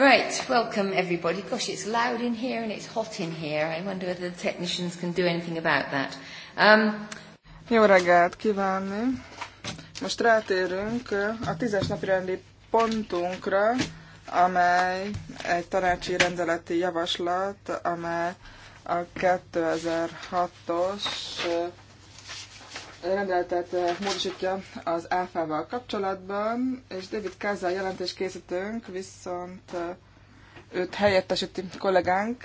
Right, welcome everybody. Gosh, it's loud in here and it's hot in here. I wonder whether the technicians can do anything about that. Um, Jó reggelt kívánni! Most rátérünk uh, a tízes napi rendi pontunkra, amely egy tanácsi rendeleti javaslat, amely a 2006-os rendeletet eh, módosítja az áfával kapcsolatban, és David Kaza jelentés készítőnk, viszont eh, őt helyettesíti kollégánk.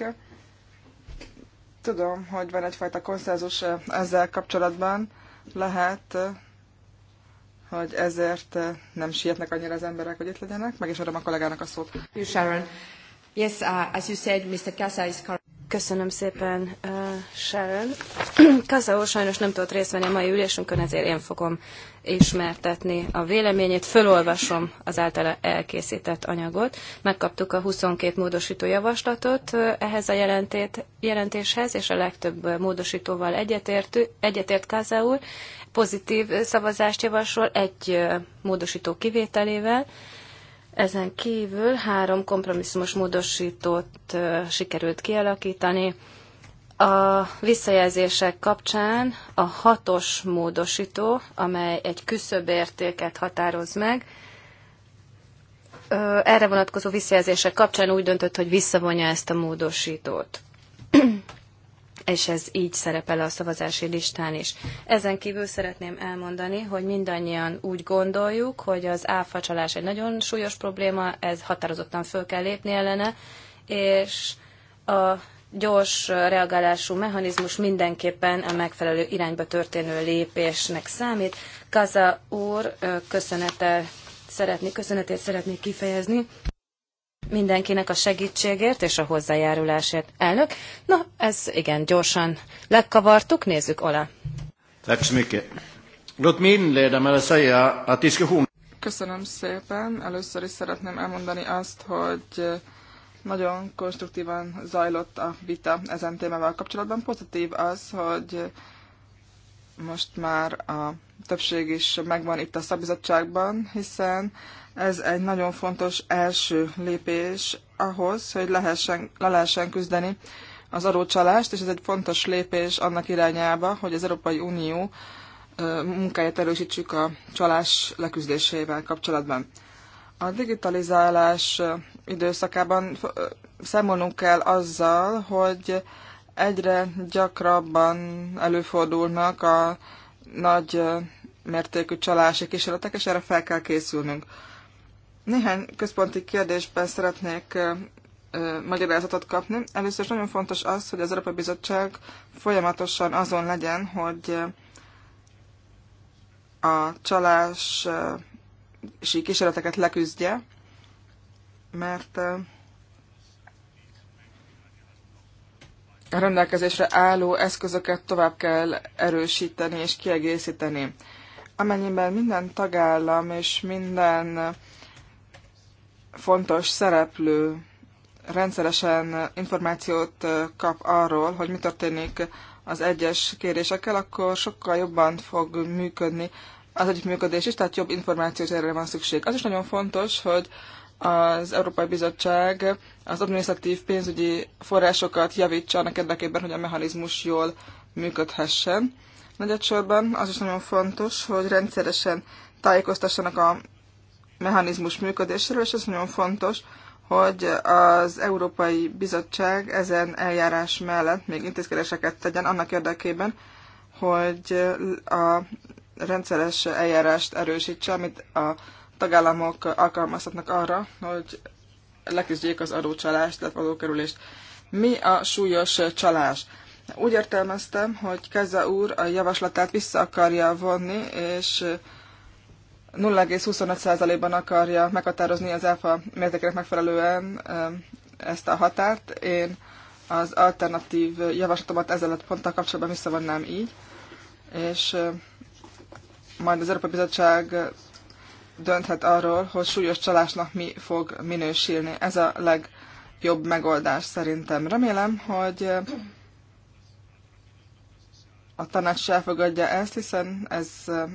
Tudom, hogy van egyfajta konszenzus eh, ezzel kapcsolatban. Lehet, hogy ezért nem sietnek annyira az emberek, hogy itt legyenek. Meg is adom a kollégának a szót. Sharon. Yes, uh, as you said, Mr. Kaza is Köszönöm szépen, uh, Sharon. Kazaó sajnos nem tudott részt venni a mai ülésünkön, ezért én fogom ismertetni a véleményét. Fölolvasom az általa elkészített anyagot. Megkaptuk a 22 módosító javaslatot ehhez a jelentét, jelentéshez, és a legtöbb módosítóval egyetértő, egyetért Kazaó. Pozitív szavazást javasol egy módosító kivételével. Uh, ezen kívül három kompromisszumos módosítót sikerült kialakítani. A visszajelzések kapcsán a hatos módosító, amely egy küszöbértéket határoz meg, erre vonatkozó visszajelzések kapcsán úgy döntött, hogy visszavonja ezt a módosítót és ez így szerepel a szavazási listán is. Ezen kívül szeretném elmondani, hogy mindannyian úgy gondoljuk, hogy az áfacsalás egy nagyon súlyos probléma, ez határozottan föl kell lépni ellene, és a gyors reagálású mechanizmus mindenképpen a megfelelő irányba történő lépésnek számít. Kaza úr köszönete szeretné, köszönetét szeretnék kifejezni mindenkinek a segítségért és a hozzájárulásért. Elnök, na ez igen, gyorsan lekavartuk, nézzük alá. Köszönöm szépen. Először is szeretném elmondani azt, hogy eh, nagyon konstruktívan zajlott a vita ezen témával kapcsolatban. Pozitív az, hogy eh, most már a többség is megvan itt a szabizottságban, hiszen ez egy nagyon fontos első lépés ahhoz, hogy lehessen, le lehessen küzdeni az adócsalást, és ez egy fontos lépés annak irányába, hogy az Európai Unió munkáját erősítsük a csalás leküzdésével kapcsolatban. A digitalizálás időszakában számolnunk kell azzal, hogy egyre gyakrabban előfordulnak a nagy mértékű csalási kísérletek, és erre fel kell készülnünk. Néhány központi kérdésben szeretnék magyarázatot kapni. Először is nagyon fontos az, hogy az Európai Bizottság folyamatosan azon legyen, hogy a csalási kísérleteket leküzdje, mert a rendelkezésre álló eszközöket tovább kell erősíteni és kiegészíteni. Amennyiben minden tagállam és minden fontos szereplő rendszeresen információt kap arról, hogy mi történik az egyes kérésekkel, akkor sokkal jobban fog működni az működés is, tehát jobb információt erre van szükség. Az is nagyon fontos, hogy az Európai Bizottság az adminisztratív pénzügyi forrásokat javítsa annak érdekében, hogy a mechanizmus jól működhessen. Negyedsorban az is nagyon fontos, hogy rendszeresen tájékoztassanak a mechanizmus működéséről, és ez nagyon fontos, hogy az Európai Bizottság ezen eljárás mellett még intézkedéseket tegyen annak érdekében, hogy a rendszeres eljárást erősítse, amit a tagállamok alkalmazhatnak arra, hogy leküzdjék az adócsalást, tehát adókerülést. Mi a súlyos csalás? Úgy értelmeztem, hogy Keza úr a javaslatát vissza akarja vonni, és 0,25%-ban akarja meghatározni az ÁFA mértékének megfelelően ezt a határt. Én az alternatív javaslatomat ezzel a ponttal kapcsolatban visszavonnám így, és majd az Európai Bizottság dönthet arról, hogy súlyos csalásnak mi fog minősülni. Ez a legjobb megoldás szerintem. Remélem, hogy a tanács is elfogadja ezt, hiszen ez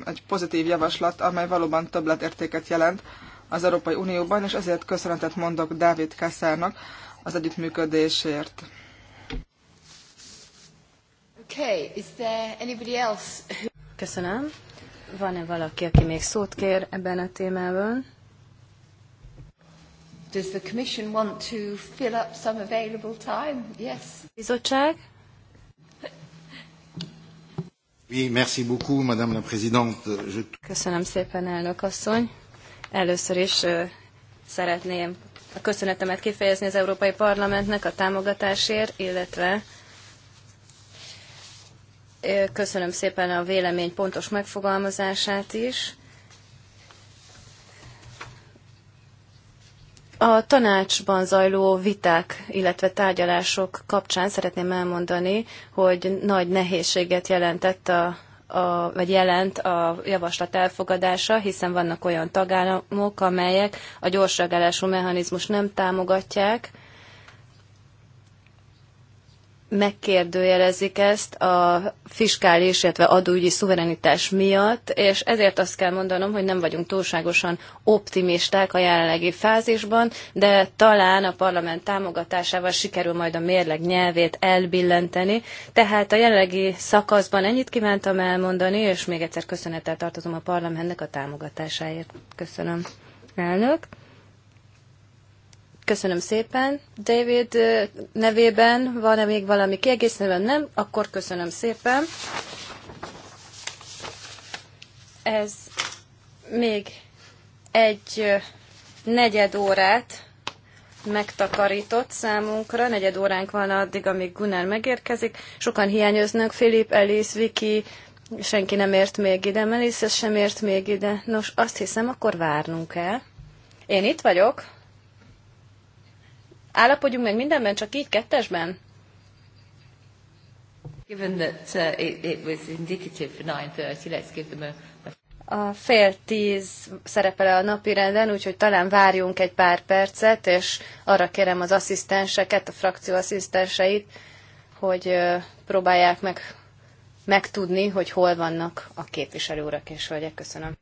egy pozitív javaslat, amely valóban többletértéket jelent az Európai Unióban, és ezért köszönetet mondok Dávid Kasszának az együttműködésért. Okay, is there anybody else? Köszönöm. Van-e valaki, aki még szót kér ebben a témában? Does the commission want to fill up some available time? Yes. Bizottság? Köszönöm szépen, elnök asszony. Először is szeretném a köszönetemet kifejezni az Európai Parlamentnek a támogatásért, illetve köszönöm szépen a vélemény pontos megfogalmazását is. A tanácsban zajló viták, illetve tárgyalások kapcsán szeretném elmondani, hogy nagy nehézséget jelentett a, a, vagy jelent a javaslat elfogadása, hiszen vannak olyan tagállamok, amelyek a gyorsreagálású mechanizmus nem támogatják, megkérdőjelezik ezt a fiskális, illetve adóügyi szuverenitás miatt, és ezért azt kell mondanom, hogy nem vagyunk túlságosan optimisták a jelenlegi fázisban, de talán a parlament támogatásával sikerül majd a mérleg nyelvét elbillenteni. Tehát a jelenlegi szakaszban ennyit kívántam elmondani, és még egyszer köszönettel tartozom a parlamentnek a támogatásáért. Köszönöm, elnök. Köszönöm szépen. David nevében van-e még valami kiegészítőben? Nem? Akkor köszönöm szépen. Ez még egy negyed órát megtakarított számunkra. Negyed óránk van addig, amíg Gunnar megérkezik. Sokan hiányoznak, Filip, Elis, Viki, senki nem ért még ide, Melissa sem ért még ide. Nos, azt hiszem, akkor várnunk kell. Én itt vagyok. Állapodjunk meg mindenben, csak így kettesben? Given that uh, it, it was indicative for 9.30, let's give them a, a fél tíz szerepel a napi renden, úgyhogy talán várjunk egy pár percet, és arra kérem az asszisztenseket, a frakció asszisztenseit, hogy próbálják meg megtudni, hogy hol vannak a képviselő urak és vagyok. Köszönöm.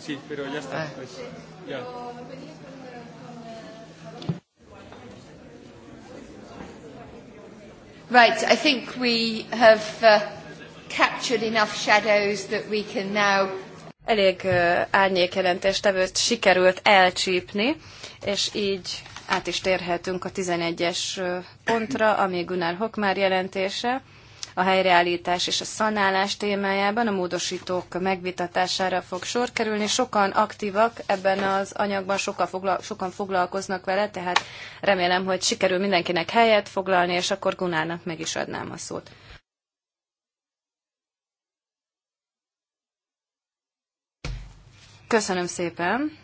Sí, pero ya está. Ah. Pues, ya. Right, I think we have uh, captured enough shadows that we can now Elég uh, tevőt sikerült elcsípni, és így át is térhetünk a 11-es uh, pontra, ami Gunnar Hokmár jelentése a helyreállítás és a szanálás témájában a módosítók megvitatására fog sor kerülni. Sokan aktívak ebben az anyagban, sokan, fogla- sokan foglalkoznak vele, tehát remélem, hogy sikerül mindenkinek helyet foglalni, és akkor Gunának meg is adnám a szót. Köszönöm szépen.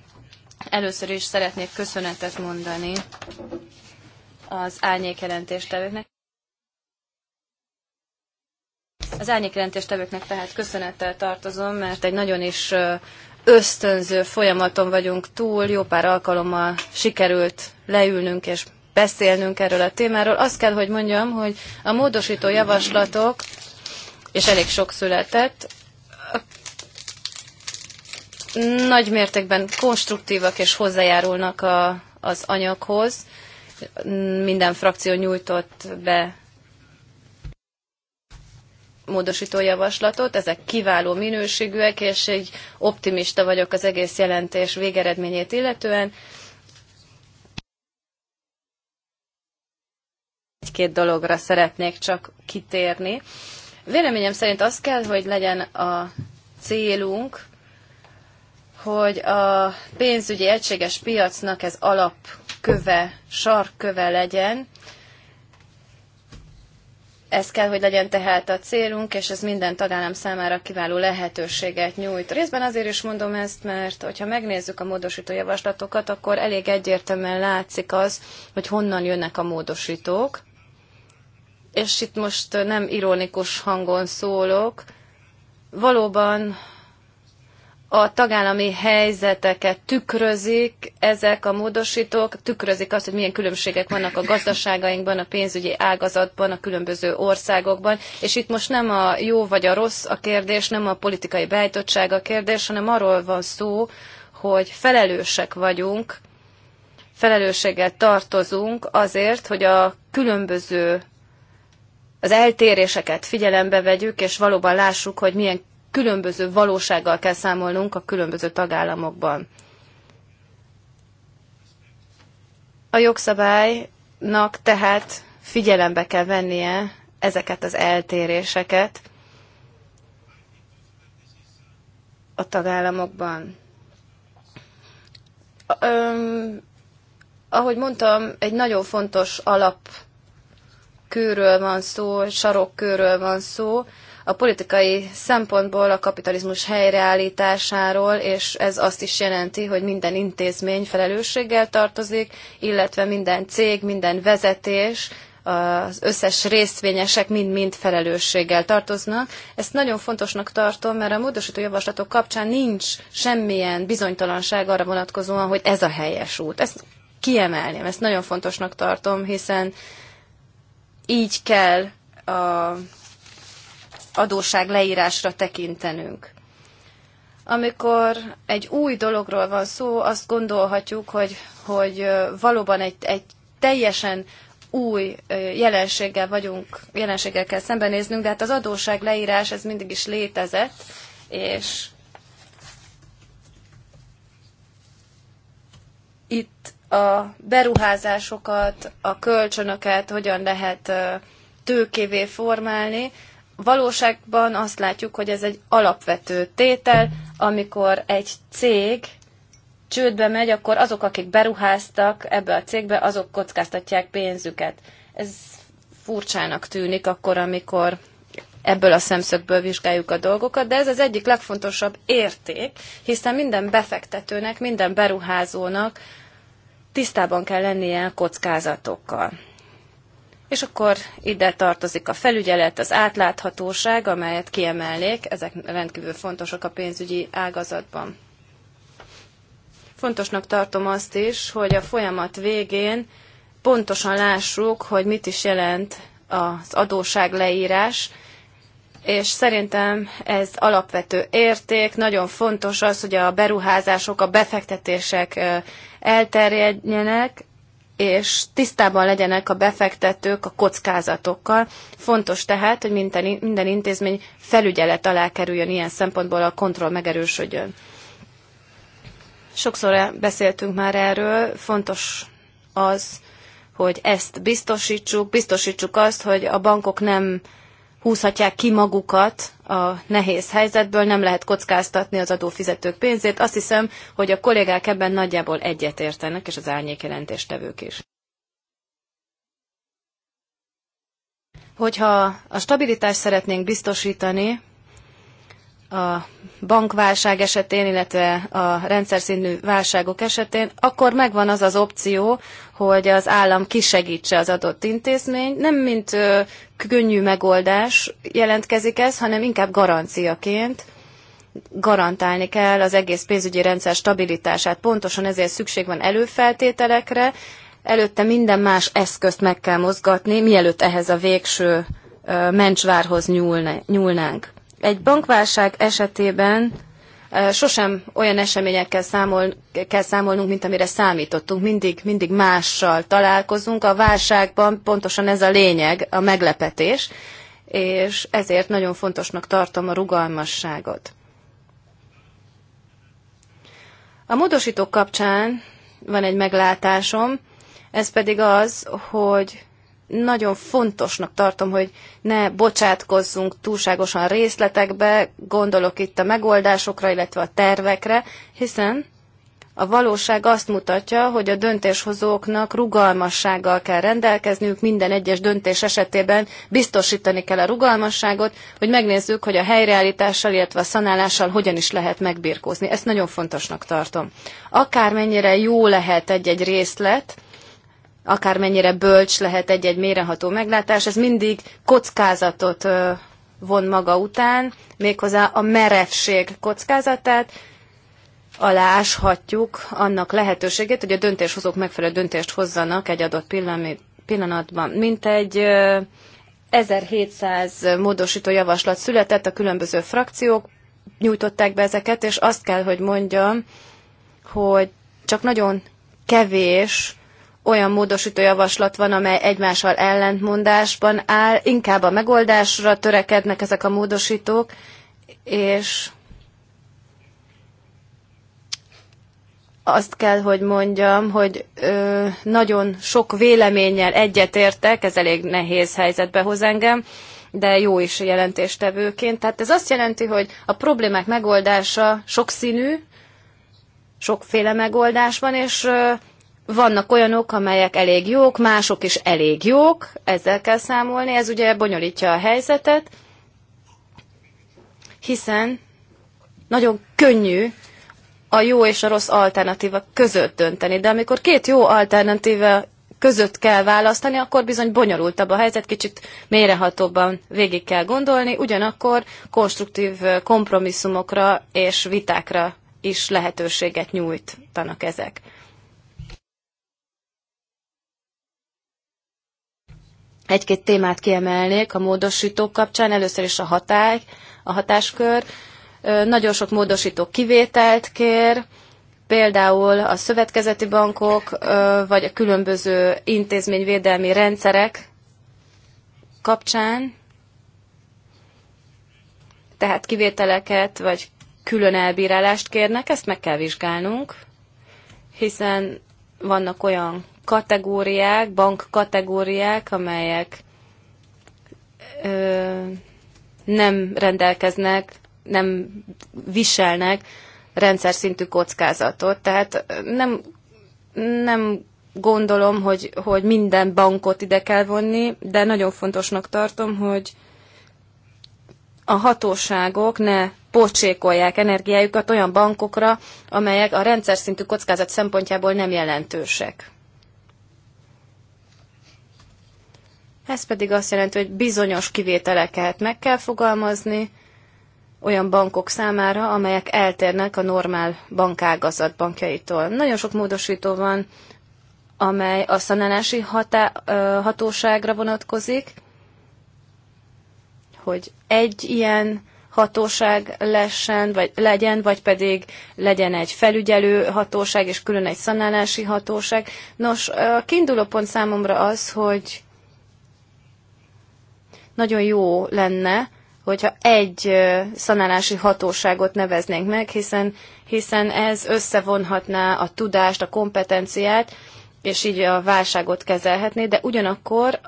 Először is szeretnék köszönetet mondani az árnyékjelentéstevőknek. Az árnyékjelentéstevőknek tehát köszönettel tartozom, mert egy nagyon is ösztönző folyamaton vagyunk túl, jó pár alkalommal sikerült leülnünk és beszélnünk erről a témáról. Azt kell, hogy mondjam, hogy a módosító javaslatok, és elég sok született, nagy mértékben konstruktívak és hozzájárulnak a, az anyaghoz. Minden frakció nyújtott be módosító javaslatot, ezek kiváló minőségűek, és egy optimista vagyok az egész jelentés végeredményét illetően. Egy-két dologra szeretnék csak kitérni. Véleményem szerint az kell, hogy legyen a célunk, hogy a pénzügyi egységes piacnak ez alapköve, sarköve legyen, ez kell, hogy legyen tehát a célunk, és ez minden tagállam számára kiváló lehetőséget nyújt. Részben azért is mondom ezt, mert hogyha megnézzük a módosító javaslatokat, akkor elég egyértelműen látszik az, hogy honnan jönnek a módosítók. És itt most nem ironikus hangon szólok. Valóban a tagállami helyzeteket tükrözik, ezek a módosítók tükrözik azt, hogy milyen különbségek vannak a gazdaságainkban, a pénzügyi ágazatban, a különböző országokban, és itt most nem a jó vagy a rossz a kérdés, nem a politikai beállítottság a kérdés, hanem arról van szó, hogy felelősek vagyunk, felelősséggel tartozunk azért, hogy a különböző az eltéréseket figyelembe vegyük, és valóban lássuk, hogy milyen különböző valósággal kell számolnunk a különböző tagállamokban. A jogszabálynak tehát figyelembe kell vennie ezeket az eltéréseket a tagállamokban. Öm, ahogy mondtam, egy nagyon fontos alapkőről van szó, sarokkőről van szó, a politikai szempontból a kapitalizmus helyreállításáról, és ez azt is jelenti, hogy minden intézmény felelősséggel tartozik, illetve minden cég, minden vezetés, az összes részvényesek mind-mind felelősséggel tartoznak. Ezt nagyon fontosnak tartom, mert a módosító javaslatok kapcsán nincs semmilyen bizonytalanság arra vonatkozóan, hogy ez a helyes út. Ezt kiemelném, ezt nagyon fontosnak tartom, hiszen így kell a adóság leírásra tekintenünk. Amikor egy új dologról van szó, azt gondolhatjuk, hogy, hogy valóban egy, egy teljesen új jelenséggel vagyunk, jelenséggel kell szembenéznünk, de hát az adóság leírás ez mindig is létezett, és itt a beruházásokat, a kölcsönöket hogyan lehet tőkévé formálni valóságban azt látjuk, hogy ez egy alapvető tétel, amikor egy cég csődbe megy, akkor azok, akik beruháztak ebbe a cégbe, azok kockáztatják pénzüket. Ez furcsának tűnik akkor, amikor ebből a szemszögből vizsgáljuk a dolgokat, de ez az egyik legfontosabb érték, hiszen minden befektetőnek, minden beruházónak tisztában kell lennie a kockázatokkal. És akkor ide tartozik a felügyelet, az átláthatóság, amelyet kiemelnék, ezek rendkívül fontosak a pénzügyi ágazatban. Fontosnak tartom azt is, hogy a folyamat végén pontosan lássuk, hogy mit is jelent az adóság leírás, és szerintem ez alapvető érték, nagyon fontos az, hogy a beruházások, a befektetések elterjedjenek, és tisztában legyenek a befektetők a kockázatokkal. Fontos tehát, hogy minden, minden intézmény felügyelet alá kerüljön ilyen szempontból, a kontroll megerősödjön. Sokszor beszéltünk már erről, fontos az, hogy ezt biztosítsuk, biztosítsuk azt, hogy a bankok nem húzhatják ki magukat a nehéz helyzetből, nem lehet kockáztatni az adófizetők pénzét. Azt hiszem, hogy a kollégák ebben nagyjából egyetértenek, és az jelentéstevők is. Hogyha a stabilitást szeretnénk biztosítani, a bankválság esetén, illetve a rendszer szintű válságok esetén, akkor megvan az az opció, hogy az állam kisegítse az adott intézmény. Nem mint ö, könnyű megoldás jelentkezik ez, hanem inkább garanciaként garantálni kell az egész pénzügyi rendszer stabilitását. Pontosan ezért szükség van előfeltételekre, előtte minden más eszközt meg kell mozgatni, mielőtt ehhez a végső mencsvárhoz nyúlnánk egy bankválság esetében e, sosem olyan eseményekkel számol, kell számolnunk, mint amire számítottunk. Mindig, mindig mással találkozunk. A válságban pontosan ez a lényeg, a meglepetés, és ezért nagyon fontosnak tartom a rugalmasságot. A módosítók kapcsán van egy meglátásom, ez pedig az, hogy nagyon fontosnak tartom, hogy ne bocsátkozzunk túlságosan részletekbe, gondolok itt a megoldásokra, illetve a tervekre, hiszen a valóság azt mutatja, hogy a döntéshozóknak rugalmassággal kell rendelkezniük, minden egyes döntés esetében biztosítani kell a rugalmasságot, hogy megnézzük, hogy a helyreállítással, illetve a szanálással hogyan is lehet megbirkózni. Ezt nagyon fontosnak tartom. Akármennyire jó lehet egy-egy részlet, akármennyire bölcs lehet egy-egy méreható meglátás, ez mindig kockázatot von maga után, méghozzá a merevség kockázatát, aláshatjuk annak lehetőségét, hogy a döntéshozók megfelelő döntést hozzanak egy adott pillanatban. Mint egy 1700 módosító javaslat született, a különböző frakciók nyújtották be ezeket, és azt kell, hogy mondjam, hogy csak nagyon kevés olyan javaslat van, amely egymással ellentmondásban áll, inkább a megoldásra törekednek ezek a módosítók, és azt kell, hogy mondjam, hogy ö, nagyon sok véleménnyel egyetértek, ez elég nehéz helyzetbe hoz engem, de jó is jelentéstevőként. Tehát ez azt jelenti, hogy a problémák megoldása sokszínű, sokféle megoldás van, és vannak olyanok, amelyek elég jók, mások is elég jók, ezzel kell számolni, ez ugye bonyolítja a helyzetet, hiszen nagyon könnyű a jó és a rossz alternatíva között dönteni, de amikor két jó alternatíva között kell választani, akkor bizony bonyolultabb a helyzet, kicsit mélyrehatóbban végig kell gondolni, ugyanakkor konstruktív kompromisszumokra és vitákra is lehetőséget nyújtanak ezek. Egy-két témát kiemelnék a módosítók kapcsán, először is a hatály, a hatáskör. Nagyon sok módosító kivételt kér, például a szövetkezeti bankok, vagy a különböző intézményvédelmi rendszerek kapcsán, tehát kivételeket, vagy külön elbírálást kérnek, ezt meg kell vizsgálnunk, hiszen vannak olyan kategóriák, bank kategóriák, amelyek ö, nem rendelkeznek, nem viselnek rendszer szintű kockázatot. Tehát nem, nem gondolom, hogy, hogy minden bankot ide kell vonni, de nagyon fontosnak tartom, hogy a hatóságok ne pocsékolják energiájukat olyan bankokra, amelyek a rendszer szintű kockázat szempontjából nem jelentősek. Ez pedig azt jelenti, hogy bizonyos kivételeket meg kell fogalmazni olyan bankok számára, amelyek eltérnek a normál bankágazat bankjaitól. Nagyon sok módosító van, amely a szanálási hatóságra vonatkozik, hogy egy ilyen hatóság lesen, vagy legyen, vagy pedig legyen egy felügyelő hatóság, és külön egy szanálási hatóság. Nos, a kiinduló pont számomra az, hogy nagyon jó lenne, hogyha egy szanálási hatóságot neveznénk meg, hiszen, hiszen ez összevonhatná a tudást, a kompetenciát, és így a válságot kezelhetné, de ugyanakkor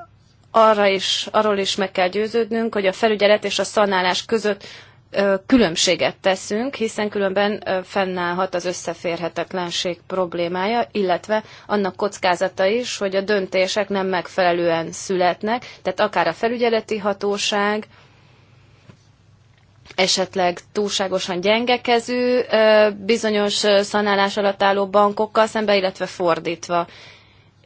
arra is, arról is meg kell győződnünk, hogy a felügyelet és a szanálás között különbséget teszünk, hiszen különben fennállhat az összeférhetetlenség problémája, illetve annak kockázata is, hogy a döntések nem megfelelően születnek, tehát akár a felügyeleti hatóság, esetleg túlságosan gyengekező bizonyos szanálás alatt álló bankokkal szembe, illetve fordítva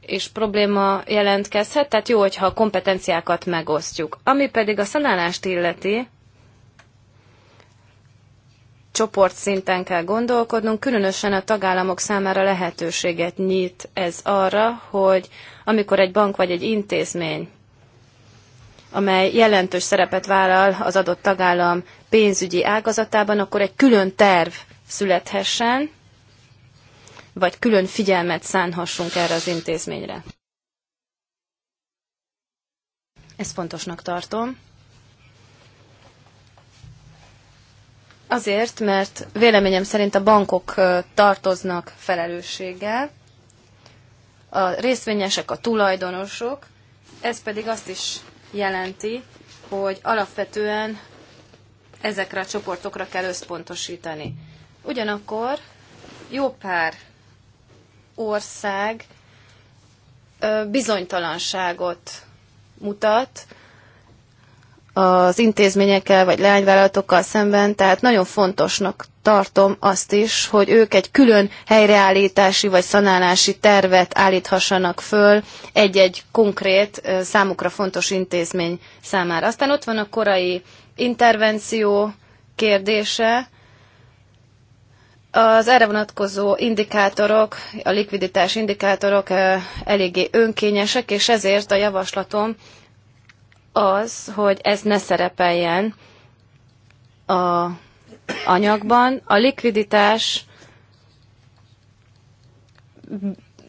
és probléma jelentkezhet, tehát jó, hogyha a kompetenciákat megosztjuk. Ami pedig a szanálást illeti, csoport szinten kell gondolkodnunk, különösen a tagállamok számára lehetőséget nyit ez arra, hogy amikor egy bank vagy egy intézmény, amely jelentős szerepet vállal az adott tagállam pénzügyi ágazatában, akkor egy külön terv születhessen, vagy külön figyelmet szánhassunk erre az intézményre. Ezt fontosnak tartom. Azért, mert véleményem szerint a bankok tartoznak felelősséggel, a részvényesek, a tulajdonosok, ez pedig azt is jelenti, hogy alapvetően ezekre a csoportokra kell összpontosítani. Ugyanakkor jó pár ország bizonytalanságot mutat, az intézményekkel vagy leányvállalatokkal szemben, tehát nagyon fontosnak tartom azt is, hogy ők egy külön helyreállítási vagy szanálási tervet állíthassanak föl egy-egy konkrét, számukra fontos intézmény számára. Aztán ott van a korai intervenció kérdése, az erre vonatkozó indikátorok, a likviditás indikátorok eléggé önkényesek, és ezért a javaslatom az, hogy ez ne szerepeljen a anyagban. A likviditás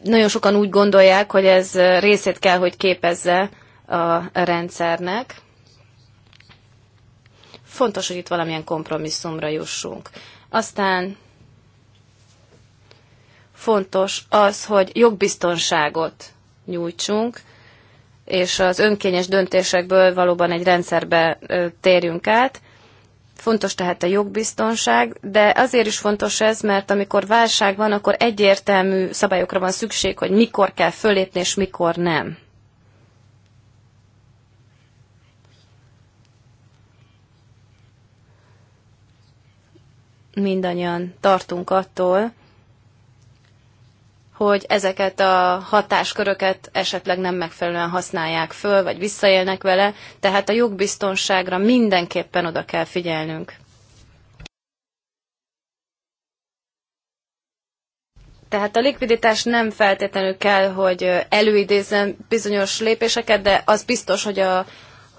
nagyon sokan úgy gondolják, hogy ez részét kell, hogy képezze a rendszernek. Fontos, hogy itt valamilyen kompromisszumra jussunk. Aztán fontos az, hogy jogbiztonságot nyújtsunk, és az önkényes döntésekből valóban egy rendszerbe térjünk át. Fontos tehát a jogbiztonság, de azért is fontos ez, mert amikor válság van, akkor egyértelmű szabályokra van szükség, hogy mikor kell fölépni, és mikor nem. Mindannyian tartunk attól, hogy ezeket a hatásköröket esetleg nem megfelelően használják föl, vagy visszaélnek vele, tehát a jogbiztonságra mindenképpen oda kell figyelnünk. Tehát a likviditás nem feltétlenül kell, hogy előidézzen bizonyos lépéseket, de az biztos, hogy a,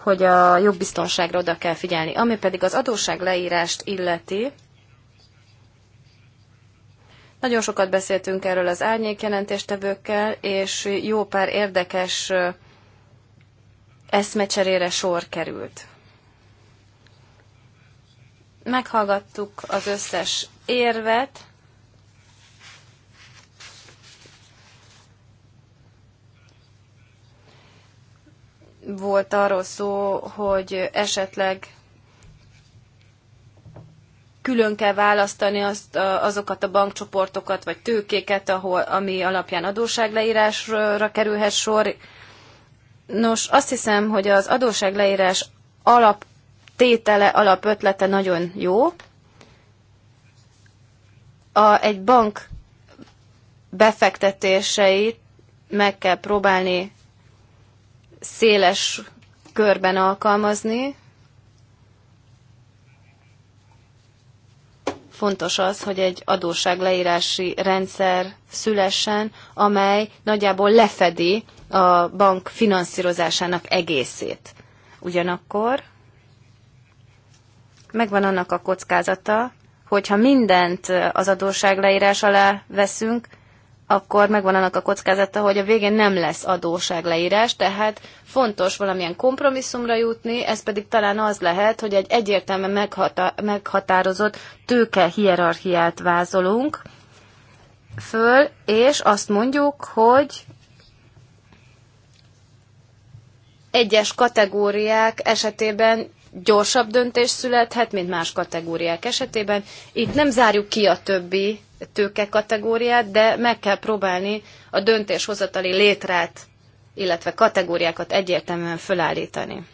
hogy a jogbiztonságra oda kell figyelni. Ami pedig az adósság leírást illeti, nagyon sokat beszéltünk erről az árnyék jelentéstevőkkel, és jó pár érdekes eszmecserére sor került. Meghallgattuk az összes érvet, volt arról szó, hogy esetleg külön kell választani azt, azokat a bankcsoportokat vagy tőkéket, ahol, ami alapján adósságleírásra kerülhet sor. Nos, azt hiszem, hogy az adósságleírás alaptétele, alapötlete nagyon jó. A, egy bank befektetéseit meg kell próbálni széles körben alkalmazni, fontos az, hogy egy adósságleírási rendszer szülessen, amely nagyjából lefedi a bank finanszírozásának egészét. Ugyanakkor megvan annak a kockázata, hogyha mindent az adósságleírás alá veszünk, akkor megvan annak a kockázata, hogy a végén nem lesz adóságleírás, tehát fontos valamilyen kompromisszumra jutni, ez pedig talán az lehet, hogy egy egyértelműen meghata- meghatározott tőke hierarchiát vázolunk föl, és azt mondjuk, hogy egyes kategóriák esetében gyorsabb döntés születhet, mint más kategóriák esetében. Itt nem zárjuk ki a többi tőke kategóriát, de meg kell próbálni a döntéshozatali létrát, illetve kategóriákat egyértelműen fölállítani.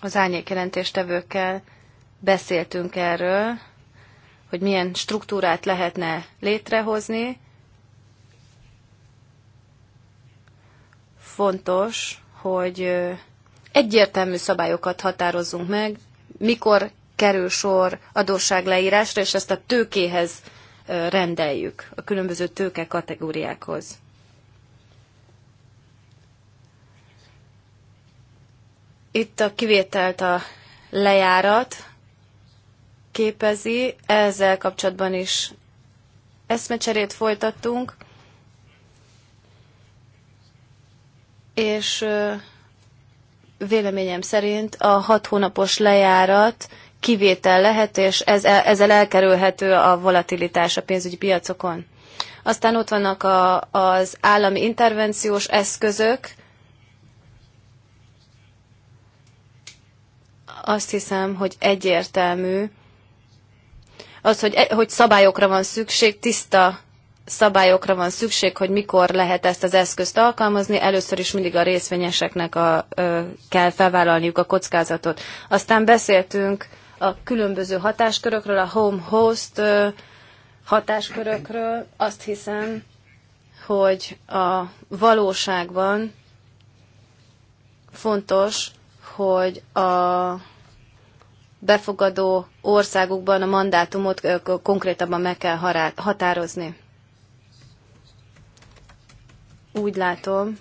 Az árnyékjelentéstevőkkel beszéltünk erről, hogy milyen struktúrát lehetne létrehozni. Fontos, hogy egyértelmű szabályokat határozzunk meg, mikor kerül sor leírásra, és ezt a tőkéhez rendeljük, a különböző tőke kategóriákhoz. Itt a kivételt a lejárat képezi, ezzel kapcsolatban is eszmecserét folytattunk, és véleményem szerint a hat hónapos lejárat kivétel lehet, és ez, ezzel elkerülhető a volatilitás a pénzügyi piacokon. Aztán ott vannak a, az állami intervenciós eszközök. Azt hiszem, hogy egyértelmű az, hogy, hogy szabályokra van szükség, tiszta szabályokra van szükség, hogy mikor lehet ezt az eszközt alkalmazni. Először is mindig a részvényeseknek a, ö, kell felvállalniuk a kockázatot. Aztán beszéltünk a különböző hatáskörökről, a home host ö, hatáskörökről. Azt hiszem, hogy a valóságban fontos, hogy a befogadó országokban a mandátumot konkrétabban meg kell határozni úgy látom,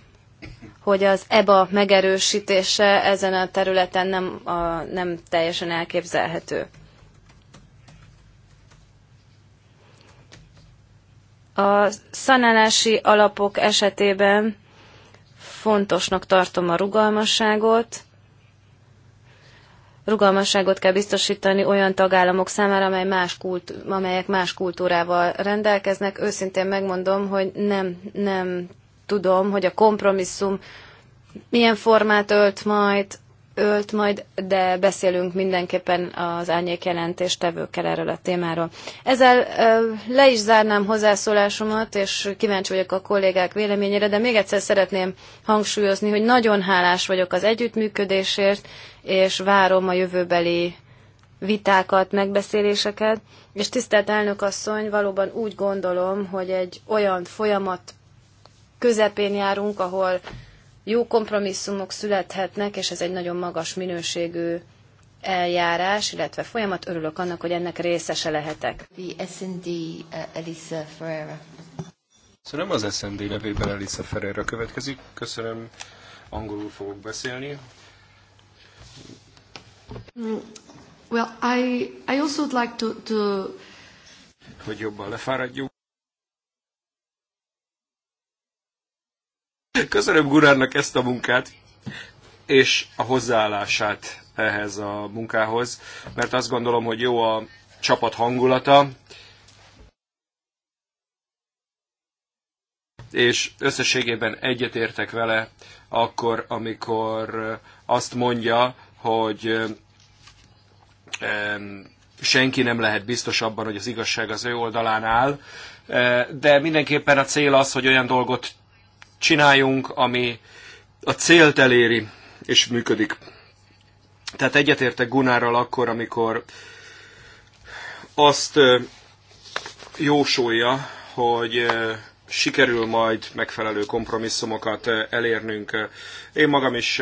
hogy az EBA megerősítése ezen a területen nem, a, nem teljesen elképzelhető. A szanálási alapok esetében fontosnak tartom a rugalmasságot. Rugalmasságot kell biztosítani olyan tagállamok számára, amely más kultú, amelyek más kultúrával rendelkeznek. Őszintén megmondom, hogy nem, nem tudom, hogy a kompromisszum milyen formát ölt majd, ölt majd, de beszélünk mindenképpen az árnyék tevőkkel erről a témáról. Ezzel le is zárnám hozzászólásomat, és kíváncsi vagyok a kollégák véleményére, de még egyszer szeretném hangsúlyozni, hogy nagyon hálás vagyok az együttműködésért, és várom a jövőbeli vitákat, megbeszéléseket, és tisztelt elnök asszony, valóban úgy gondolom, hogy egy olyan folyamat közepén járunk, ahol jó kompromisszumok születhetnek, és ez egy nagyon magas minőségű eljárás, illetve folyamat. Örülök annak, hogy ennek részese lehetek. The S&D uh, Elisa Ferreira. Köszönöm szóval az SND nevében Elisa Ferreira következik. Köszönöm, angolul fogok beszélni. Well, I, I also would like to, to... Hogy jobban lefáradjuk. Köszönöm Gurárnak ezt a munkát, és a hozzáállását ehhez a munkához, mert azt gondolom, hogy jó a csapat hangulata, és összességében egyetértek vele akkor, amikor azt mondja, hogy senki nem lehet biztos abban, hogy az igazság az ő oldalán áll, de mindenképpen a cél az, hogy olyan dolgot csináljunk, ami a célt eléri, és működik. Tehát egyetértek Gunárral akkor, amikor azt jósolja, hogy sikerül majd megfelelő kompromisszumokat elérnünk. Én magam is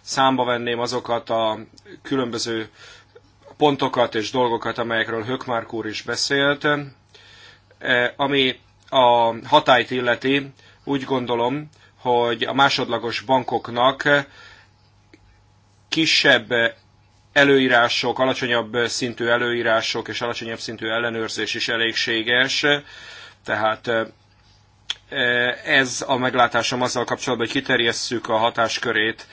számba venném azokat a különböző pontokat és dolgokat, amelyekről Hökmárk úr is beszélt, ami a hatályt illeti, úgy gondolom, hogy a másodlagos bankoknak kisebb előírások, alacsonyabb szintű előírások és alacsonyabb szintű ellenőrzés is elégséges. Tehát ez a meglátásom azzal kapcsolatban, hogy kiterjesszük a hatáskörét,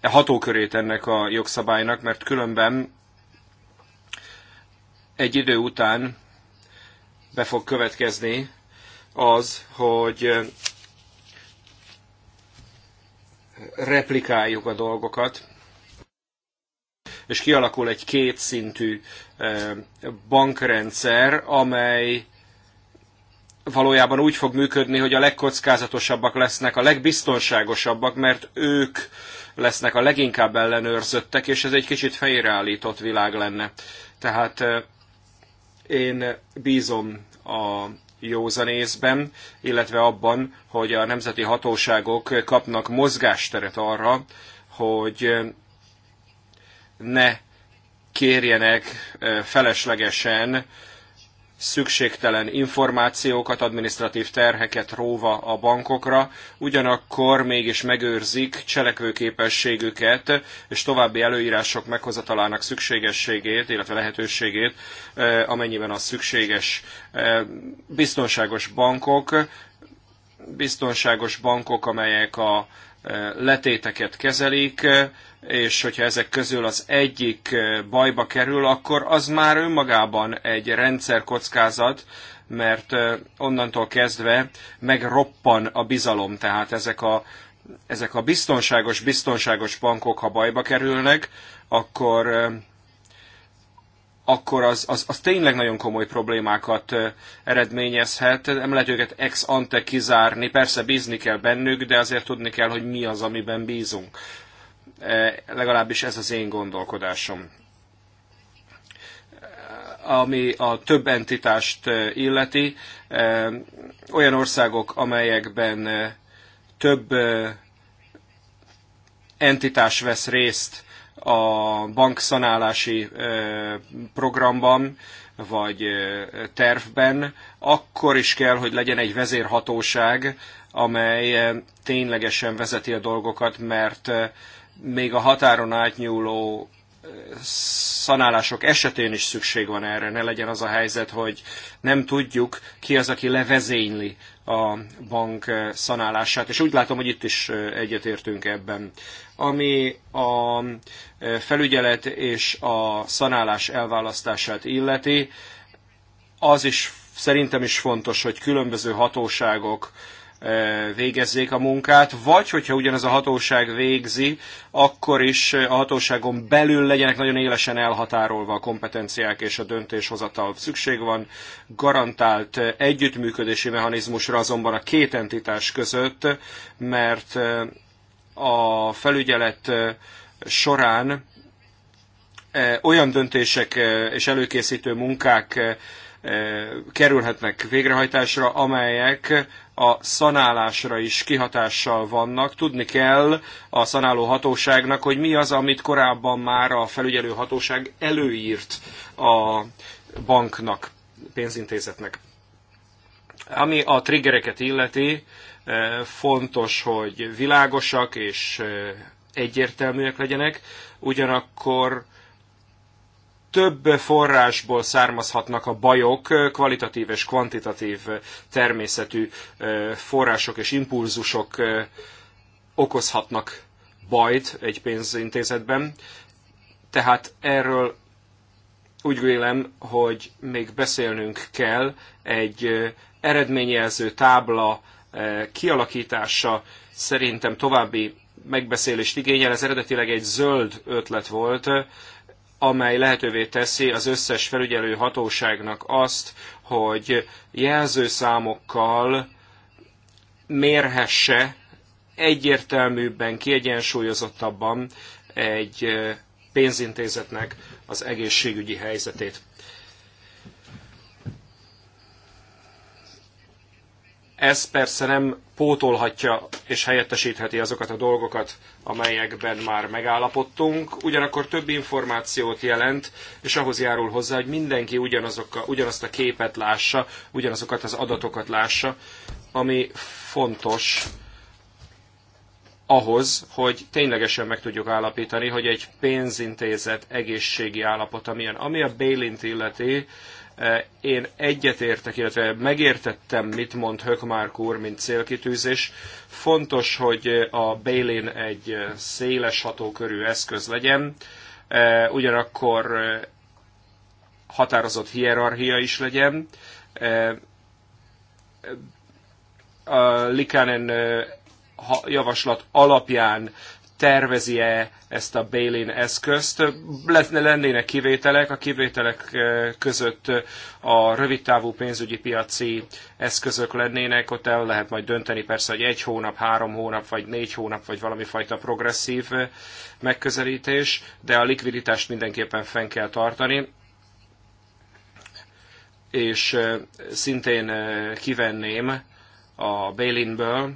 a hatókörét ennek a jogszabálynak, mert különben egy idő után be fog következni, az, hogy eh, replikáljuk a dolgokat, és kialakul egy kétszintű eh, bankrendszer, amely valójában úgy fog működni, hogy a legkockázatosabbak lesznek a legbiztonságosabbak, mert ők lesznek a leginkább ellenőrzöttek, és ez egy kicsit fejreállított világ lenne. Tehát eh, én bízom a józanészben, illetve abban, hogy a nemzeti hatóságok kapnak mozgásteret arra, hogy ne kérjenek feleslegesen szükségtelen információkat, administratív terheket róva a bankokra, ugyanakkor mégis megőrzik cselekvőképességüket és további előírások meghozatalának szükségességét, illetve lehetőségét, eh, amennyiben az szükséges. Eh, biztonságos bankok, biztonságos bankok, amelyek a eh, letéteket kezelik, és hogyha ezek közül az egyik eh, bajba kerül, akkor az már önmagában egy kockázat, mert eh, onnantól kezdve megroppan a bizalom. Tehát ezek a, ezek a biztonságos, biztonságos bankok, ha bajba kerülnek, akkor eh, akkor az, az, az tényleg nagyon komoly problémákat eredményezhet. Nem lehet őket ex ante kizárni, persze bízni kell bennük, de azért tudni kell, hogy mi az, amiben bízunk. E, legalábbis ez az én gondolkodásom. E, ami a több entitást e, illeti, olyan országok, amelyekben több entitás vesz részt a bankszanálási programban, vagy tervben, akkor is kell, hogy legyen egy vezérhatóság, amely ténylegesen vezeti a dolgokat, mert még a határon átnyúló szanálások esetén is szükség van erre. Ne legyen az a helyzet, hogy nem tudjuk ki az, aki levezényli a bank szanálását, és úgy látom, hogy itt is egyetértünk ebben. Ami a felügyelet és a szanálás elválasztását illeti, az is szerintem is fontos, hogy különböző hatóságok végezzék a munkát, vagy hogyha ugyanez a hatóság végzi, akkor is a hatóságon belül legyenek nagyon élesen elhatárolva a kompetenciák és a döntéshozatal. Szükség van garantált együttműködési mechanizmusra azonban a két entitás között, mert a felügyelet során olyan döntések és előkészítő munkák kerülhetnek végrehajtásra, amelyek a szanálásra is kihatással vannak. Tudni kell a szanáló hatóságnak, hogy mi az, amit korábban már a felügyelő hatóság előírt a banknak, pénzintézetnek. Ami a triggereket illeti, fontos, hogy világosak és egyértelműek legyenek, ugyanakkor több forrásból származhatnak a bajok, kvalitatív és kvantitatív természetű források és impulzusok okozhatnak bajt egy pénzintézetben. Tehát erről úgy vélem, hogy még beszélnünk kell egy eredményjelző tábla kialakítása szerintem további megbeszélést igényel. Ez eredetileg egy zöld ötlet volt, amely lehetővé teszi az összes felügyelő hatóságnak azt, hogy jelzőszámokkal mérhesse egyértelműbben, kiegyensúlyozottabban egy eh, pénzintézetnek az egészségügyi helyzetét. Ez persze nem pótolhatja és helyettesítheti azokat a dolgokat, amelyekben már megállapodtunk, ugyanakkor több információt jelent, és ahhoz járul hozzá, hogy mindenki ugyanazok a, ugyanazt a képet lássa, ugyanazokat az adatokat lássa, ami fontos ahhoz, hogy ténylegesen meg tudjuk állapítani, hogy egy pénzintézet egészségi állapota milyen. Ami a bailint illeti, Eh, én egyetértek, illetve megértettem, mit mond Hökmárk úr, mint célkitűzés. Fontos, hogy a Bailin egy eh, széles hatókörű eszköz legyen, eh, ugyanakkor határozott hierarchia is legyen. A Likánen javaslat alapján tervezi-e ezt a bail-in eszközt. Lennének kivételek, a kivételek között a rövidtávú pénzügyi piaci eszközök lennének, ott el lehet majd dönteni persze, hogy egy hónap, három hónap, vagy négy hónap, vagy valami fajta progresszív megközelítés, de a likviditást mindenképpen fenn kell tartani és szintén kivenném a Bélinből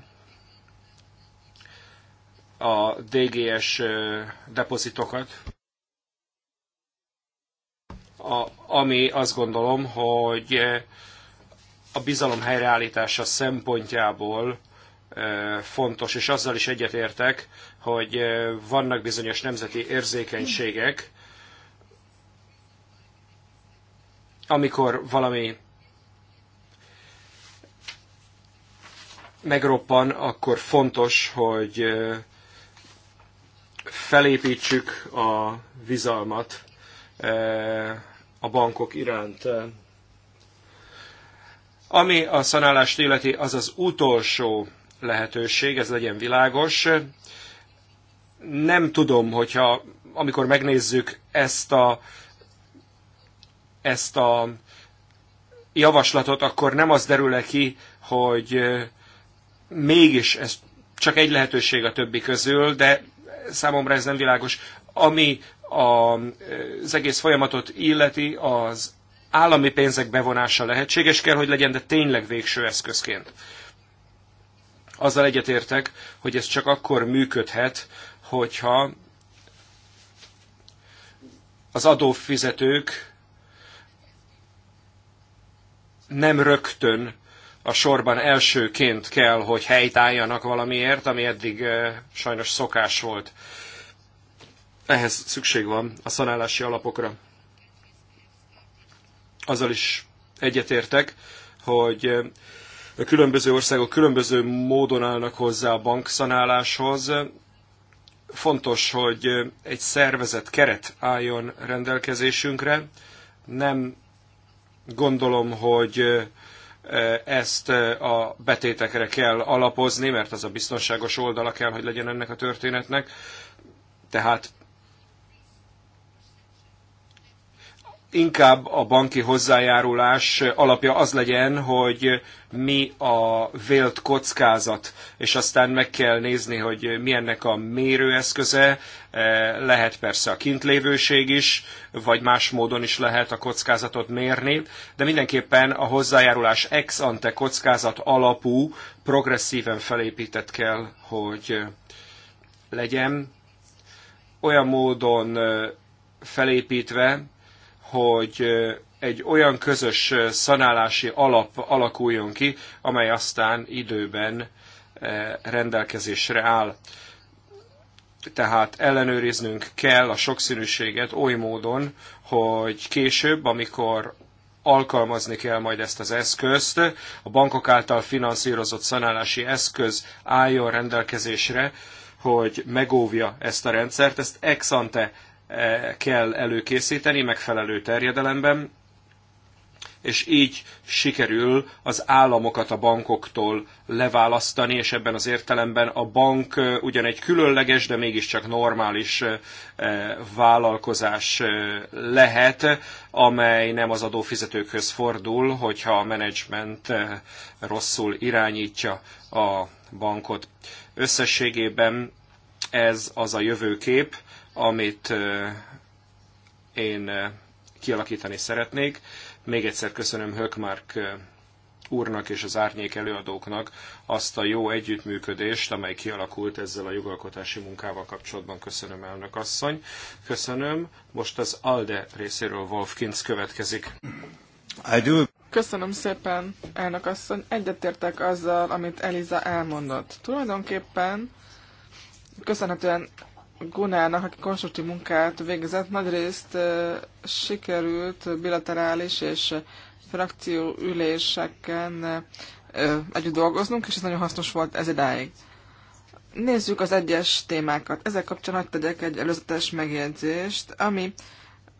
a DGS depozitokat, a, ami azt gondolom, hogy a bizalom helyreállítása szempontjából fontos, és azzal is egyetértek, hogy vannak bizonyos nemzeti érzékenységek, amikor valami megroppan, akkor fontos, hogy felépítsük a bizalmat eh, a bankok iránt. Ami a szanálást illeti, az az utolsó lehetőség, ez legyen világos. Nem tudom, hogyha amikor megnézzük ezt a, ezt a javaslatot, akkor nem az derül -e ki, hogy eh, mégis ez csak egy lehetőség a többi közül, de számomra ez nem világos. Ami a, az egész folyamatot illeti, az állami pénzek bevonása lehetséges kell, hogy legyen, de tényleg végső eszközként. Azzal egyetértek, hogy ez csak akkor működhet, hogyha az adófizetők nem rögtön a sorban elsőként kell, hogy helyt álljanak valamiért, ami eddig sajnos szokás volt. Ehhez szükség van a szanálási alapokra. Azzal is egyetértek, hogy a különböző országok különböző módon állnak hozzá a bankszanáláshoz. Fontos, hogy egy szervezet keret álljon rendelkezésünkre. Nem gondolom, hogy ezt a betétekre kell alapozni, mert az a biztonságos oldala kell, hogy legyen ennek a történetnek. Tehát inkább a banki hozzájárulás alapja az legyen, hogy mi a vélt kockázat, és aztán meg kell nézni, hogy milyennek a mérőeszköze, eh, lehet persze a kintlévőség is, vagy más módon is lehet a kockázatot mérni, de mindenképpen a hozzájárulás ex ante kockázat alapú, progresszíven felépített kell, hogy eh, legyen, olyan módon eh, felépítve, hogy egy olyan közös szanálási alap alakuljon ki, amely aztán időben rendelkezésre áll. Tehát ellenőriznünk kell a sokszínűséget oly módon, hogy később, amikor alkalmazni kell majd ezt az eszközt, a bankok által finanszírozott szanálási eszköz álljon rendelkezésre, hogy megóvja ezt a rendszert, ezt ex ante E, kell előkészíteni megfelelő terjedelemben, és így sikerül az államokat a bankoktól leválasztani, és ebben az értelemben a bank e, ugyan egy különleges, de mégiscsak normális e, vállalkozás lehet, amely nem az adófizetőkhöz fordul, hogyha a menedzsment rosszul irányítja a bankot. Összességében ez az a jövőkép, amit én kialakítani szeretnék. Még egyszer köszönöm Hökmark úrnak és az árnyék előadóknak azt a jó együttműködést, amely kialakult ezzel a jogalkotási munkával kapcsolatban. Köszönöm, elnök asszony. Köszönöm. Most az ALDE részéről Wolfkins következik. I do. Köszönöm szépen, elnök asszony. Egyetértek azzal, amit Eliza elmondott. Tulajdonképpen köszönhetően Gunának, aki konstruktív munkát végzett, nagyrészt sikerült bilaterális és frakció üléseken együtt dolgoznunk, és ez nagyon hasznos volt ez idáig. Nézzük az egyes témákat. Ezek kapcsán hagyd tegyek egy előzetes megjegyzést, ami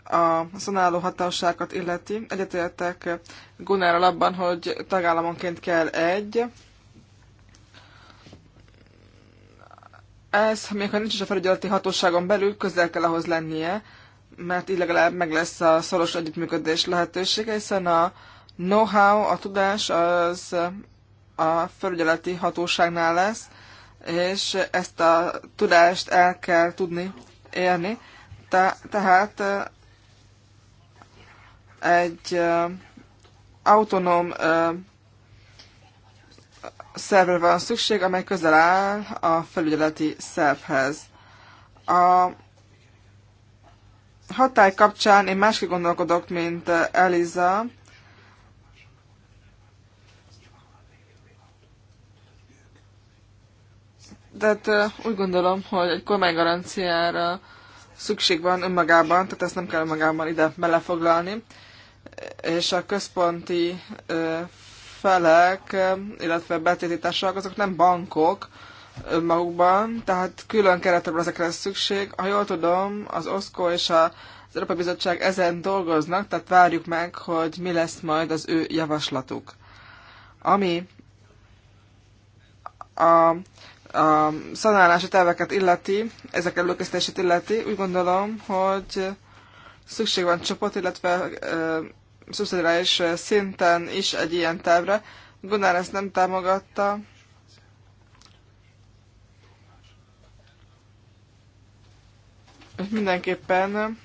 a szonáló hatóságokat illeti. Egyetértek Gunárral abban, hogy tagállamonként kell egy, Ez, még ha nincs is a felügyeleti hatóságon belül, közel kell ahhoz lennie, mert így legalább meg lesz a szoros együttműködés lehetősége, hiszen a know-how, a tudás az a felügyeleti hatóságnál lesz, és ezt a tudást el kell tudni érni. Te, tehát eh, egy eh, autonóm eh, szervre van szükség, amely közel áll a felügyeleti szervhez. A hatály kapcsán én másképp gondolkodok, mint Eliza. Tehát úgy gondolom, hogy egy kormánygaranciára szükség van önmagában, tehát ezt nem kell önmagában ide belefoglalni, és a központi felek, illetve betétítások, azok nem bankok önmagukban, tehát külön keretre ezekre lesz szükség. Ha jól tudom, az OSZKO és a, az Európai Bizottság ezen dolgoznak, tehát várjuk meg, hogy mi lesz majd az ő javaslatuk. Ami a a szanálási terveket illeti, ezek előkészítését illeti, úgy gondolom, hogy szükség van csoport, illetve szociális eh, szinten is egy ilyen tervre. Gunnar ezt nem támogatta. mindenképpen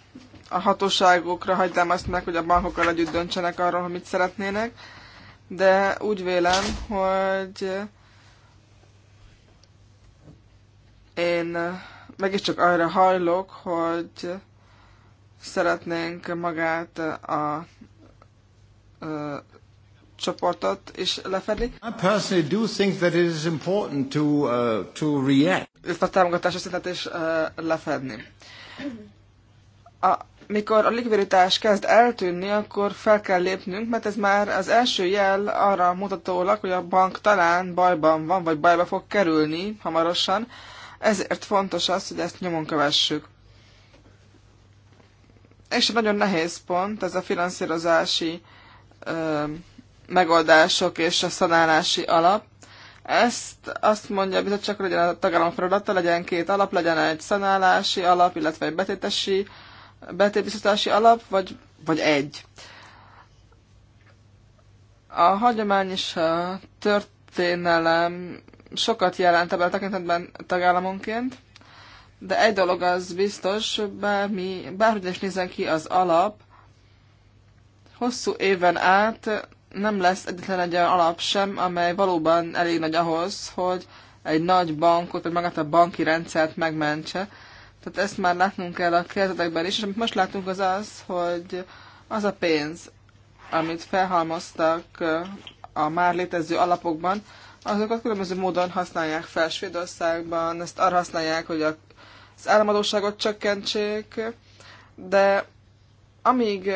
a hatóságokra hagynám azt meg, hogy a bankokkal együtt döntsenek arról, hogy mit szeretnének, de úgy vélem, hogy én csak arra hajlok, hogy szeretnénk magát a csoportot is lefedni. I personally do think that it is important to, uh, to react. Ezt a támogatási szintet is uh, lefedni. A, mikor a likviditás kezd eltűnni, akkor fel kell lépnünk, mert ez már az első jel arra mutatólag, hogy a bank talán bajban van, vagy bajba fog kerülni hamarosan. Ezért fontos az, hogy ezt nyomon kövessük. És nagyon nehéz pont ez a finanszírozási uh, megoldások és a szanálási alap. Ezt azt mondja hogy csak hogy legyen a tagállam feladata, legyen két alap, legyen egy szanálási alap, illetve egy betétesi, betétbiztosítási alap, vagy, vagy egy. A hagyomány és a történelem sokat jelent ebben a tekintetben tagállamonként, de egy dolog az biztos, mi, bárhogy is nézzen ki az alap, hosszú éven át nem lesz egyetlen egy olyan alap sem, amely valóban elég nagy ahhoz, hogy egy nagy bankot, vagy magát a banki rendszert megmentse. Tehát ezt már látnunk kell a kezdetekben is, és amit most látunk az az, hogy az a pénz, amit felhalmoztak eh, a már létező alapokban, azokat különböző módon használják fel Svédországban, ezt arra használják, hogy az államadóságot csökkentsék, de amíg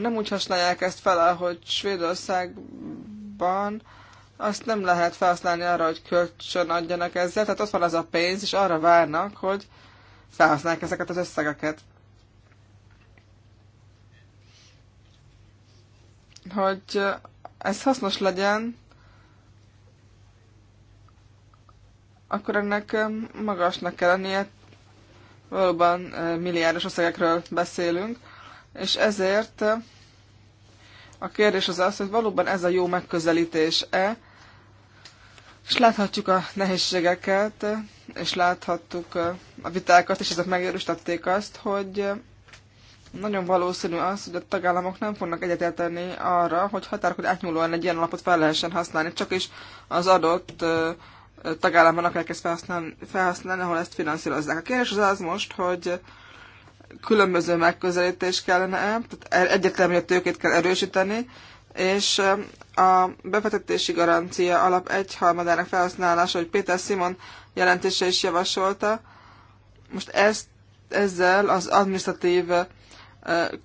nem úgy használják ezt fel, ahogy Svédországban azt nem lehet felhasználni arra, hogy kölcsön adjanak ezzel, tehát ott van az a pénz, és arra várnak, hogy felhasználják ezeket az összegeket. Hogy ez hasznos legyen, akkor ennek magasnak kell lennie, valóban eh, milliárdos összegekről beszélünk, és ezért a kérdés az az, hogy valóban ez a jó megközelítés-e, és láthatjuk a nehézségeket, és láthattuk a vitákat, és ezek megerősítették azt, hogy nagyon valószínű az, hogy a tagállamok nem fognak egyetérteni arra, hogy határokon átnyúlóan egy ilyen alapot fel lehessen használni, csak is az adott tagállamban akarják ezt felhasználni, felhasználni, ahol ezt finanszírozzák. A kérdés az az most, hogy különböző megközelítés kellene, tehát e- egyértelmű, hogy a tőkét kell erősíteni, és um, a befektetési garancia alap egyharmadának felhasználása, hogy Péter Simon jelentése is javasolta, most ezt, ezzel az administratív uh,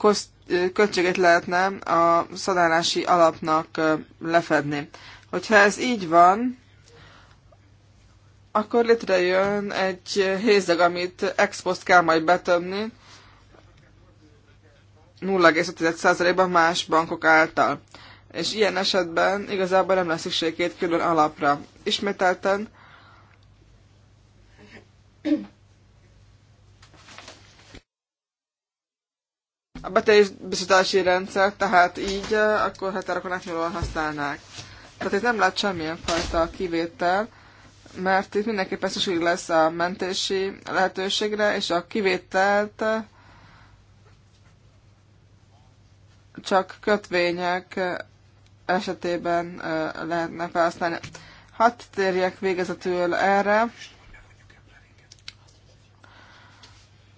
uh, költséget lehetne a szadálási alapnak uh, lefedni. Hogyha ez így van, akkor létrejön egy hézeg, amit ex post kell majd betömni, 0,5%-ban más bankok által. És ilyen esetben igazából nem lesz szükség két külön alapra. Ismételten a beteljesbiztosítási rendszer, tehát így eh, akkor határokon átnyúlóan használnák. Tehát itt nem lát semmilyen fajta kivétel, mert itt mindenképpen szükség lesz a mentési lehetőségre, és a kivételt eh, csak kötvények esetében lehetne felhasználni. Hadd térjek végezetül erre.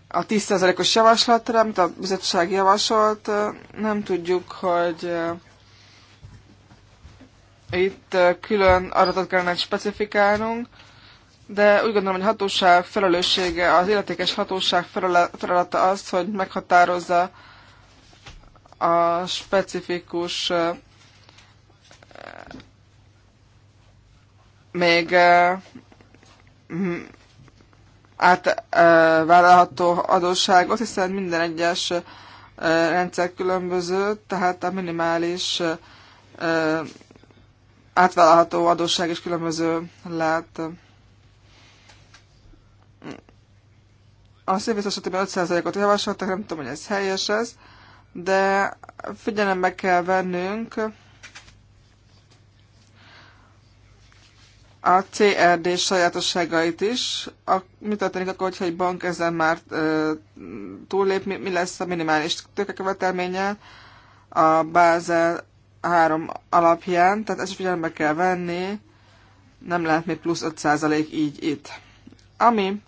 A 10%-os javaslatra, amit a bizottság javasolt, nem tudjuk, hogy itt külön adatot kellene specifikálnunk, de úgy gondolom, hogy hatóság felelőssége, az illetékes hatóság feladata az, hogy meghatározza a specifikus még átvállalható adósságot, hiszen minden egyes rendszer különböző, tehát a minimális átvállalható adósság is különböző lehet. A szélvész esetében 5%-ot javasoltak, nem tudom, hogy ez helyes ez de figyelembe kell vennünk a CRD sajátosságait is. A, mi történik akkor, hogyha egy bank ezen már ö, túllép, mi, mi lesz a minimális tőkekövetelménye a Bázel 3 alapján, tehát ezt figyelembe kell venni, nem lehet még plusz 5% így itt. Ami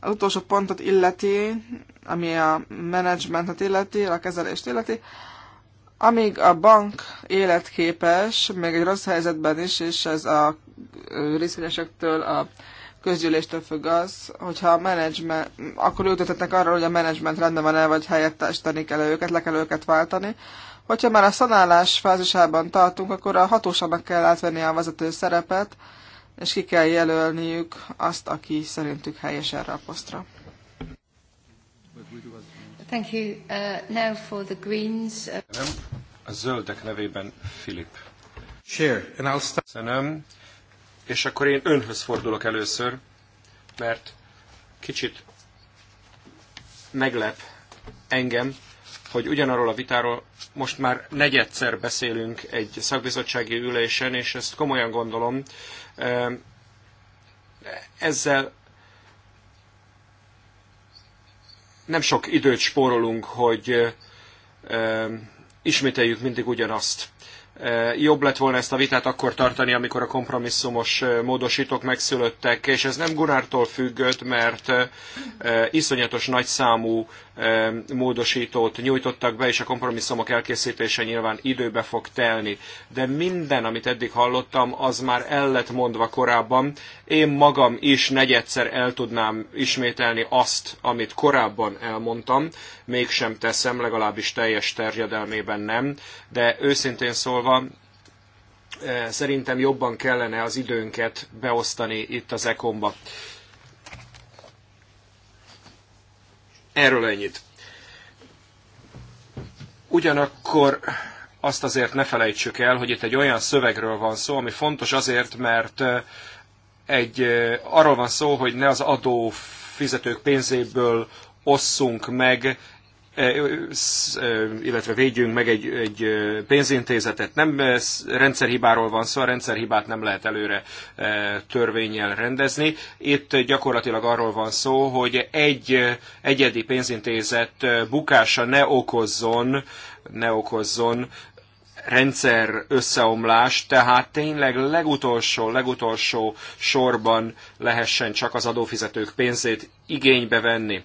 az utolsó pontot illeti, ami a menedzsmentet illeti, a kezelést illeti. Amíg a bank életképes, még egy rossz helyzetben is, és ez a részvényesektől, a közgyűléstől függ az, hogyha a menedzsment, akkor ültetetnek arra, hogy a menedzsment rendben van-e, vagy helyettesíteni kell -e őket, le kell őket váltani. Hogyha már a szanálás fázisában tartunk, akkor a hatóságnak kell átvenni a vezető szerepet, és ki kell jelölniük azt, aki szerintük helyes erre a posztra. Thank you. Uh, now for the Greens. A zöldek nevében Filip. and I'll start. Köszönöm. És akkor én önhöz fordulok először, mert kicsit meglep engem, hogy ugyanarról a vitáról most már negyedszer beszélünk egy szakbizottsági ülésen, és ezt komolyan gondolom. Ezzel nem sok időt spórolunk, hogy ismételjük mindig ugyanazt jobb lett volna ezt a vitát akkor tartani, amikor a kompromisszumos módosítók megszülöttek, és ez nem Gunártól függött, mert iszonyatos nagyszámú módosítót nyújtottak be, és a kompromisszumok elkészítése nyilván időbe fog telni. De minden, amit eddig hallottam, az már el lett mondva korábban. Én magam is negyedszer el tudnám ismételni azt, amit korábban elmondtam, mégsem teszem, legalábbis teljes terjedelmében nem, de őszintén szólva, szólva, eh, szerintem jobban kellene az időnket beosztani itt az ekomba. Erről ennyit. Ugyanakkor azt azért ne felejtsük el, hogy itt egy olyan szövegről van szó, ami fontos azért, mert eh, egy, eh, arról van szó, hogy ne az adó fizetők pénzéből osszunk meg E, illetve védjünk meg egy, egy pénzintézetet. Nem rendszerhibáról van szó, a rendszerhibát nem lehet előre e, törvényel rendezni. Itt gyakorlatilag arról van szó, hogy egy egyedi pénzintézet bukása ne okozzon, ne okozzon rendszer összeomlás, tehát tényleg legutolsó, legutolsó sorban lehessen csak az adófizetők pénzét igénybe venni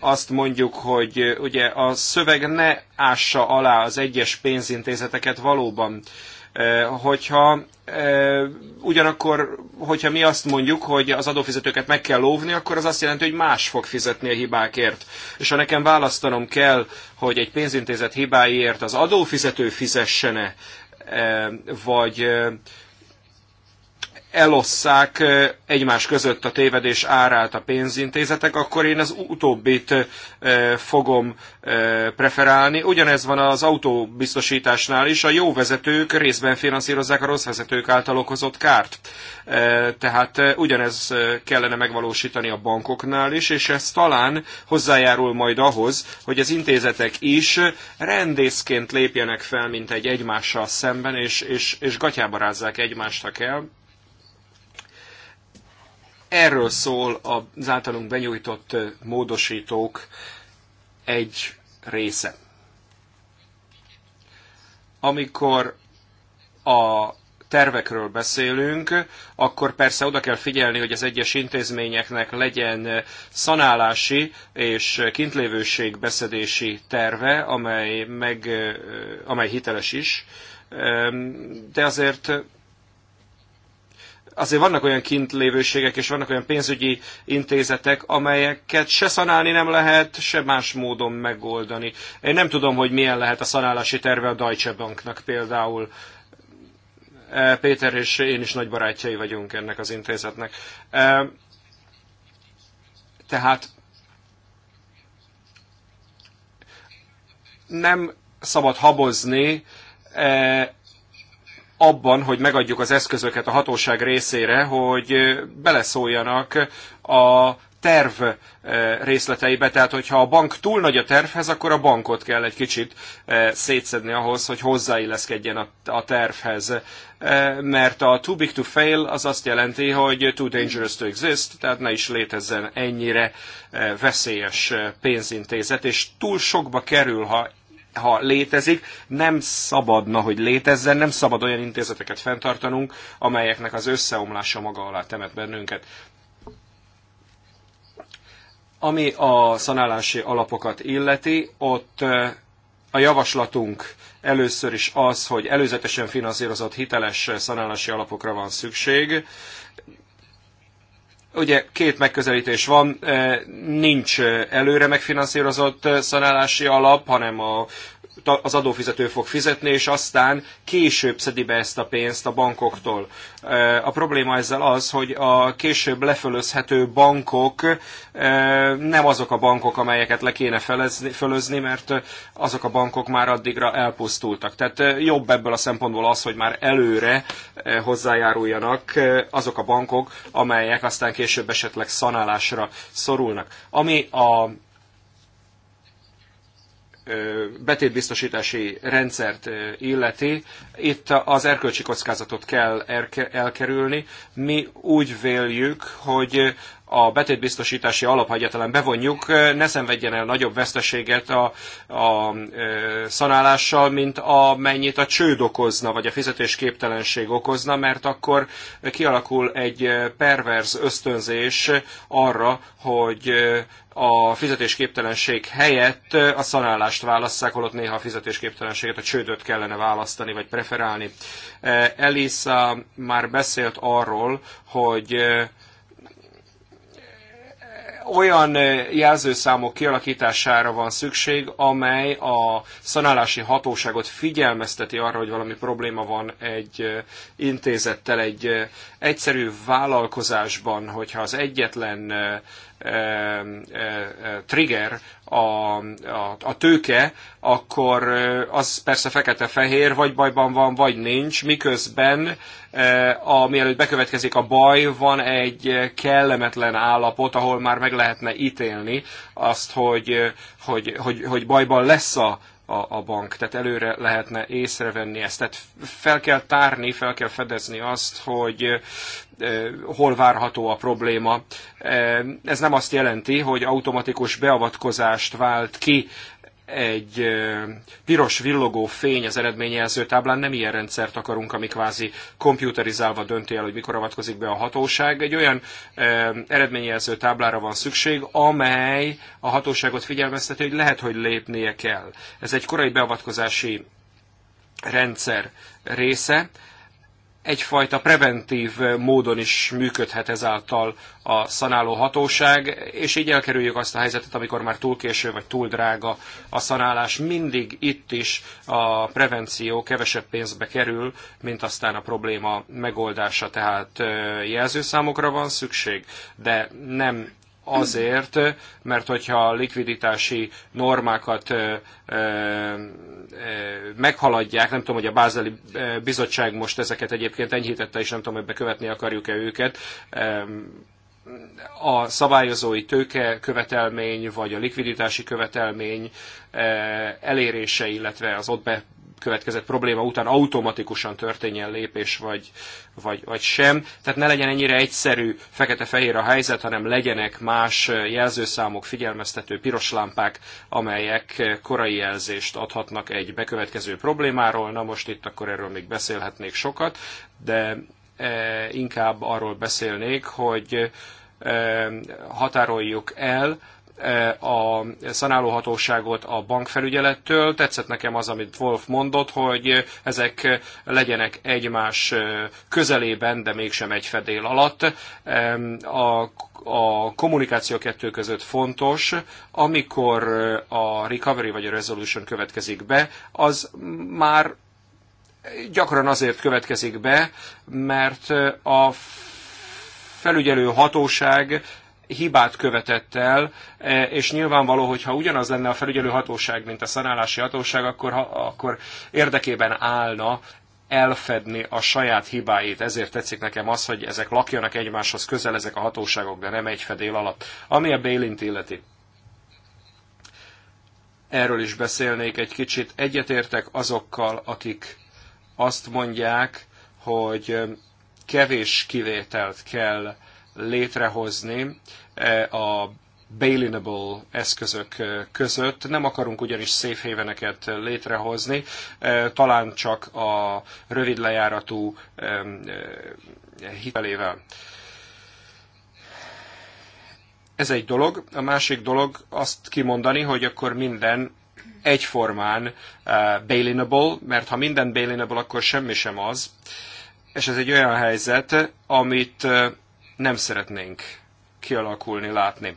azt mondjuk, hogy ugye a szöveg ne ássa alá az egyes pénzintézeteket valóban. Hogyha ugyanakkor, hogyha mi azt mondjuk, hogy az adófizetőket meg kell óvni, akkor az azt jelenti, hogy más fog fizetni a hibákért. És ha nekem választanom kell, hogy egy pénzintézet hibáiért az adófizető fizessene, vagy elosszák egymás között a tévedés árát a pénzintézetek, akkor én az utóbbit fogom preferálni. Ugyanez van az autóbiztosításnál is, a jó vezetők részben finanszírozzák a rossz vezetők által okozott kárt. Tehát ugyanez kellene megvalósítani a bankoknál is, és ez talán hozzájárul majd ahhoz, hogy az intézetek is rendészként lépjenek fel, mint egy egymással szemben, és, és, és gatyába rázzák egymást, ha kell Erről szól az általunk benyújtott módosítók egy része. Amikor a tervekről beszélünk, akkor persze oda kell figyelni, hogy az egyes intézményeknek legyen szanálási és kintlévőség beszedési terve, amely, meg, amely hiteles is, de azért azért vannak olyan lévőségek, és vannak olyan pénzügyi intézetek, amelyeket se szanálni nem lehet, se más módon megoldani. Én nem tudom, hogy milyen lehet a szanálási terve a Deutsche Banknak például. E, Péter és én is nagy barátjai vagyunk ennek az intézetnek. E, tehát nem szabad habozni e, abban, hogy megadjuk az eszközöket a hatóság részére, hogy beleszóljanak a terv részleteibe, tehát hogyha a bank túl nagy a tervhez, akkor a bankot kell egy kicsit szétszedni ahhoz, hogy hozzáilleszkedjen a tervhez. Mert a too big to fail az azt jelenti, hogy too dangerous to exist, tehát ne is létezzen ennyire veszélyes pénzintézet, és túl sokba kerül, ha ha létezik, nem szabadna, hogy létezzen, nem szabad olyan intézeteket fenntartanunk, amelyeknek az összeomlása maga alá temet bennünket. Ami a szanálási alapokat illeti, ott a javaslatunk először is az, hogy előzetesen finanszírozott hiteles szanálási alapokra van szükség. Ugye két megközelítés van, eh, nincs eh, előre megfinanszírozott eh, szanálási alap, hanem a, az adófizető fog fizetni, és aztán később szedi be ezt a pénzt a bankoktól. A probléma ezzel az, hogy a később lefölözhető bankok nem azok a bankok, amelyeket le kéne felezni, fölözni, mert azok a bankok már addigra elpusztultak. Tehát jobb ebből a szempontból az, hogy már előre hozzájáruljanak azok a bankok, amelyek aztán később később esetleg szanálásra szorulnak. Ami a betétbiztosítási rendszert illeti, itt az erkölcsi kockázatot kell elkerülni. Mi úgy véljük, hogy a betétbiztosítási alap, ha egyáltalán bevonjuk, ne szenvedjen el nagyobb veszteséget a, a szanálással, mint amennyit a csőd okozna, vagy a fizetésképtelenség okozna, mert akkor kialakul egy perverz ösztönzés arra, hogy a fizetésképtelenség helyett a szanálást válasszák, holott néha a fizetésképtelenséget, a csődöt kellene választani, vagy preferálni. Elisa már beszélt arról, hogy olyan jelzőszámok kialakítására van szükség, amely a szanálási hatóságot figyelmezteti arra, hogy valami probléma van egy intézettel, egy egyszerű vállalkozásban, hogyha az egyetlen trigger a, a, a tőke, akkor az persze fekete-fehér, vagy bajban van, vagy nincs, miközben a, mielőtt bekövetkezik a baj, van egy kellemetlen állapot, ahol már meg lehetne ítélni azt, hogy, hogy, hogy, hogy bajban lesz a a, a bank. Tehát előre lehetne észrevenni ezt. Tehát fel kell tárni, fel kell fedezni azt, hogy hol várható a probléma. Ez nem azt jelenti, hogy automatikus beavatkozást vált ki egy piros villogó fény az eredményjelző táblán, nem ilyen rendszert akarunk, ami kvázi komputerizálva dönti el, hogy mikor avatkozik be a hatóság. Egy olyan eredményjelző táblára van szükség, amely a hatóságot figyelmezteti, hogy lehet, hogy lépnie kell. Ez egy korai beavatkozási rendszer része, egyfajta preventív módon is működhet ezáltal a szanáló hatóság, és így elkerüljük azt a helyzetet, amikor már túl késő vagy túl drága a szanálás. Mindig itt is a prevenció kevesebb pénzbe kerül, mint aztán a probléma megoldása, tehát jelzőszámokra van szükség, de nem azért, mert hogyha a likviditási normákat meghaladják, nem tudom, hogy a Bázeli Bizottság most ezeket egyébként enyhítette, és nem tudom, hogy bekövetni akarjuk-e őket, a szabályozói tőke követelmény, vagy a likviditási követelmény elérése, illetve az ott bekövetkezett probléma után automatikusan történjen lépés, vagy, vagy, vagy sem. Tehát ne legyen ennyire egyszerű fekete-fehér a helyzet, hanem legyenek más jelzőszámok, figyelmeztető piros lámpák, amelyek korai jelzést adhatnak egy bekövetkező problémáról. Na most itt akkor erről még beszélhetnék sokat, de e, inkább arról beszélnék, hogy e, határoljuk el, E, a szanálóhatóságot a bankfelügyelettől. Tetszett nekem az, amit Wolf mondott, hogy ezek legyenek egymás e, közelében, de mégsem egy fedél alatt. E, a a kommunikáció kettő között fontos, amikor a recovery vagy a resolution következik be, az már gyakran azért következik be, mert a felügyelő hatóság hibát követett el, e, és nyilvánvaló, hogy ha ugyanaz lenne a felügyelő hatóság, mint a szanálási hatóság, akkor, ha, akkor érdekében állna elfedni a saját hibáit. Ezért tetszik nekem az, hogy ezek lakjanak egymáshoz közel ezek a hatóságok, de nem egy fedél alatt. Ami a Bélint illeti. Erről is beszélnék egy kicsit. Egyetértek azokkal, akik azt mondják, hogy kevés kivételt kell létrehozni eh, a bailinable eszközök eh, között. Nem akarunk ugyanis safe haveneket eh, létrehozni, talán csak a rövid lejáratú hitelével. Ez egy dolog. A másik dolog azt kimondani, hogy akkor minden egyformán bailinable, mert ha minden bailinable, akkor semmi sem az. És ez egy olyan helyzet, amit nem szeretnénk kialakulni, látni.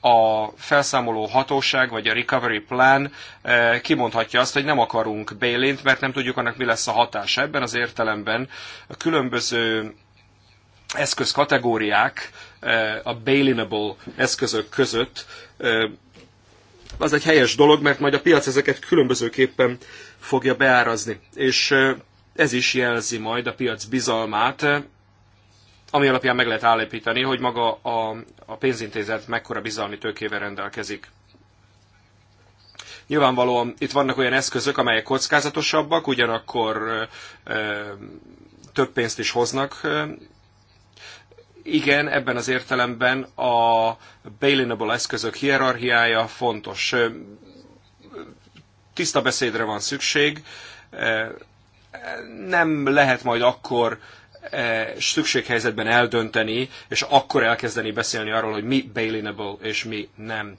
A felszámoló hatóság, vagy a recovery plan eh, kimondhatja azt, hogy nem akarunk bélint, mert nem tudjuk annak mi lesz a hatása. Ebben az értelemben a különböző eszközkategóriák eh, a bailinable eszközök között eh, az egy helyes dolog, mert majd a piac ezeket különbözőképpen fogja beárazni. És ez is jelzi majd a piac bizalmát, ami alapján meg lehet állapítani, hogy maga a, a pénzintézet mekkora bizalmi tőkével rendelkezik. Nyilvánvalóan itt vannak olyan eszközök, amelyek kockázatosabbak, ugyanakkor ö, több pénzt is hoznak. Igen, ebben az értelemben a bailinable eszközök hierarchiája fontos. Tiszta beszédre van szükség. Nem lehet majd akkor E, szükséghelyzetben eldönteni, és akkor elkezdeni beszélni arról, hogy mi bailinable és mi nem.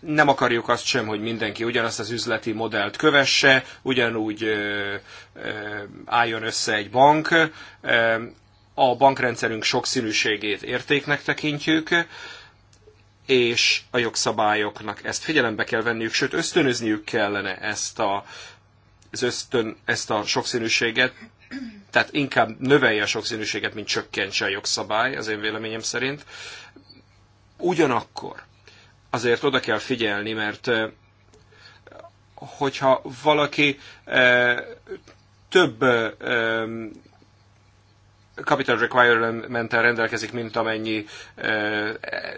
Nem akarjuk azt sem, hogy mindenki ugyanazt az üzleti modellt kövesse, ugyanúgy ö, ö, álljon össze egy bank. A bankrendszerünk sokszínűségét értéknek tekintjük és a jogszabályoknak ezt figyelembe kell venniük, sőt ösztönözniük kellene ezt a az ösztön, ezt a sokszínűséget, tehát inkább növelje a sokszínűséget, mint csökkentse a jogszabály, az én véleményem szerint. Ugyanakkor azért oda kell figyelni, mert eh, hogyha valaki eh, több eh, capital requirement rendelkezik, mint amennyi eh,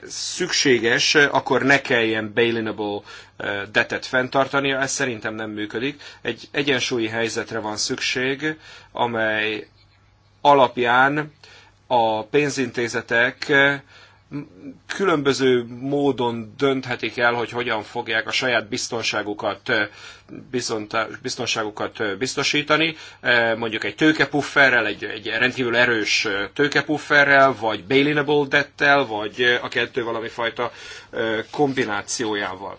szükséges, akkor ne kelljen bailinable eh, debtet fenntartania, ez szerintem nem működik. Egy egyensúlyi helyzetre van szükség, amely alapján a pénzintézetek eh, különböző módon dönthetik el, hogy hogyan fogják a saját biztonságukat, biztonságukat biztosítani, mondjuk egy tőkepufferrel, egy, egy rendkívül erős tőkepufferrel, vagy bailinable debt-tel, vagy a kettő valami fajta kombinációjával.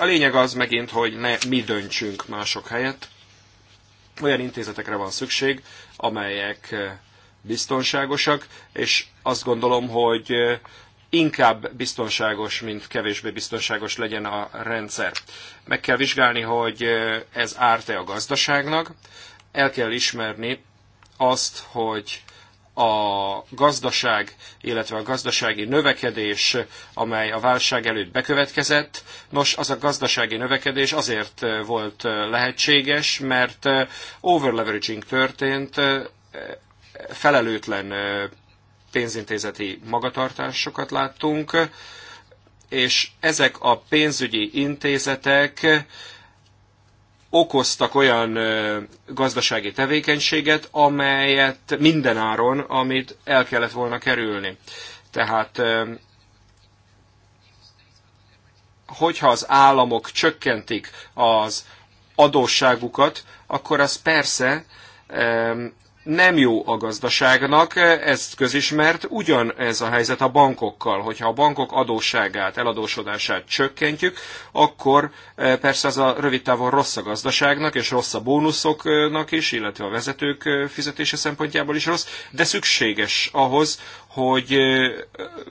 A lényeg az megint, hogy ne mi döntsünk mások helyett. Olyan intézetekre van szükség, amelyek biztonságosak, és azt gondolom, hogy inkább biztonságos, mint kevésbé biztonságos legyen a rendszer. Meg kell vizsgálni, hogy ez árt-e a gazdaságnak, el kell ismerni azt, hogy a gazdaság, illetve a gazdasági növekedés, amely a válság előtt bekövetkezett. Nos, az a gazdasági növekedés azért volt lehetséges, mert overleveraging történt, felelőtlen pénzintézeti magatartásokat láttunk, és ezek a pénzügyi intézetek okoztak olyan gazdasági tevékenységet, amelyet mindenáron, amit el kellett volna kerülni. Tehát hogyha az államok csökkentik az adósságukat, akkor az persze nem jó a gazdaságnak, ez közismert, ugyan ez a helyzet a bankokkal. Hogyha a bankok adósságát, eladósodását csökkentjük, akkor eh, persze az a rövid távon rossz a gazdaságnak, és rossz a bónuszoknak is, illetve a vezetők eh, fizetése szempontjából is rossz, de szükséges ahhoz, hogy, eh,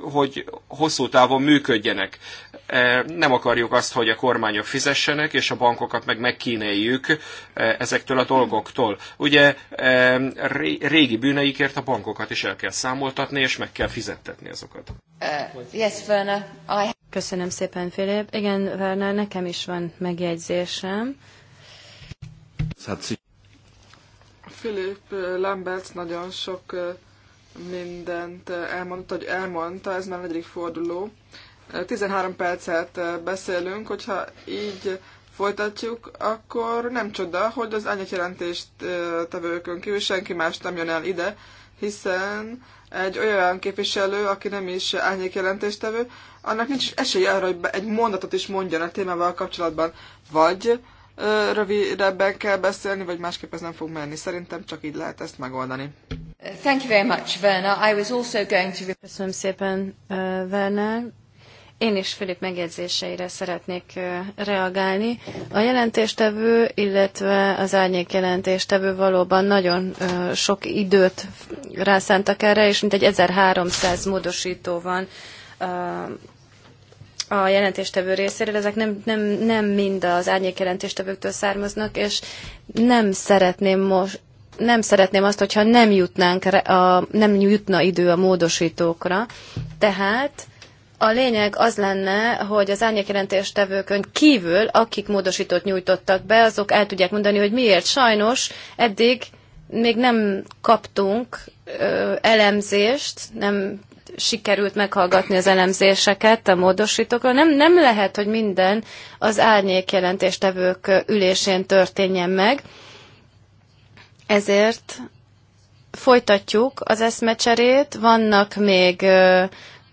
hogy hosszú távon működjenek E, nem akarjuk azt, hogy a kormányok fizessenek, és a bankokat meg megkínéljük e, ezektől a dolgoktól. Ugye e, régi bűneikért a bankokat is el kell számoltatni, és meg kell fizettetni azokat. Uh, yes, I... Köszönöm szépen, Filip. Igen, Werner, nekem is van megjegyzésem. Philip Lambert nagyon sok mindent elmondta, hogy elmondta, ez már negyedik forduló, 13 percet beszélünk, hogyha így folytatjuk, akkor nem csoda, hogy az árnyékjelentést tevőkön kívül senki más nem jön el ide, hiszen egy olyan képviselő, aki nem is árnyékjelentéstevő, annak nincs esélye arra, hogy egy mondatot is mondjon a témával kapcsolatban, vagy rövidebben kell beszélni, vagy másképp ez nem fog menni. Szerintem csak így lehet ezt megoldani. Thank you very much, Verna. I was also going to... Köszönöm szépen, uh, Verna. Én is Filip megjegyzéseire szeretnék reagálni. A jelentéstevő, illetve az árnyék jelentéstevő valóban nagyon sok időt rászántak erre, és mintegy 1300 módosító van a jelentéstevő részéről, ezek nem, nem, nem mind az árnyék jelentéstevőktől származnak, és nem szeretném most, nem szeretném azt, hogyha nem jutnánk, a, nem jutna idő a módosítókra. Tehát a lényeg az lenne, hogy az árnyékjelentéstevőkön kívül, akik módosítót nyújtottak be, azok el tudják mondani, hogy miért. Sajnos eddig még nem kaptunk ö, elemzést, nem sikerült meghallgatni az elemzéseket a módosítókról. Nem, nem lehet, hogy minden az árnyékjelentéstevők ülésén történjen meg. Ezért folytatjuk az eszmecserét, vannak még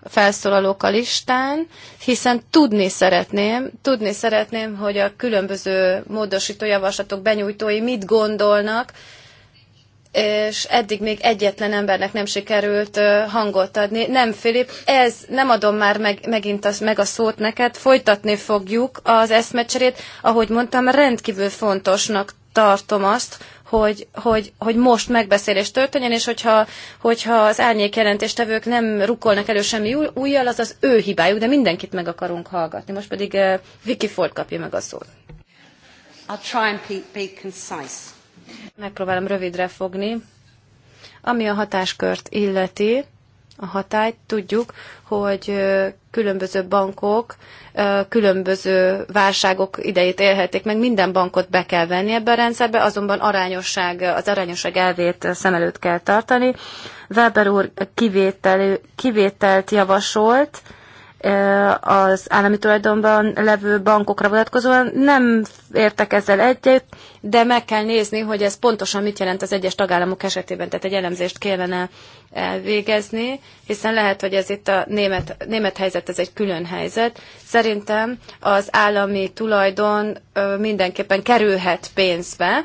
felszólalók a listán, hiszen tudni szeretném, tudni szeretném, hogy a különböző módosító javaslatok benyújtói mit gondolnak, és eddig még egyetlen embernek nem sikerült hangot adni. Nem, Filip, ez nem adom már meg, megint az, meg a szót neked, folytatni fogjuk az eszmecserét. Ahogy mondtam, rendkívül fontosnak tartom azt, hogy, hogy, hogy most megbeszélés történjen, és hogyha, hogyha az árnyék jelentéstevők nem rukkolnak elő semmi újjal, az az ő hibájuk, de mindenkit meg akarunk hallgatni. Most pedig uh, Vicky Ford kapja meg a szót. I'll try and be concise. Megpróbálom rövidre fogni. Ami a hatáskört illeti, a hatályt. Tudjuk, hogy különböző bankok különböző válságok idejét élhetik meg, minden bankot be kell venni ebbe a rendszerbe, azonban arányosság, az arányosság elvét szem előtt kell tartani. Weber úr kivétel, kivételt javasolt, az állami tulajdonban levő bankokra vonatkozóan nem értek ezzel egyet, de meg kell nézni, hogy ez pontosan mit jelent az egyes tagállamok esetében, tehát egy elemzést kellene elvégezni, hiszen lehet, hogy ez itt a német, német helyzet, ez egy külön helyzet. Szerintem az állami tulajdon mindenképpen kerülhet pénzbe,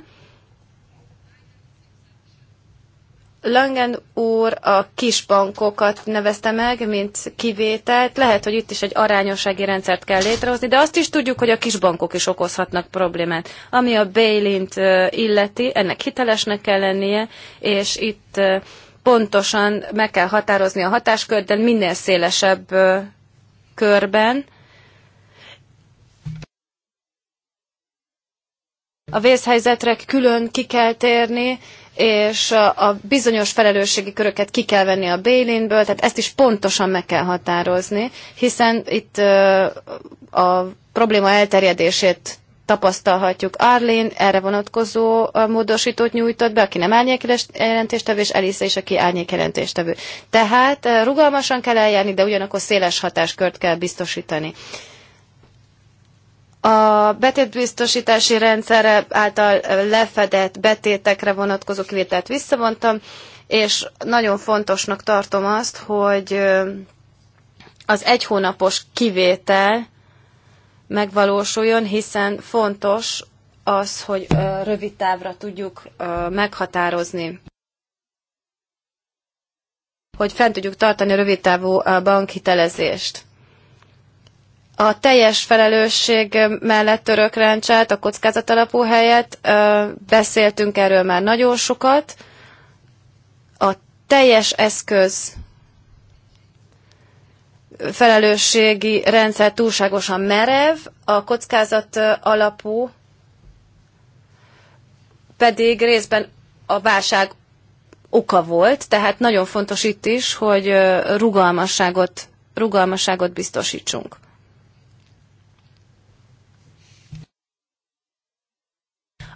Langen úr a kisbankokat nevezte meg, mint kivételt. Lehet, hogy itt is egy arányossági rendszert kell létrehozni, de azt is tudjuk, hogy a kisbankok is okozhatnak problémát. Ami a bailint illeti, ennek hitelesnek kell lennie, és itt pontosan meg kell határozni a hatáskört, de minél szélesebb körben. A vészhelyzetre külön ki kell térni, és a bizonyos felelősségi köröket ki kell venni a bélinből, tehát ezt is pontosan meg kell határozni, hiszen itt a probléma elterjedését tapasztalhatjuk. Arlén erre vonatkozó módosítót nyújtott be, aki nem árnyékjelentéstevő, és Elisa is, aki árnyékjelentéstevő. Tehát rugalmasan kell eljárni, de ugyanakkor széles hatáskört kell biztosítani. A betétbiztosítási rendszer által lefedett betétekre vonatkozó kivételt visszavontam, és nagyon fontosnak tartom azt, hogy az egy hónapos kivétel megvalósuljon, hiszen fontos az, hogy rövid távra tudjuk meghatározni hogy fent tudjuk tartani a távú bankhitelezést a teljes felelősség mellett örökrendcsát, a kockázat alapú helyet, beszéltünk erről már nagyon sokat. A teljes eszköz felelősségi rendszer túlságosan merev, a kockázat alapú pedig részben a válság oka volt, tehát nagyon fontos itt is, hogy rugalmasságot, rugalmasságot biztosítsunk.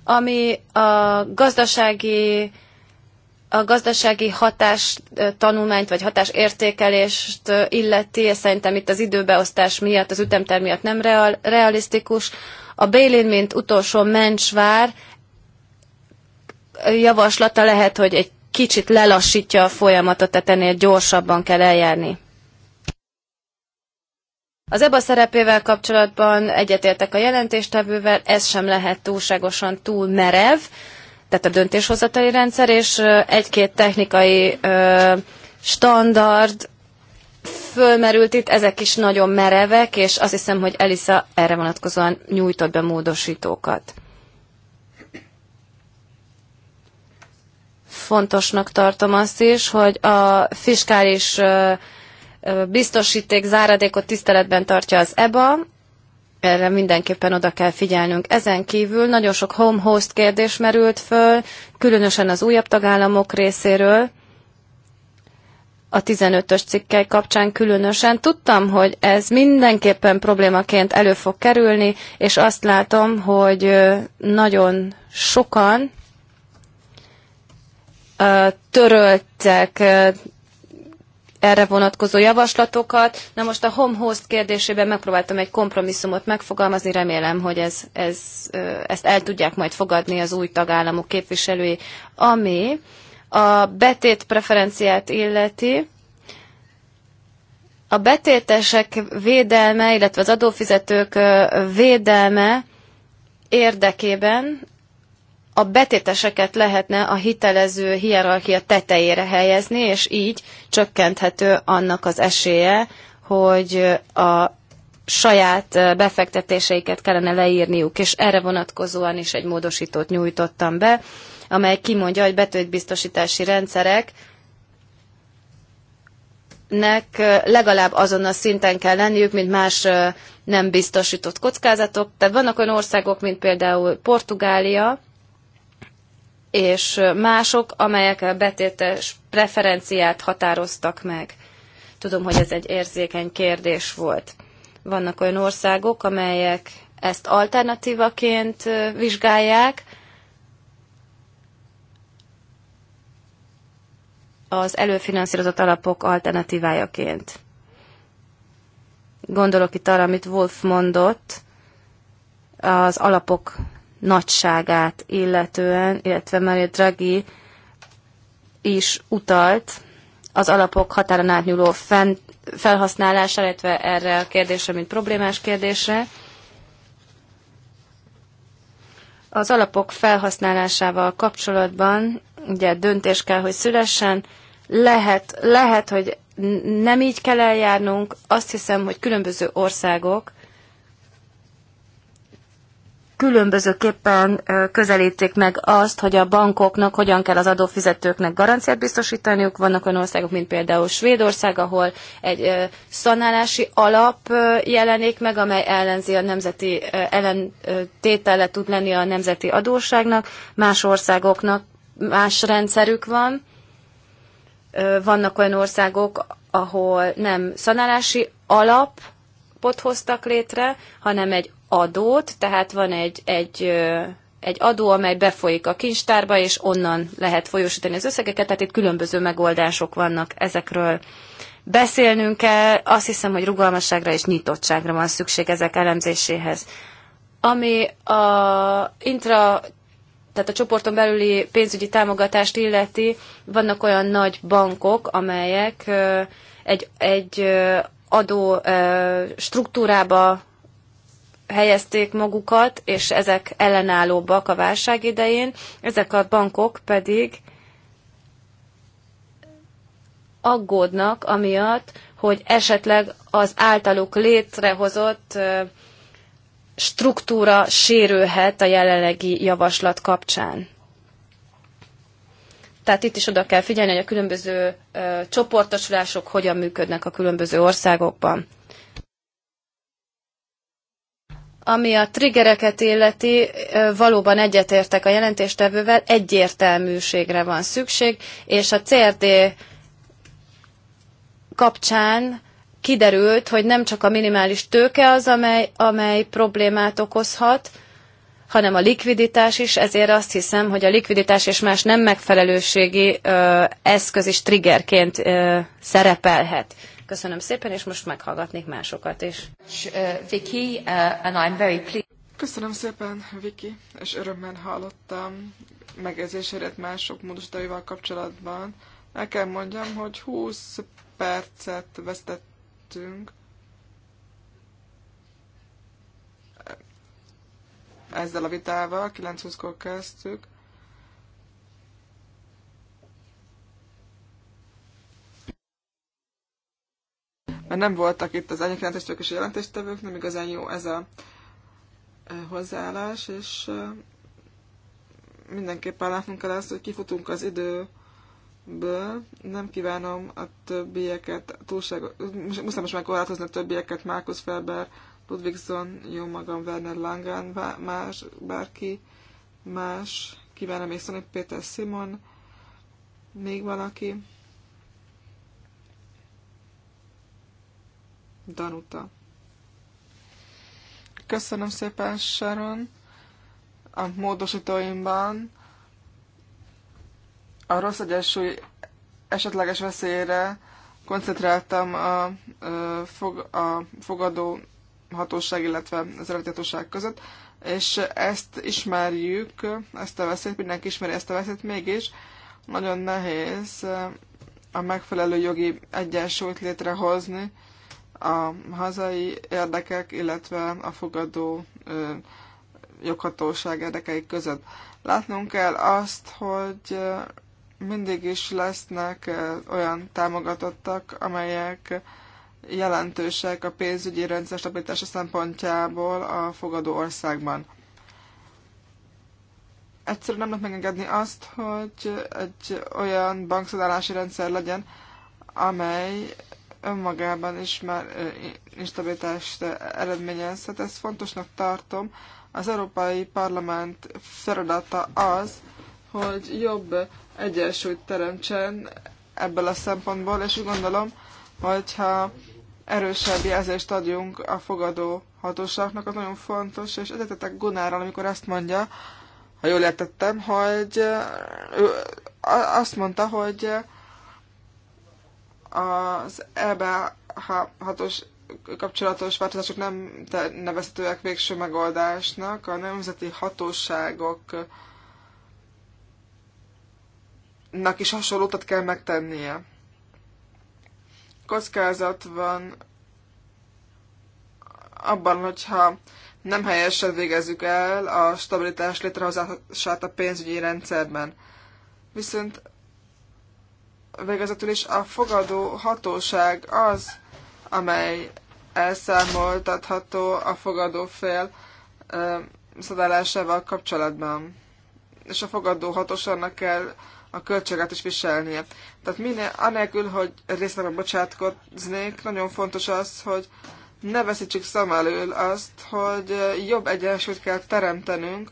ami a gazdasági a gazdasági hatás tanulmányt vagy hatásértékelést illeti, szerintem itt az időbeosztás miatt, az ütemterv miatt nem real, realisztikus. A Bélin, mint utolsó mencsvár javaslata lehet, hogy egy kicsit lelassítja a folyamatot, tehát ennél gyorsabban kell eljárni. Az EBA szerepével kapcsolatban egyetértek a jelentéstevővel, ez sem lehet túlságosan túl merev, tehát a döntéshozatali rendszer, és egy-két technikai standard fölmerült itt, ezek is nagyon merevek, és azt hiszem, hogy Elisa erre vonatkozóan nyújtott be módosítókat. Fontosnak tartom azt is, hogy a fiskális biztosíték záradékot tiszteletben tartja az EBA, erre mindenképpen oda kell figyelnünk. Ezen kívül nagyon sok home host kérdés merült föl, különösen az újabb tagállamok részéről, a 15-ös cikkely kapcsán különösen. Tudtam, hogy ez mindenképpen problémaként elő fog kerülni, és azt látom, hogy nagyon sokan töröltek erre vonatkozó javaslatokat. Na most a home host kérdésében megpróbáltam egy kompromisszumot megfogalmazni, remélem, hogy ez, ez, ezt el tudják majd fogadni az új tagállamok képviselői, ami a betét preferenciát illeti. A betétesek védelme, illetve az adófizetők védelme érdekében a betéteseket lehetne a hitelező hierarchia tetejére helyezni, és így csökkenthető annak az esélye, hogy a saját befektetéseiket kellene leírniuk, és erre vonatkozóan is egy módosítót nyújtottam be, amely kimondja, hogy betétbiztosítási rendszerek nek legalább azon a szinten kell lenniük, mint más nem biztosított kockázatok. Tehát vannak olyan országok, mint például Portugália, és mások, amelyek a betétes preferenciát határoztak meg. Tudom, hogy ez egy érzékeny kérdés volt. Vannak olyan országok, amelyek ezt alternatívaként vizsgálják, az előfinanszírozott alapok alternatívájaként. Gondolok itt arra, amit Wolf mondott, az alapok nagyságát illetően, illetve Mario Draghi is utalt az alapok határon átnyúló fent, felhasználására, illetve erre a kérdésre, mint problémás kérdésre. Az alapok felhasználásával kapcsolatban ugye döntés kell, hogy szülessen, lehet, lehet, hogy nem így kell eljárnunk. Azt hiszem, hogy különböző országok különbözőképpen közelítik meg azt, hogy a bankoknak hogyan kell az adófizetőknek garanciát biztosítaniuk. Vannak olyan országok, mint például Svédország, ahol egy szanálási alap jelenik meg, amely ellenzi a nemzeti ellentétele tud lenni a nemzeti adósságnak. Más országoknak más rendszerük van. Vannak olyan országok, ahol nem szanálási alap hoztak létre, hanem egy adót, tehát van egy, egy egy adó, amely befolyik a kincstárba, és onnan lehet folyósítani az összegeket, tehát itt különböző megoldások vannak ezekről. Beszélnünk kell, azt hiszem, hogy rugalmasságra és nyitottságra van szükség ezek elemzéséhez. Ami a intra, tehát a csoporton belüli pénzügyi támogatást illeti, vannak olyan nagy bankok, amelyek egy, egy adó struktúrába helyezték magukat, és ezek ellenállóbbak a válság idején, ezek a bankok pedig aggódnak amiatt, hogy esetleg az általuk létrehozott struktúra sérülhet a jelenlegi javaslat kapcsán. Tehát itt is oda kell figyelni, hogy a különböző csoportosulások hogyan működnek a különböző országokban. Ami a triggereket illeti, valóban egyetértek a jelentéstevővel, egyértelműségre van szükség, és a CRD kapcsán kiderült, hogy nem csak a minimális tőke az, amely, amely problémát okozhat, hanem a likviditás is, ezért azt hiszem, hogy a likviditás és más nem megfelelőségi ö, eszköz is triggerként ö, szerepelhet. Köszönöm szépen, és most meghallgatnék másokat is. Uh, Köszönöm szépen, Viki, és örömmel hallottam megjegyzésedet mások módosítóival kapcsolatban. El kell mondjam, hogy 20 percet vesztettünk ezzel a vitával, 9-20-kor kezdtük, mert nem voltak itt az ányok jelentéstők és a jelentéstevők, nem igazán jó ez a e, hozzáállás, és e, mindenképpen látnunk kell azt, hogy kifutunk az időből, nem kívánom a többieket, túlságosan, muszáj most megkorlátozni a többieket, Márkusz Felber, Ludvigson, jó magam, Werner Langen, más, bárki más, kívánom még Szonyi Péter Simon, még valaki. Danuta. Köszönöm szépen, Sharon. A módosítóimban a rossz egyensúly esetleges veszélyére koncentráltam a, a fogadó hatóság, illetve az eredeti között, és ezt ismerjük, ezt a veszélyt, mindenki ismeri ezt a veszélyt, mégis nagyon nehéz a megfelelő jogi egyensúlyt létrehozni a hazai érdekek, illetve a fogadó joghatóság érdekei között. Látnunk kell azt, hogy mindig is lesznek olyan támogatottak, amelyek jelentősek a pénzügyi rendszer stabilitása szempontjából a fogadó országban. Egyszerűen nem lehet megengedni azt, hogy egy olyan bankszadálási rendszer legyen, amely önmagában is már instabilitást eredményezhet. Ezt fontosnak tartom. Az Európai Parlament feladata az, hogy jobb egyensúlyt teremtsen ebből a szempontból, és úgy gondolom, hogyha erősebb jelzést adjunk a fogadó hatóságnak, az nagyon fontos, és egyetetek Gunárral, amikor azt mondja, ha jól értettem, hogy ő azt mondta, hogy az EBH hatos kapcsolatos változások nem nevezhetőek végső megoldásnak. A nemzeti hatóságok nak is hasonlótat kell megtennie. Kockázat van abban, hogyha nem helyesen végezzük el a stabilitás létrehozását a pénzügyi rendszerben. Viszont végezetül is a fogadó hatóság az, amely elszámoltatható a fogadó fél szadálásával kapcsolatban. És a fogadó hatóságnak kell a költséget is viselnie. Tehát minél, anélkül, hogy részletben bocsátkoznék, nagyon fontos az, hogy ne veszítsük szem elől azt, hogy jobb egyensúlyt kell teremtenünk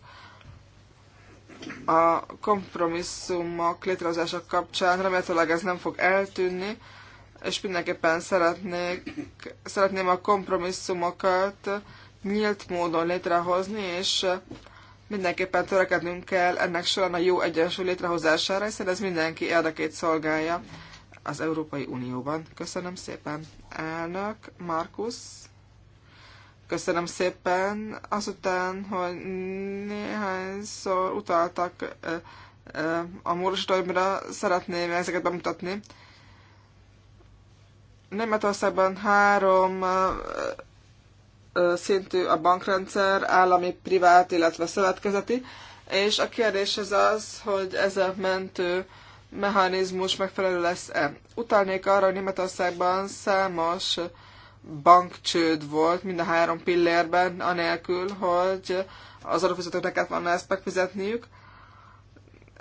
a kompromisszumok létrehozása kapcsán, remélhetőleg ez nem fog eltűnni, és mindenképpen szeretnék, szeretném a kompromisszumokat nyílt módon létrehozni, és mindenképpen törekednünk kell ennek során a jó egyensúly létrehozására, hiszen ez mindenki érdekét szolgálja az Európai Unióban. Köszönöm szépen, elnök Markus. Köszönöm szépen. Azután, hogy néhányszor utaltak a módosítóimra, szeretném ezeket bemutatni. Németországban három szintű a bankrendszer, állami, privát, illetve szövetkezeti, és a kérdés az az, hogy ez a mentő mechanizmus megfelelő lesz-e. Utalnék arra, hogy Németországban számos uh, bankcsőd volt mind a három pillérben, anélkül, hogy az adófizetőknek kellett volna ezt megfizetniük.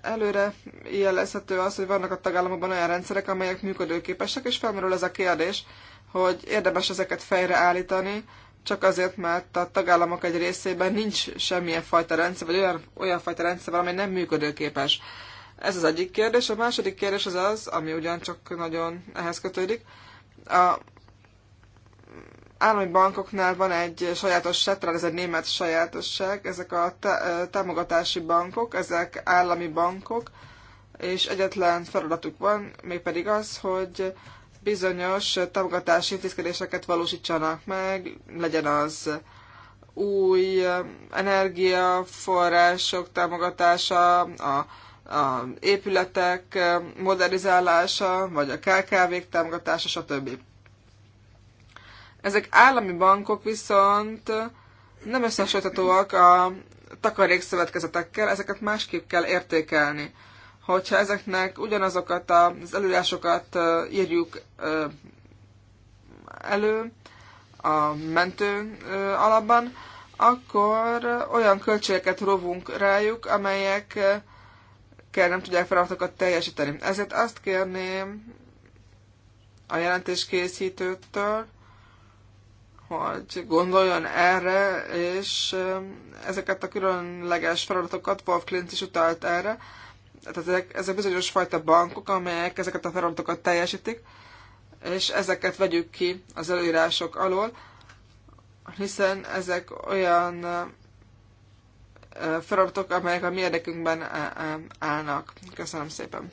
Előre jelezhető az, hogy vannak a tagállamokban olyan rendszerek, amelyek működőképesek, és felmerül ez a kérdés, hogy érdemes ezeket fejreállítani, csak azért, mert a tagállamok egy részében nincs semmilyen fajta rendszer, vagy olyan, olyan fajta rendszer, amely nem működőképes. Ez az egyik kérdés. A második kérdés az az, ami ugyancsak nagyon ehhez kötődik. A állami bankoknál van egy sajátos talán ez egy német sajátosság, ezek a támogatási bankok, ezek állami bankok, és egyetlen feladatuk van, mégpedig az, hogy bizonyos támogatási intézkedéseket valósítsanak meg, legyen az új energiaforrások támogatása, a, a épületek modernizálása, vagy a KKV-k támogatása, stb. Ezek állami bankok viszont nem összehasonlíthatóak a takarékszövetkezetekkel, ezeket másképp kell értékelni. Hogyha ezeknek ugyanazokat az előírásokat írjuk elő a mentő alapban, akkor olyan költségeket rovunk rájuk, amelyek kell nem tudják feladatokat teljesíteni. Ezért azt kérném a jelentéskészítőtől, hogy gondoljon erre, és ezeket a különleges feladatokat Wolf Klint is utalt erre. Tehát ezek, ezek bizonyos fajta bankok, amelyek ezeket a feladatokat teljesítik, és ezeket vegyük ki az előírások alól, hiszen ezek olyan feladatok, amelyek a mi érdekünkben állnak. Köszönöm szépen!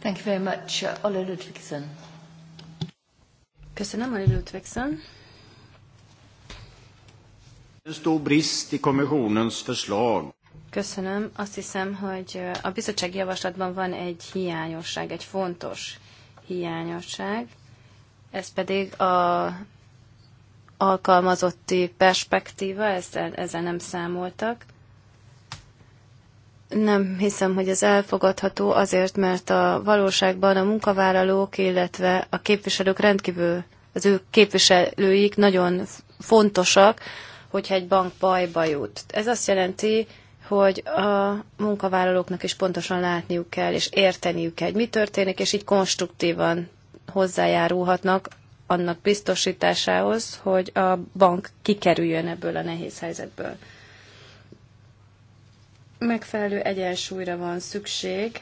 Thank you very much, uh, Olle Ludvigsen. Köszönöm, Olle Ludvigsen. En stor brist i kommissionens förslag. Köszönöm. Azt hiszem, hogy uh, a bizottság javaslatban van egy hiányosság, egy fontos hiányosság. Ez pedig a alkalmazotti perspektíva, ezzel, ezzel nem számoltak. Nem hiszem, hogy ez elfogadható azért, mert a valóságban a munkavállalók, illetve a képviselők rendkívül, az ő képviselőik nagyon fontosak, hogyha egy bank bajba jut. Ez azt jelenti, hogy a munkavállalóknak is pontosan látniuk kell, és érteniük kell, hogy mi történik, és így konstruktívan hozzájárulhatnak annak biztosításához, hogy a bank kikerüljön ebből a nehéz helyzetből megfelelő egyensúlyra van szükség,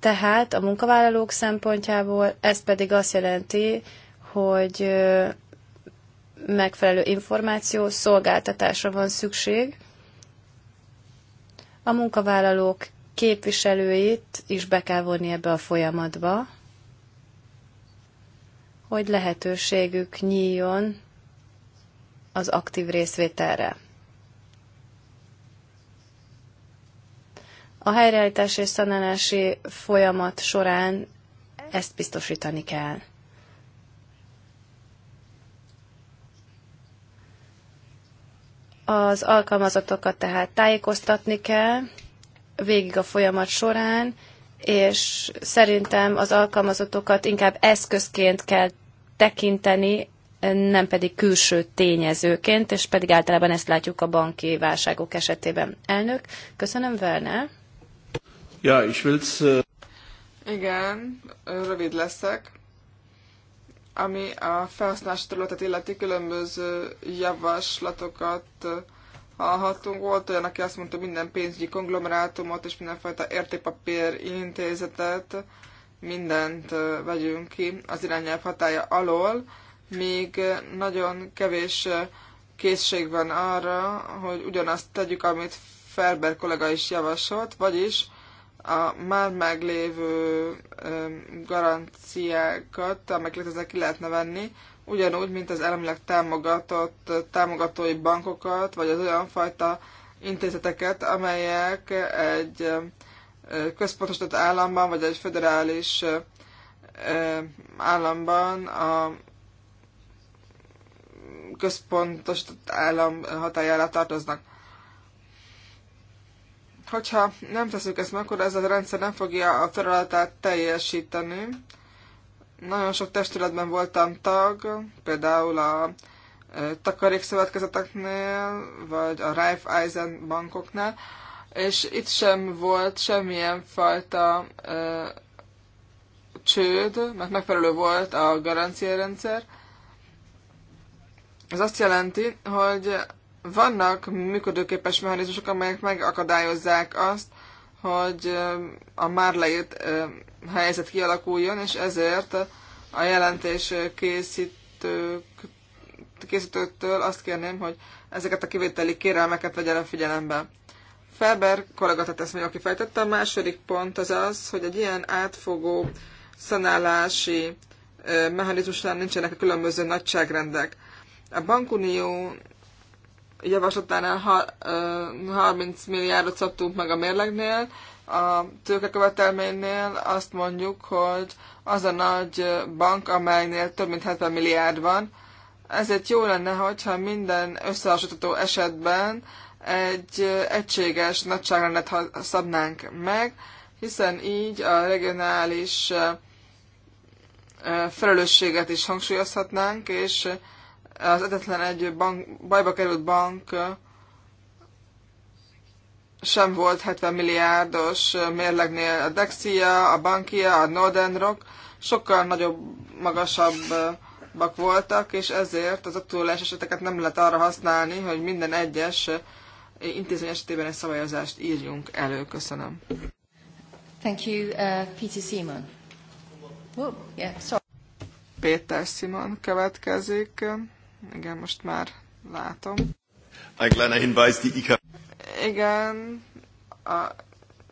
tehát a munkavállalók szempontjából ez pedig azt jelenti, hogy megfelelő információ szolgáltatásra van szükség. A munkavállalók képviselőit is be kell vonni ebbe a folyamatba, hogy lehetőségük nyíljon az aktív részvételre. A helyreállítás és szanálási folyamat során ezt biztosítani kell. Az alkalmazatokat tehát tájékoztatni kell végig a folyamat során, és szerintem az alkalmazatokat inkább eszközként kell tekinteni, nem pedig külső tényezőként, és pedig általában ezt látjuk a banki válságok esetében. Elnök, köszönöm, Verne. Ja, ich will's... Uh... Igen, rövid leszek. Ami a felhasználás területet illeti különböző javaslatokat hallhattunk. Volt olyan, aki azt mondta, minden pénzügyi konglomerátumot és mindenfajta értékpapír intézetet, mindent vegyünk ki az irányelv hatája alól, még nagyon kevés készség van arra, hogy ugyanazt tegyük, amit Ferber kollega is javasolt, vagyis a már meglévő garanciákat, amelyeket ezek ki lehetne venni, ugyanúgy, mint az elemileg támogatott támogatói bankokat, vagy az olyan fajta intézeteket, amelyek egy központosított államban, vagy egy federális államban a központosított állam hatájára tartoznak. Hogyha nem teszünk ezt meg, akkor ez a rendszer nem fogja a feladatát teljesíteni. Nagyon sok testületben voltam tag, például a takarékszövetkezeteknél, vagy a Raiffeisen bankoknál, és itt sem volt semmilyen fajta ö, csőd, mert megfelelő volt a garanciarendszer. Ez azt jelenti, hogy vannak működőképes mechanizmusok, amelyek megakadályozzák azt, hogy a már leírt helyzet kialakuljon, és ezért a jelentés készítők, készítőktől azt kérném, hogy ezeket a kivételi kérelmeket vegye a figyelembe. Felber kollégatát ezt mondja, aki fejtette. A második pont az az, hogy egy ilyen átfogó szanálási mechanizmusnál nincsenek a különböző nagyságrendek. A bankunió javaslatánál ha, 30 milliárdot szabtunk meg a mérlegnél, a tőkekövetelménynél azt mondjuk, hogy az a nagy bank, amelynél több mint 70 milliárd van, ezért jó lenne, hogyha minden összehasonlítható esetben egy egységes nagyságrendet szabnánk meg, hiszen így a regionális felelősséget is hangsúlyozhatnánk, és az egyetlen egy bank, bajba került bank sem volt 70 milliárdos mérlegnél a Dexia, a Bankia, a Northern Rock, sokkal nagyobb, magasabbak voltak, és ezért az aktuális eseteket nem lehet arra használni, hogy minden egyes intézmény esetében egy szabályozást írjunk elő. Köszönöm. Thank you, uh, Peter Simon. Oh, yeah, sorry. Péter Simon következik. Igen, most már látom. Ein kleiner Hinweis, die IK... Igen, a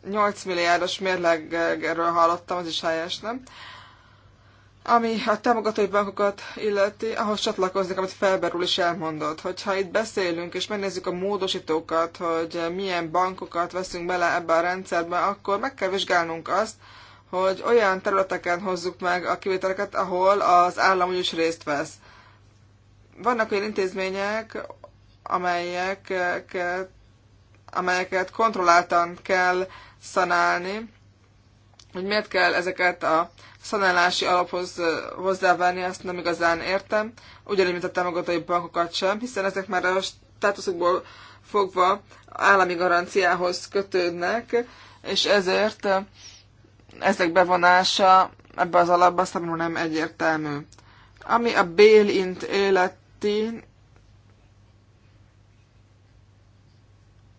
8 milliárdos mérlegről hallottam, az is helyes, nem? Ami a támogatói bankokat illeti, ahhoz csatlakoznak, amit Felberul is elmondott. Hogyha itt beszélünk és megnézzük a módosítókat, hogy milyen bankokat veszünk bele ebbe a rendszerbe, akkor meg kell vizsgálnunk azt, hogy olyan területeken hozzuk meg a kivételeket, ahol az állam úgyis részt vesz vannak olyan intézmények, amelyeket, amelyeket kontrolláltan kell szanálni, hogy miért kell ezeket a szanálási alaphoz hozzávenni, azt nem igazán értem, ugyanígy, mint a támogatói bankokat sem, hiszen ezek már a státuszokból fogva állami garanciához kötődnek, és ezért ezek bevonása ebbe az alapba számomra nem egyértelmű. Ami a bail-int élet illeti,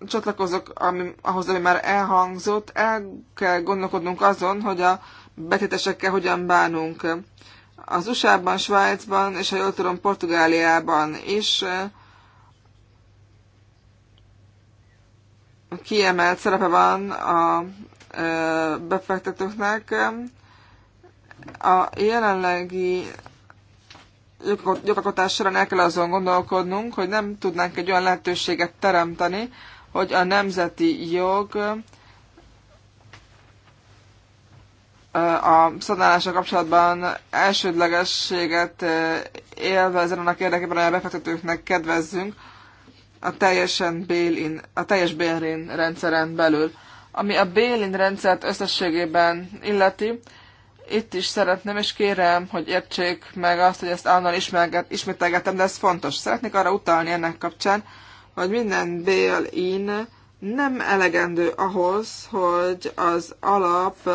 csatlakozok ami, ahhoz, ami már elhangzott, el kell gondolkodnunk azon, hogy a betétesekkel hogyan bánunk. Az USA-ban, Svájcban és ha jól tudom, Portugáliában is eh, kiemelt szerepe van a eh, befektetőknek. A jelenlegi jogalkotás során el kell azon gondolkodnunk, hogy nem tudnánk egy olyan lehetőséget teremteni, hogy a nemzeti jog a szanálásra kapcsolatban elsődlegességet élve ezen annak érdekében, hogy a befektetőknek kedvezzünk a teljesen bail a teljes bail rendszeren belül. Ami a bail rendszert összességében illeti, itt is szeretném, és kérem, hogy értsék meg azt, hogy ezt állandóan ismételgetem, de ez fontos. Szeretnék arra utalni ennek kapcsán, hogy minden bail-in nem elegendő ahhoz, hogy az alap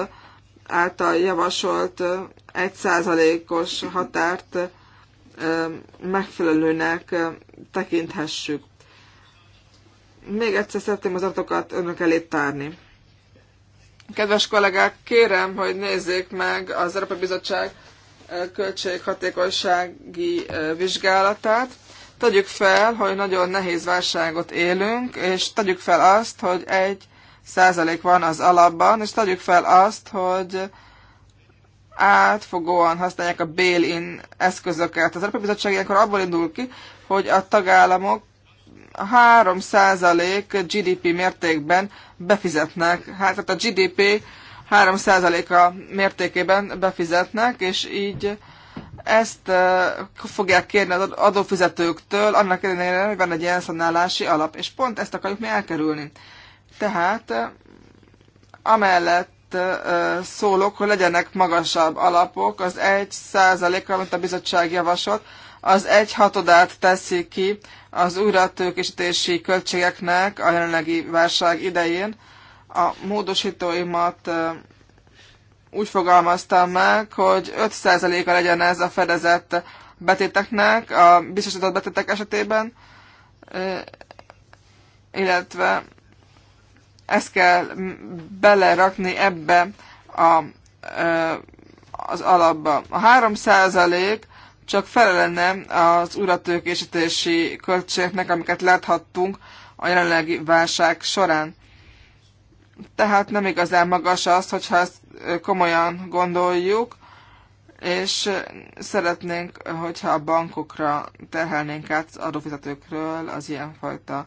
által javasolt 1%-os határt megfelelőnek tekinthessük. Még egyszer szeretném az adatokat önök elé tárni. Kedves kollégák, kérem, hogy nézzék meg az Európai Bizottság költséghatékonysági vizsgálatát. Tegyük fel, hogy nagyon nehéz válságot élünk, és tegyük fel azt, hogy egy százalék van az alapban, és tegyük fel azt, hogy átfogóan használják a bail-in eszközöket. Az Európai Bizottság ilyenkor abból indul ki, hogy a tagállamok 3 GDP mértékben befizetnek. Hát, tehát a GDP 3 a mértékében befizetnek, és így ezt fogják kérni az adófizetőktől, annak ellenére, hogy van egy ilyen alap, és pont ezt akarjuk mi elkerülni. Tehát amellett szólok, hogy legyenek magasabb alapok, az 1 a amit a bizottság javasolt, az egy hatodát teszi ki az újratőkésítési költségeknek a jelenlegi válság idején. A módosítóimat úgy fogalmaztam meg, hogy 5%-a legyen ez a fedezett betéteknek, a biztosított betétek esetében, illetve ezt kell belerakni ebbe a, az alapba. A 3% csak az lenne az uratőkésítési költségeknek, amiket láthattunk a jelenlegi válság során. Tehát nem igazán magas az, hogyha ezt komolyan gondoljuk, és szeretnénk, hogyha a bankokra terhelnénk át az adófizetőkről az ilyenfajta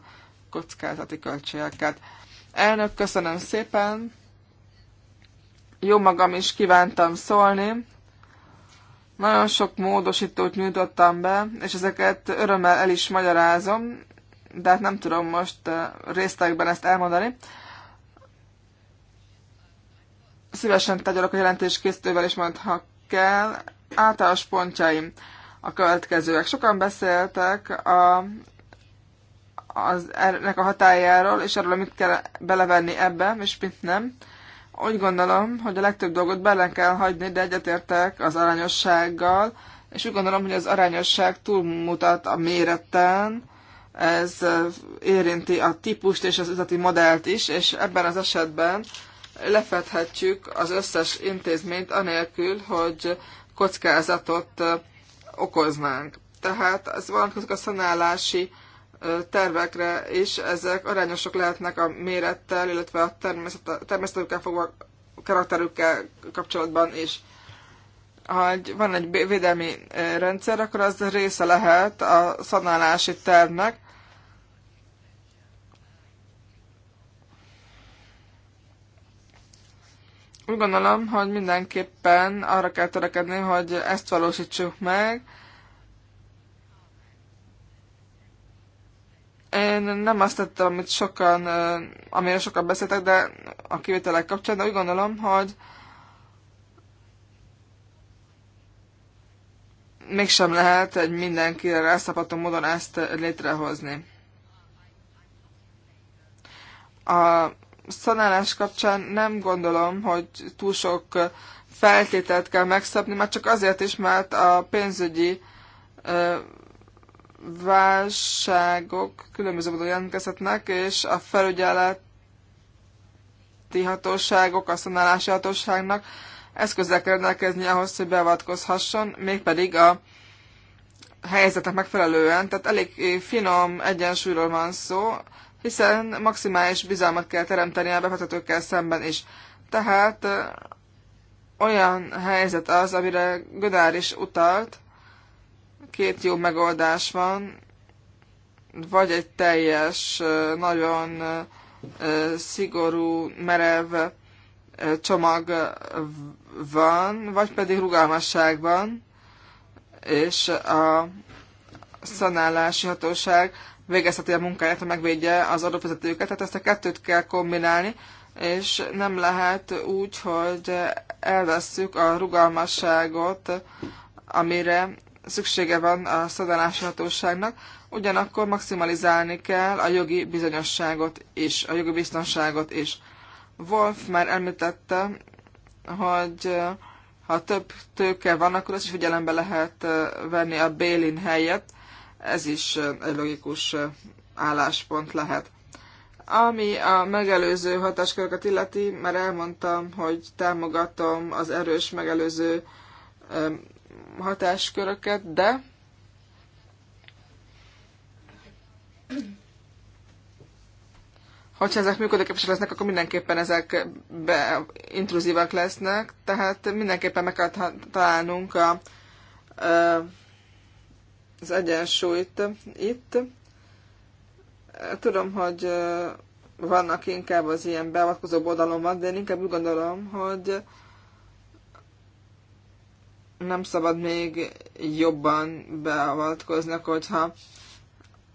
kockázati költségeket. Elnök, köszönöm szépen! Jó magam is kívántam szólni. Nagyon sok módosítót nyújtottam be, és ezeket örömmel el is magyarázom, de hát nem tudom most részletekben ezt elmondani. Szívesen tegyelek a jelentés készítővel is, majd ha kell. Általános pontjaim a következőek. Sokan beszéltek a, az, er-, ennek a hatájáról, és arról, mit kell belevenni ebbe, és mit nem. Úgy gondolom, hogy a legtöbb dolgot bele kell hagyni, de egyetértek az arányossággal, és úgy gondolom, hogy az arányosság túlmutat a méretten, ez érinti a típust és az üzleti modellt is, és ebben az esetben lefedhetjük az összes intézményt anélkül, hogy kockázatot okoznánk. Tehát ez valamikor a szanálási tervekre, és ezek arányosak lehetnek a mérettel, illetve a természetükkel fogva karakterükkel kapcsolatban is. Ha van egy védelmi rendszer, akkor az része lehet a szanálási tervnek, úgy gondolom, hogy mindenképpen arra kell törekedni, hogy ezt valósítsuk meg, Én nem azt tettem, amit sokan, amire sokan beszéltek, de a kivételek kapcsán, de úgy gondolom, hogy mégsem lehet egy mindenkire rászapató módon ezt létrehozni. A szanálás kapcsán nem gondolom, hogy túl sok feltételt kell megszabni, már csak azért is, mert a pénzügyi válságok különböző módon jelentkezhetnek, és a felügyeleti hatóságok, a szanálási hatóságnak eszközzel kell rendelkezni ahhoz, hogy beavatkozhasson, mégpedig a helyzetek megfelelően, tehát elég finom egyensúlyról van szó, hiszen maximális bizalmat kell teremteni a befektetőkkel szemben is. Tehát olyan helyzet az, amire Gödár is utalt, Két jó megoldás van, vagy egy teljes, nagyon szigorú, merev csomag van, vagy pedig rugalmasság van, és a szanálási hatóság végezheti a munkáját, ha megvédje az adófizetőket, tehát ezt a kettőt kell kombinálni, és nem lehet úgy, hogy elvesszük a rugalmasságot, amire szüksége van a szadálási hatóságnak, ugyanakkor maximalizálni kell a jogi bizonyosságot és a jogi biztonságot is. Wolf már említette, hogy ha több tőke van, akkor azt is figyelembe lehet venni a Bélin helyet. Ez is egy logikus álláspont lehet. Ami a megelőző hatásköröket illeti, már elmondtam, hogy támogatom az erős megelőző hatásköröket, de hogyha ezek működőképesek lesznek, akkor mindenképpen ezek be, intruzívak lesznek, tehát mindenképpen meg kell találnunk a, az egyensúlyt itt. Tudom, hogy vannak inkább az ilyen beavatkozó oldalon van, de én inkább úgy gondolom, hogy nem szabad még jobban beavatkoznak, hogyha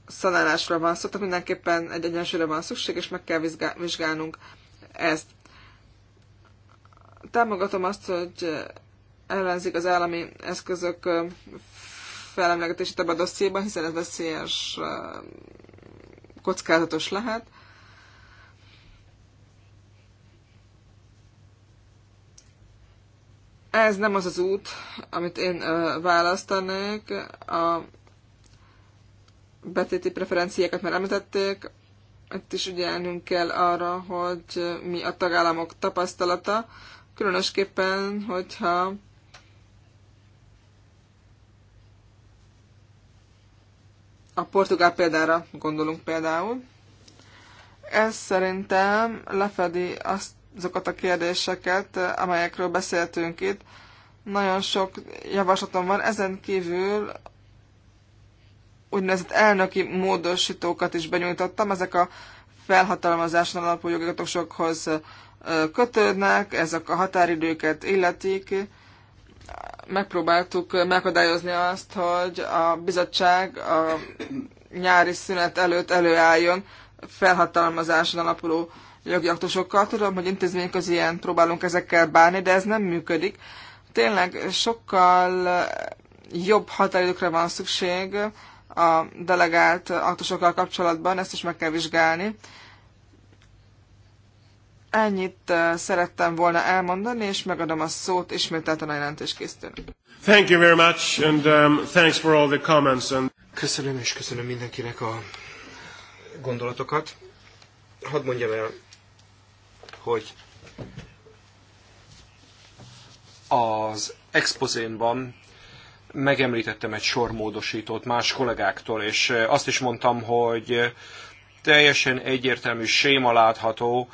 szanálásra van szó, tehát mindenképpen egy egyensúlyra van szükség, és meg kell vizsgálnunk ezt. Támogatom azt, hogy ellenzik az állami eszközök felemlegetését ebben a dossziéban, hiszen ez veszélyes, kockázatos lehet. Ez nem az az út, amit én választanék. A betéti preferenciákat már említették. Itt is ügyelnünk kell arra, hogy mi a tagállamok tapasztalata, különösképpen, hogyha a portugál példára gondolunk például. Ez szerintem lefedi azt azokat a kérdéseket, amelyekről beszéltünk itt. Nagyon sok javaslatom van, ezen kívül úgynevezett elnöki módosítókat is benyújtottam. Ezek a felhatalmazáson alapú jogigatosokhoz kötődnek, ezek a határidőket illetik. Megpróbáltuk megakadályozni azt, hogy a bizottság a nyári szünet előtt előálljon felhatalmazáson alapuló jogi aktusokkal. Tudom, hogy az ilyen próbálunk ezekkel bánni, de ez nem működik. Tényleg sokkal eh, jobb határidőkre van szükség a delegált aktusokkal kapcsolatban, ezt is meg kell vizsgálni. Ennyit eh, szerettem volna elmondani, és megadom a szót ismételten a jelentéskészítőnek. Thank you very much, and um, thanks for all the comments. And... Köszönöm, és köszönöm mindenkinek a gondolatokat. Hadd mondjam el hogy az expozénban megemlítettem egy sor módosítót más kollégáktól, és eh, azt is mondtam, hogy teljesen egyértelmű séma látható,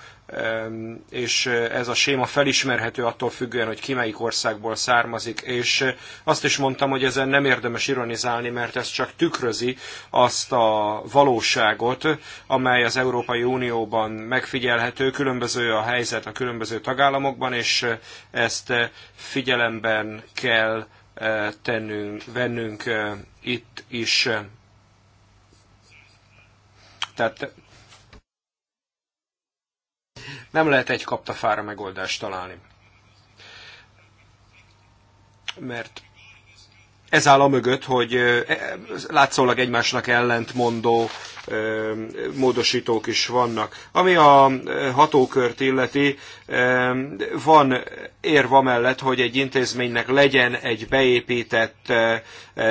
és eh, ez a séma felismerhető attól függően, hogy ki melyik országból származik, és eh, azt is mondtam, hogy ezen nem érdemes ironizálni, mert ez csak tükrözi azt a valóságot, amely az Európai Unióban megfigyelhető, különböző a helyzet a különböző tagállamokban, és eh, ezt figyelemben kell tennünk, vennünk itt is. Tehát nem lehet egy kaptafára megoldást találni. Mert ez áll a mögött, hogy e, látszólag egymásnak ellentmondó módosítók is vannak. Ami a hatókört illeti, van érva mellett, hogy egy intézménynek legyen egy beépített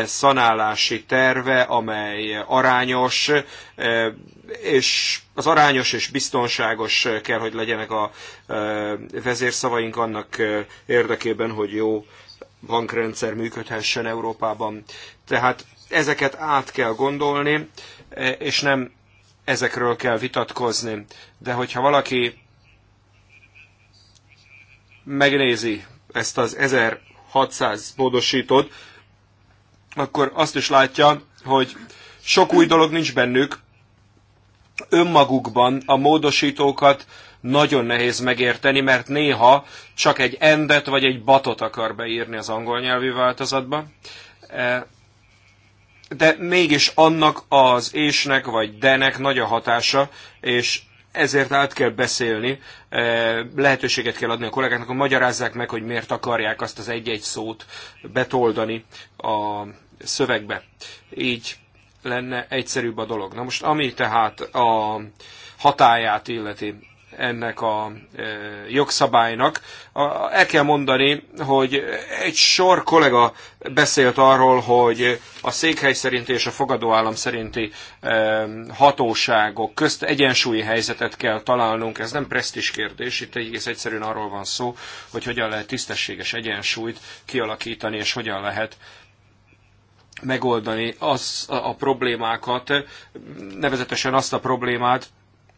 szanálási terve, amely arányos, és az arányos és biztonságos kell, hogy legyenek a vezérszavaink annak érdekében, hogy jó bankrendszer működhessen Európában. Tehát ezeket át kell gondolni, E, és nem ezekről kell vitatkozni. De hogyha valaki megnézi ezt az 1600 bódosítót, akkor azt is látja, hogy sok új dolog nincs bennük, önmagukban a módosítókat nagyon nehéz megérteni, mert néha csak egy endet vagy egy batot akar beírni az angol nyelvi változatba. E, de mégis annak az ésnek vagy denek nagy a hatása, és ezért át kell beszélni, eh, lehetőséget kell adni a kollégáknak, hogy magyarázzák meg, hogy miért akarják azt az egy-egy szót betoldani a szövegbe. Így lenne egyszerűbb a dolog. Na most ami tehát a hatáját illeti, ennek a e, jogszabálynak. A El kell mondani, hogy egy sor kollega beszélt arról, hogy a székhely szerinti és a fogadóállam szerinti e, hatóságok közt egyensúlyi helyzetet kell találnunk. Ez nem presztis kérdés, itt egész egyszerűen arról van szó, hogy hogyan lehet tisztességes egyensúlyt kialakítani, és hogyan lehet megoldani az a problémákat, nevezetesen azt a problémát,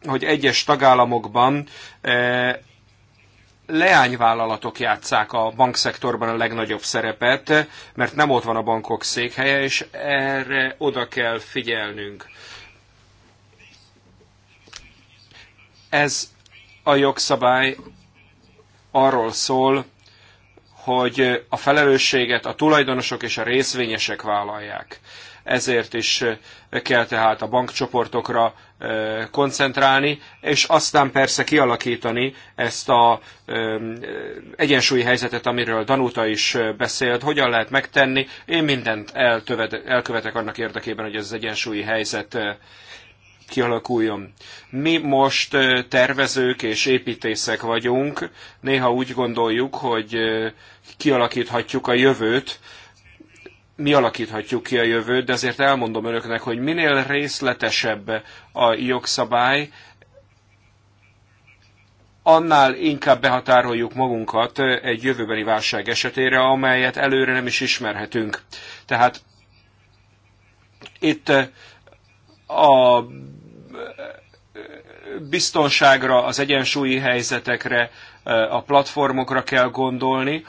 hogy egyes tagállamokban e, leányvállalatok játszák a bankszektorban a legnagyobb szerepet, mert nem ott van a bankok székhelye, és erre oda kell figyelnünk. Ez a jogszabály arról szól, hogy a felelősséget a tulajdonosok és a részvényesek vállalják. Ezért is kell tehát a bankcsoportokra koncentrálni, és aztán persze kialakítani ezt a egyensúlyi helyzetet, amiről Danuta is beszélt, hogyan lehet megtenni. Én mindent eltöved, elkövetek annak érdekében, hogy ez az egyensúlyi helyzet kialakuljon. Mi most tervezők és építészek vagyunk, néha úgy gondoljuk, hogy kialakíthatjuk a jövőt, mi alakíthatjuk ki a jövőt, de azért elmondom önöknek, hogy minél részletesebb a jogszabály, annál inkább behatároljuk magunkat egy jövőbeni válság esetére, amelyet előre nem is ismerhetünk. Tehát itt a biztonságra, az egyensúlyi helyzetekre, a platformokra kell gondolni,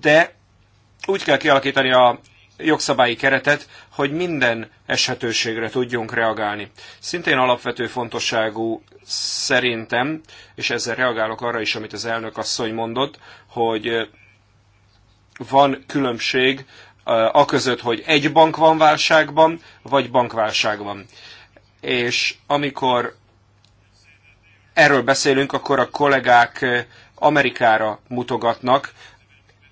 de úgy kell kialakítani a jogszabályi keretet, hogy minden eshetőségre tudjunk reagálni. Szintén alapvető fontosságú szerintem, és ezzel reagálok arra is, amit az elnök asszony mondott, hogy van különbség a között, hogy egy bank van válságban, vagy bankválság van. És amikor erről beszélünk, akkor a kollégák Amerikára mutogatnak,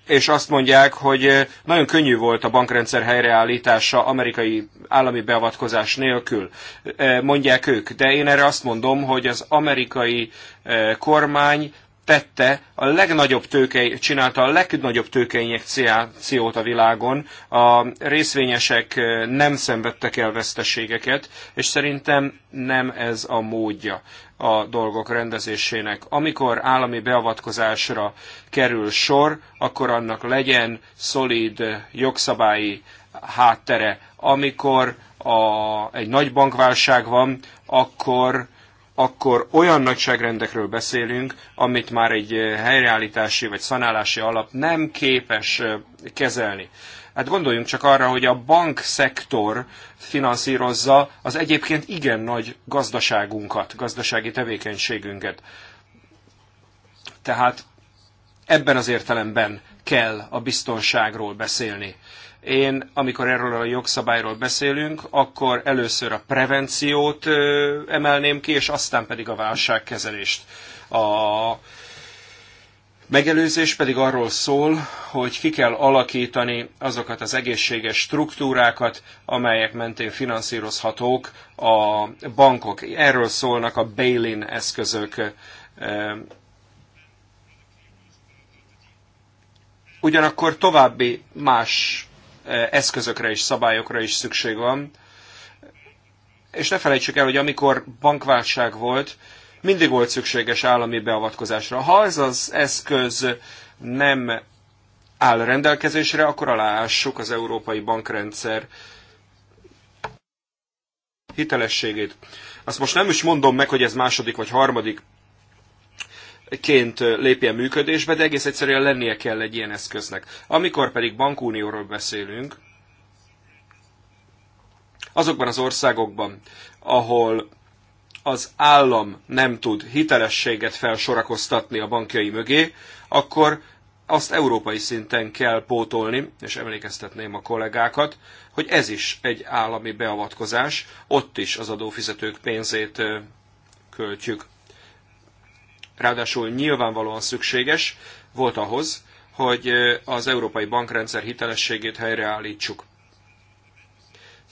és azt mondják, hogy eh, nagyon könnyű volt a bankrendszer helyreállítása amerikai állami beavatkozás nélkül, eh, mondják ők. De én erre azt mondom, hogy az amerikai eh, kormány tette a legnagyobb tőke, csinálta a legnagyobb tőkeinjekciót a világon, a részvényesek nem szenvedtek el veszteségeket, és szerintem nem ez a módja a dolgok rendezésének. Amikor állami beavatkozásra kerül sor, akkor annak legyen szolíd jogszabályi háttere. Amikor a, egy nagy bankválság van, akkor akkor olyan nagyságrendekről beszélünk, amit már egy helyreállítási vagy szanálási alap nem képes kezelni. Hát gondoljunk csak arra, hogy a bankszektor finanszírozza az egyébként igen nagy gazdaságunkat, gazdasági tevékenységünket. Tehát ebben az értelemben kell a biztonságról beszélni. Én, amikor erről a jogszabályról beszélünk, akkor először a prevenciót emelném ki, és aztán pedig a válságkezelést. A, Megelőzés pedig arról szól, hogy ki kell alakítani azokat az egészséges struktúrákat, amelyek mentén finanszírozhatók a bankok. Erről szólnak a bail-in eszközök. Ugyanakkor további más e, eszközökre és szabályokra is szükség van. És ne felejtsük el, hogy amikor bankválság volt, mindig volt szükséges állami beavatkozásra. Ha ez az eszköz nem áll rendelkezésre, akkor alássuk az európai bankrendszer hitelességét. Azt most nem is mondom meg, hogy ez második vagy harmadik ként lépjen működésbe, de egész egyszerűen lennie kell egy ilyen eszköznek. Amikor pedig bankunióról beszélünk, azokban az országokban, ahol az állam nem tud hitelességet felsorakoztatni a bankjai mögé, akkor azt európai szinten kell pótolni, és emlékeztetném a kollégákat, hogy ez is egy állami beavatkozás, ott is az adófizetők pénzét költjük. Ráadásul nyilvánvalóan szükséges volt ahhoz, hogy az európai bankrendszer hitelességét helyreállítsuk.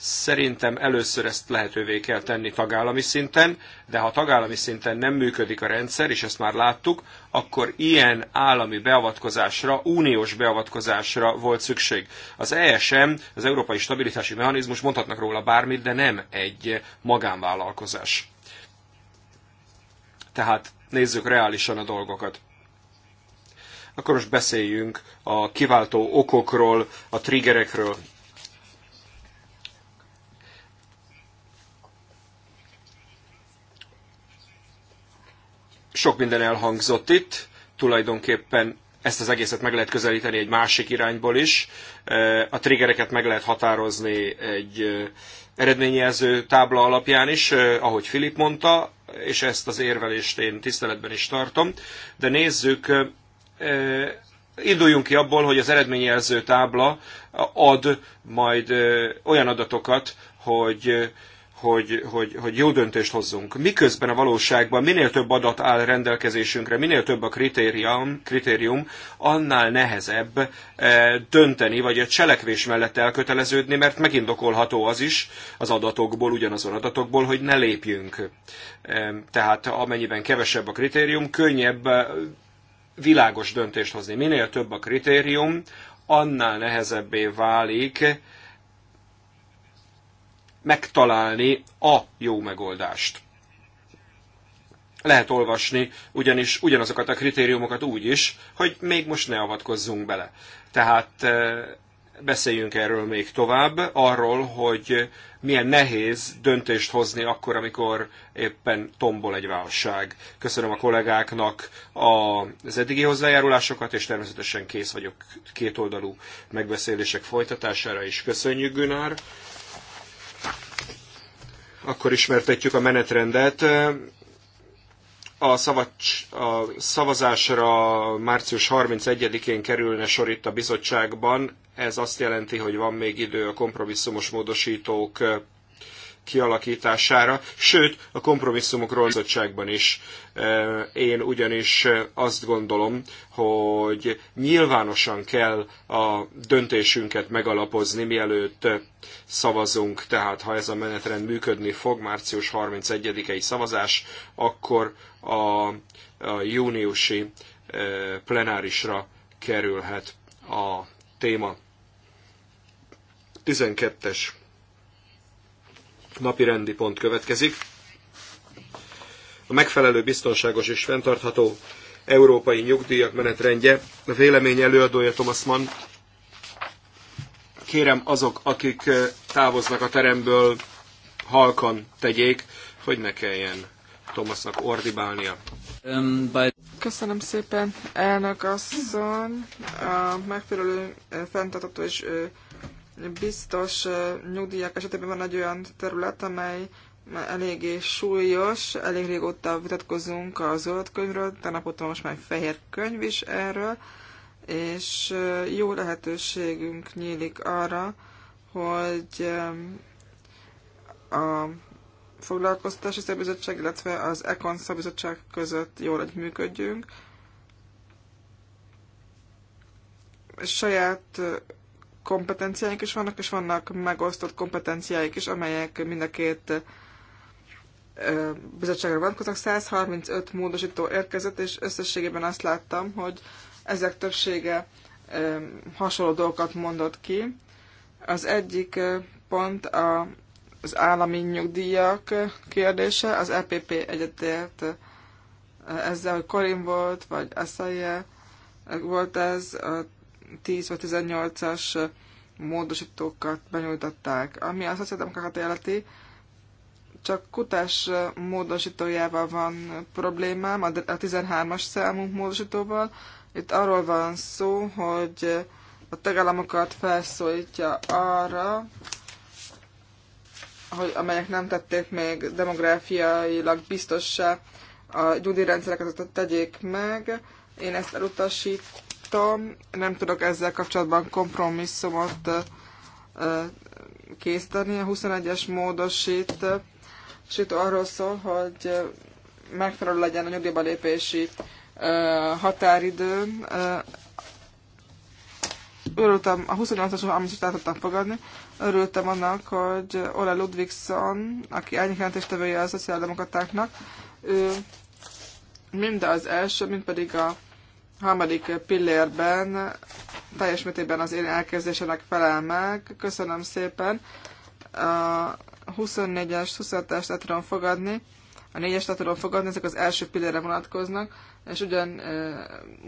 Szerintem először ezt lehetővé kell tenni tagállami szinten, de ha tagállami szinten nem működik a rendszer, és ezt már láttuk, akkor ilyen állami beavatkozásra, uniós beavatkozásra volt szükség. Az ESM, az Európai Stabilitási Mechanizmus, mondhatnak róla bármit, de nem egy magánvállalkozás. Tehát nézzük reálisan a dolgokat. Akkor most beszéljünk a kiváltó okokról, a triggerekről. Sok minden elhangzott itt, tulajdonképpen ezt az egészet meg lehet közelíteni egy másik irányból is. E, a triggereket meg lehet határozni egy e, eredményjelző tábla alapján is, e, ahogy Filip mondta, és ezt az érvelést én tiszteletben is tartom. De nézzük, induljunk ki abból, hogy az eredményjelző tábla ad majd olyan adatokat, hogy hogy, hogy, hogy jó döntést hozzunk. Miközben a valóságban minél több adat áll rendelkezésünkre, minél több a kritérium, kritérium annál nehezebb e, dönteni, vagy a cselekvés mellett elköteleződni, mert megindokolható az is az adatokból, ugyanazon adatokból, hogy ne lépjünk. E, tehát amennyiben kevesebb a kritérium, könnyebb eh, világos döntést hozni. Minél több a kritérium, annál nehezebbé válik megtalálni a jó megoldást. Lehet olvasni ugyanis ugyanazokat a kritériumokat úgy is, hogy még most ne avatkozzunk bele. Tehát eh, beszéljünk erről még tovább, arról, hogy milyen nehéz döntést hozni akkor, amikor éppen tombol egy válság. Köszönöm a kollégáknak az eddigi hozzájárulásokat, és természetesen kész vagyok kétoldalú megbeszélések folytatására is. Köszönjük, Günár! akkor ismertetjük a menetrendet. A, szavacs, a szavazásra március 31-én kerülne sor itt a bizottságban. Ez azt jelenti, hogy van még idő a kompromisszumos módosítók kialakítására, sőt a kompromisszumokról bizottságban is. Én ugyanis azt gondolom, hogy nyilvánosan kell a döntésünket megalapozni, mielőtt szavazunk, tehát ha ez a menetrend működni fog, március 31-i szavazás, akkor a, a júniusi plenárisra kerülhet a téma. 12-es napi rendi pont következik. A megfelelő, biztonságos és fenntartható európai nyugdíjak menetrendje. A vélemény előadója Thomas Mann. Kérem azok, akik eh, távoznak a teremből, halkan tegyék, hogy ne kelljen Thomasnak ordibálnia. Um, Köszönöm szépen, elnök asszony. A megfelelő eh, fenntartató és eh, biztos nyugdíjak esetében van egy olyan terület, amely eléggé súlyos, elég régóta vitatkozunk a zöld könyvről, tegnap ott most már fehér könyv is erről, és jó lehetőségünk nyílik arra, hogy a foglalkoztatási szabizottság, illetve az Econ szabizottság között jól egy működjünk. Saját kompetenciáink is vannak, és vannak megosztott kompetenciáik is, amelyek mind a két bizottságra vonatkoznak. 135 módosító érkezett, és összességében azt láttam, hogy ezek többsége hasonló dolgokat mondott ki. Az egyik pont a, az állami nyugdíjak kérdése, az EPP egyetért ezzel, hogy Korin volt, vagy Assaye volt ez, ott 10 vagy 18-as módosítókat benyújtották. Ami a szociáldemokrata jeleti, csak kutás módosítójával van problémám, a 13-as számú módosítóval. Itt arról van szó, hogy a tagállamokat felszólítja arra, hogy amelyek nem tették még demográfiailag biztossá a gyúdi rendszereket, tegyék meg. Én ezt elutasít, olvastam, nem tudok ezzel kapcsolatban kompromisszumot készíteni. A 21-es módosít, sőt arról szól, hogy megfelelő legyen a nyugdíjba lépési határidő. Örültem, a 28-as, amit is tudtam fogadni, örültem annak, hogy Ole Ludvigson, aki elnyékjelentéstevője a szociáldemokratáknak, ő mind az első, mind pedig a harmadik pillérben teljes mértékben az én elképzésének felel meg. Köszönöm szépen. A 24-es, 27-es le tudom fogadni, a 4-es le tudom fogadni, ezek az első pillére vonatkoznak, és ugyan e,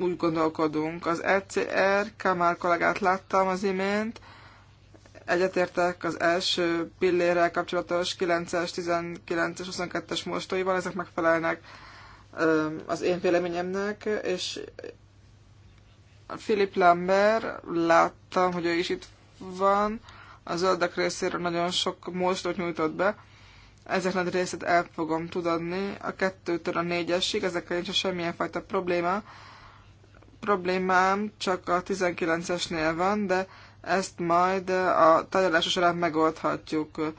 úgy gondolkodunk. Az ECR, Kamár kollégát láttam az imént, egyetértek az első pillérrel kapcsolatos 9-es, 19-es, 22-es mostóival, ezek megfelelnek az én véleményemnek, és Philip Lambert, láttam, hogy ő is itt van, a zöldek részéről nagyon sok mostot nyújtott be, ezek nagy részét el fogom tudni, a kettőtől a négyesig, ezekkel nincs semmilyen fajta probléma, problémám csak a 19-esnél van, de ezt majd a tárgyalás során megoldhatjuk.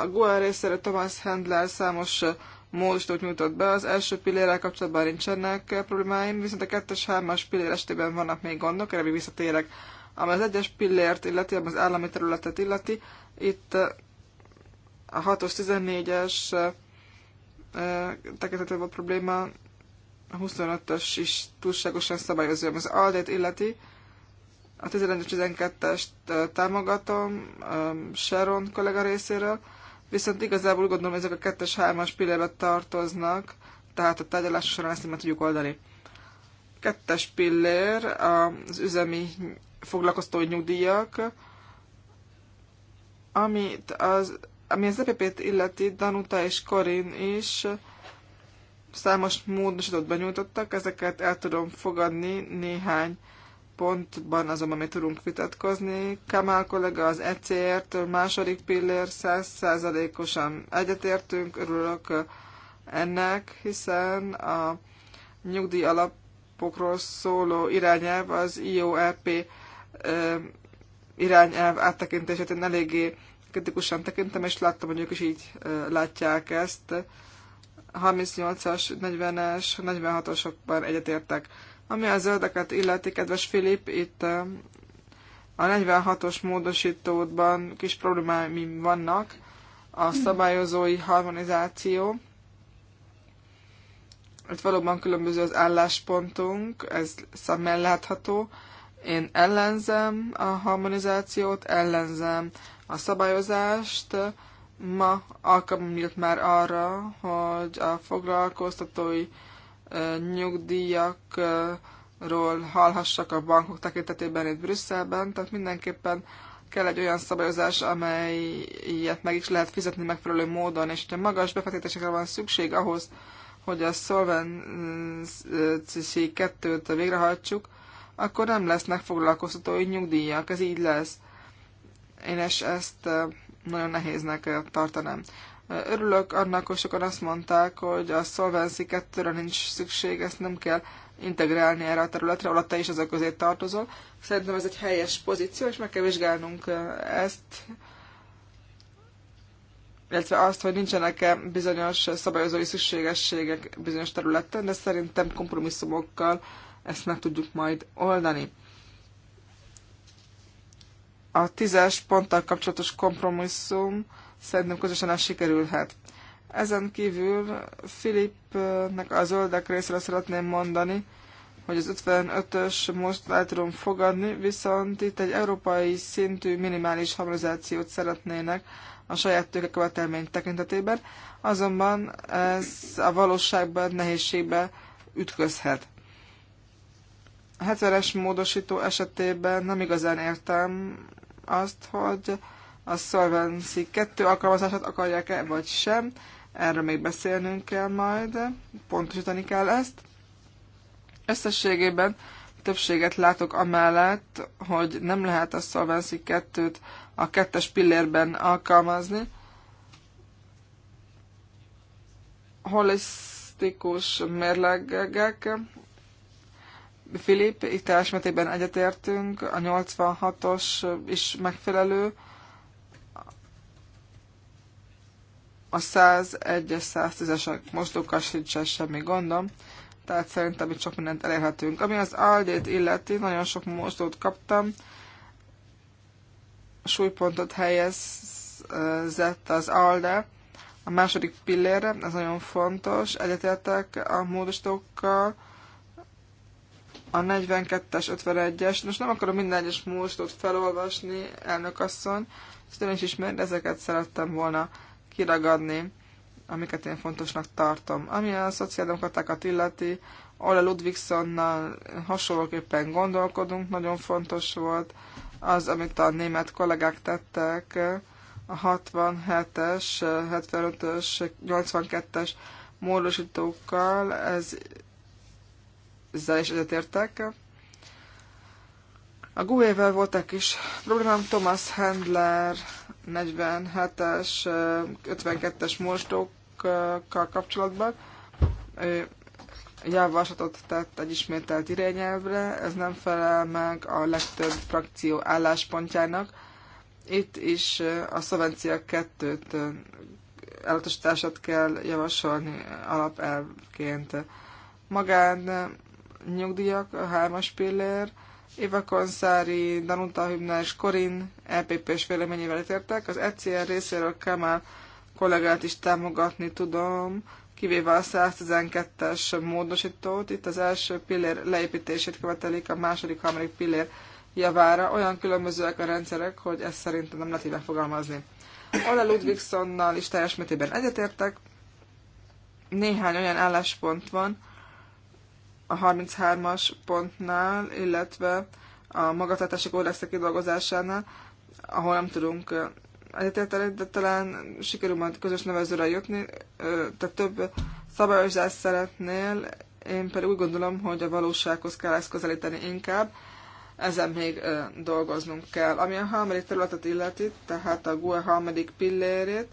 A Goa részéről Thomas Handler számos úgy nyújtott be. Az első pillérrel kapcsolatban nincsenek problémáim, viszont a kettes hármas pillér estében vannak még gondok, erre még visszatérek. Ami az egyes pillért illeti, ami az állami területet illeti, itt eh, a 6-os, 14-es eh, eh, tekintetében volt probléma, a 25-ös is túlságosan szabályozó, az aldét illeti, a 11-12-est támogatom Sharon kollega részéről, viszont igazából gondolom, ezek a kettes, hármas pillérbe tartoznak, tehát a tárgyalás során ezt nem tudjuk oldani. Kettes pillér az üzemi foglalkoztatói nyugdíjak, amit az, ami az EPP-t illeti, Danuta és Korin is számos módosítót benyújtottak, ezeket el tudom fogadni néhány pontban azonban mi tudunk vitatkozni. Kamál kollega az ecr t második pillér százszázalékosan egyetértünk, örülök ennek, hiszen a nyugdíj alapokról szóló irányelv az IORP irányelv áttekintését én eléggé kritikusan tekintem, és láttam, hogy ők is így látják ezt. 38-as, 40-es, 46-osokban egyetértek ami a zöldeket illeti, kedves Filip, itt a 46-os módosítódban kis problémáim vannak. A szabályozói harmonizáció. Itt valóban különböző az álláspontunk, ez szemmel látható. Én ellenzem a harmonizációt, ellenzem a szabályozást. Ma alkalom nyílt már arra, hogy a foglalkoztatói nyugdíjakról hallhassak a bankok tekintetében itt Brüsszelben, tehát mindenképpen kell egy olyan szabályozás, amelyet meg is lehet fizetni megfelelő módon, és hogyha magas befektetésekre van szükség ahhoz, hogy a Solvency 2-t végrehajtsuk, akkor nem lesznek foglalkoztatói nyugdíjak, ez így lesz. Én ezt nagyon nehéznek tartanám. Örülök annak, hogy sokan azt mondták, hogy a Solvency 2 nincs szükség, ezt nem kell integrálni erre a területre, alatt te is ezek közé tartozol. Szerintem ez egy helyes pozíció, és meg kell vizsgálnunk ezt, illetve azt, hogy nincsenek-e bizonyos szabályozói szükségességek bizonyos területen, de szerintem kompromisszumokkal ezt meg tudjuk majd oldani. A tízes ponttal kapcsolatos kompromisszum szerintem közösen az sikerülhet. Ezen kívül Filipnek a zöldek részre szeretném mondani, hogy az 55-ös most el tudom fogadni, viszont itt egy európai szintű minimális harmonizációt szeretnének a saját követelmény tekintetében, azonban ez a valóságban nehézségbe ütközhet. A 70-es módosító esetében nem igazán értem azt, hogy a Solvency 2 alkalmazását akarják-e, vagy sem. Erről még beszélnünk kell majd, pontosítani kell ezt. Összességében többséget látok amellett, hogy nem lehet a Solvency 2-t a kettes pillérben alkalmazni. Holisztikus mérlegek. Filip, itt teljes egyetértünk, a 86-os is megfelelő a 101-es, 110 es mosdókkal sincs semmi gondom, tehát szerintem itt sok mindent elérhetünk. Ami az aldét illeti, nagyon sok mosdót kaptam, súlypontot helyezett az alde, a második pillére, ez nagyon fontos, egyetértek a módosítókkal, a 42-es, 51-es, most nem akarom minden egyes módosítót felolvasni, elnök asszony, ezt ön is ismerni, ezeket szerettem volna kiragadni, amiket én fontosnak tartom. Ami a szociáldemokratákat illeti, Ole Ludvigsonnal hasonlóképpen gondolkodunk, nagyon fontos volt az, amit a német kollégák tettek, a 67-es, 75-ös, 82-es módosítókkal, ez, ezzel is egyetértek. A GUE-vel voltak is problémám, Thomas Handler 47-es, 52-es mostókkal kapcsolatban javaslatot tett egy ismételt irányelvre, ez nem felel meg a legtöbb frakció álláspontjának. Itt is a szovencia kettőt elutasítását kell javasolni alapelvként. Magán nyugdíjak, a hármas pillér, Éva Konszári, Danuta Hübner és Korin LPP-s e véleményével értek. Az ECR részéről Kemal kollégát is támogatni tudom, kivéve a 112-es módosítót. Itt az első pillér leépítését követelik a második, harmadik pillér javára. Olyan különbözőek a rendszerek, hogy ezt szerintem nem lehet fogalmazni. Ola Ludvigsonnal is teljes mértékben egyetértek. Néhány olyan álláspont van, a 33-as pontnál, illetve a magatartási kódexek kidolgozásánál, ahol nem tudunk egyetérteni, de talán sikerül majd közös nevezőre jutni, tehát több szabályozást szeretnél, én pedig úgy gondolom, hogy a valósághoz kell ezt közelíteni inkább, ezen még dolgoznunk kell. Ami a harmadik területet illeti, tehát a GUE harmadik pillérét,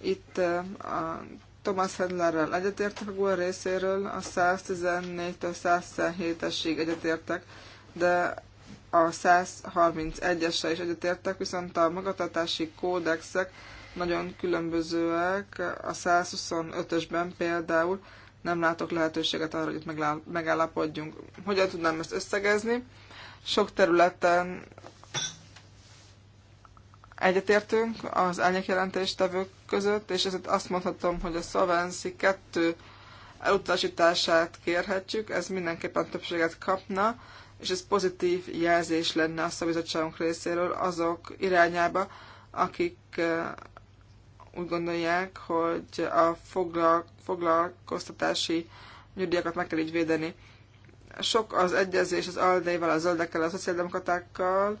itt a Thomas Hedlerrel egyetértek a gól részéről, a 114-től 117-esig egyetértek, de a 131-esre is egyetértek, viszont a magatartási kódexek nagyon különbözőek. A 125-ösben például nem látok lehetőséget arra, hogy itt megállapodjunk. Hogyan tudnám ezt összegezni? Sok területen Egyetértünk az elnyekjelentéstevők között, és ezért azt mondhatom, hogy a Solvency 2 elutasítását kérhetjük, ez mindenképpen többséget kapna, és ez pozitív jelzés lenne a szabizottságunk részéről azok irányába, akik eh, úgy gondolják, hogy a foglalkoztatási nyugdíjakat meg kell így védeni. Sok az egyezés az Aldeival, a Zöldekkel, a Szociáldemokratákkal,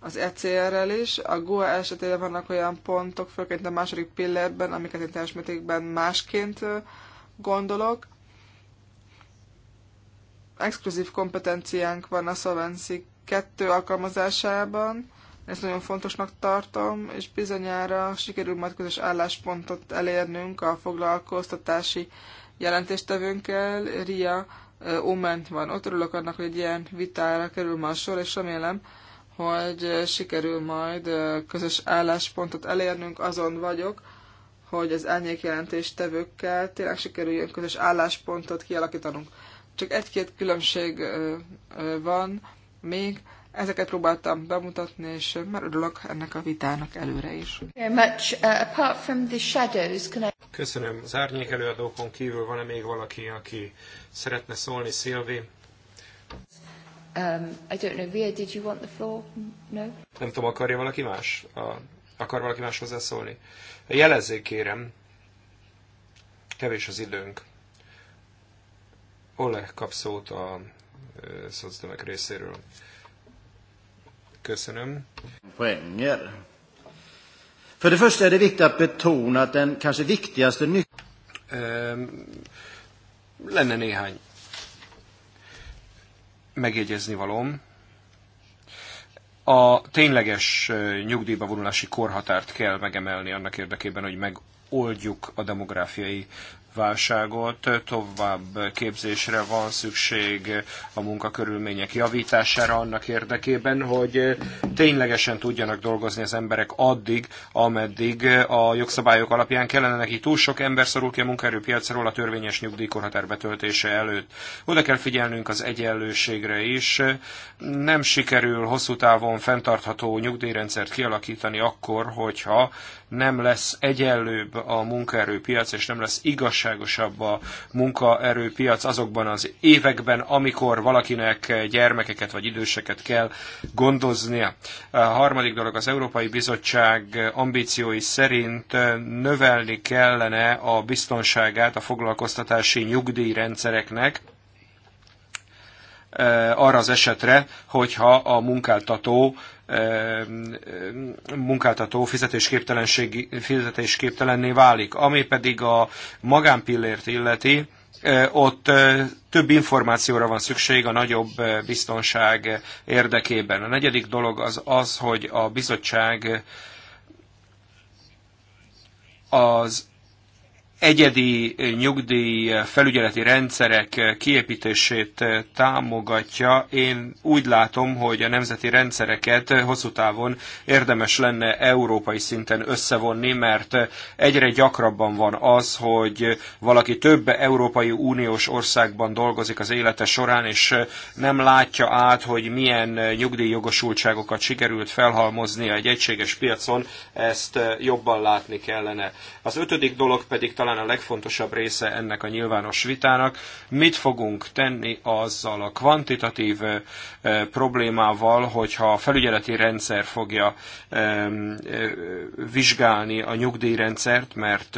az ECR-rel is. A GOA esetében vannak olyan pontok, főként a második pillérben, amiket én teljes mértékben másként gondolok. Exkluzív kompetenciánk van a Solvency 2 alkalmazásában, ezt nagyon fontosnak tartom, és bizonyára sikerül majd közös álláspontot elérnünk a foglalkoztatási jelentéstevőnkkel. Ria Oment van. Ott örülök annak, hogy egy ilyen vitára kerül ma a sor, és remélem, hogy sikerül majd közös álláspontot elérnünk, azon vagyok, hogy az jelentés tevőkkel tényleg sikerüljön közös álláspontot kialakítanunk. Csak egy-két különbség van még, ezeket próbáltam bemutatni, és már örülök ennek a vitának előre is. Uh, Köszönöm. Az árnyék előadókon kívül van-e még valaki, aki szeretne szólni, Szilvi? Um, I don't know, Via, did you want the floor? No? Nem tudom, akarja valaki más? A, akar valaki más hozzászólni? Jelezzék kérem, kevés az időnk. Ole kap szót a szocdemek részéről. Köszönöm. Poenger. För det första är det viktigt att betona att den kanske viktigaste nyckeln... Lenne néhány megjegyezni valom. A tényleges nyugdíjba vonulási korhatárt kell megemelni annak érdekében, hogy megoldjuk a demográfiai válságot, tovább képzésre van szükség a munkakörülmények javítására annak érdekében, hogy ténylegesen tudjanak dolgozni az emberek addig, ameddig a jogszabályok alapján kellene neki. Túl sok ember szorul ki a munkaerőpiacról a törvényes nyugdíjkorhatár betöltése előtt. Oda kell figyelnünk az egyenlőségre is. Nem sikerül hosszú távon fenntartható nyugdíjrendszert kialakítani akkor, hogyha nem lesz egyenlőbb a munkaerőpiac, és nem lesz igaz igazságosabb a munkaerőpiac azokban az években, amikor valakinek gyermekeket vagy időseket kell gondoznia. A harmadik dolog az Európai Bizottság ambíciói szerint növelni kellene a biztonságát a foglalkoztatási nyugdíjrendszereknek, eh, arra az esetre, hogyha a munkáltató munkáltató fizetésképtelenné válik. Ami pedig a magánpillért illeti, e, ott e, több információra van szükség a nagyobb e, biztonság érdekében. A negyedik dolog az az, hogy a bizottság az egyedi eh, nyugdíj eh, felügyeleti rendszerek eh, kiépítését támogatja. Én úgy látom, hogy a nemzeti rendszereket hosszú távon érdemes lenne európai szinten összevonni, mert egyre gyakrabban van az, hogy valaki több Európai Uniós országban dolgozik az élete során, és nem látja át, hogy milyen nyugdíjjogosultságokat sikerült felhalmoznia egy egységes piacon, ezt jobban látni kellene. Az ötödik dolog pedig talán talán a legfontosabb része ennek a nyilvános vitának. Mit fogunk tenni azzal a kvantitatív problémával, hogyha a felügyeleti rendszer fogja vizsgálni a nyugdíjrendszert, mert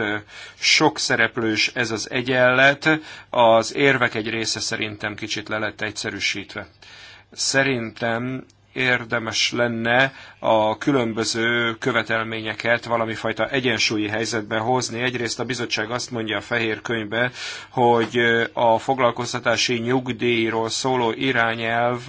sok szereplős ez az egyenlet, az érvek egy része szerintem kicsit le lett egyszerűsítve. Szerintem érdemes lenne a különböző követelményeket valami fajta egyensúlyi helyzetbe hozni. Egyrészt a bizottság azt mondja a fehér könyvbe, hogy a foglalkoztatási nyugdíjról szóló irányelv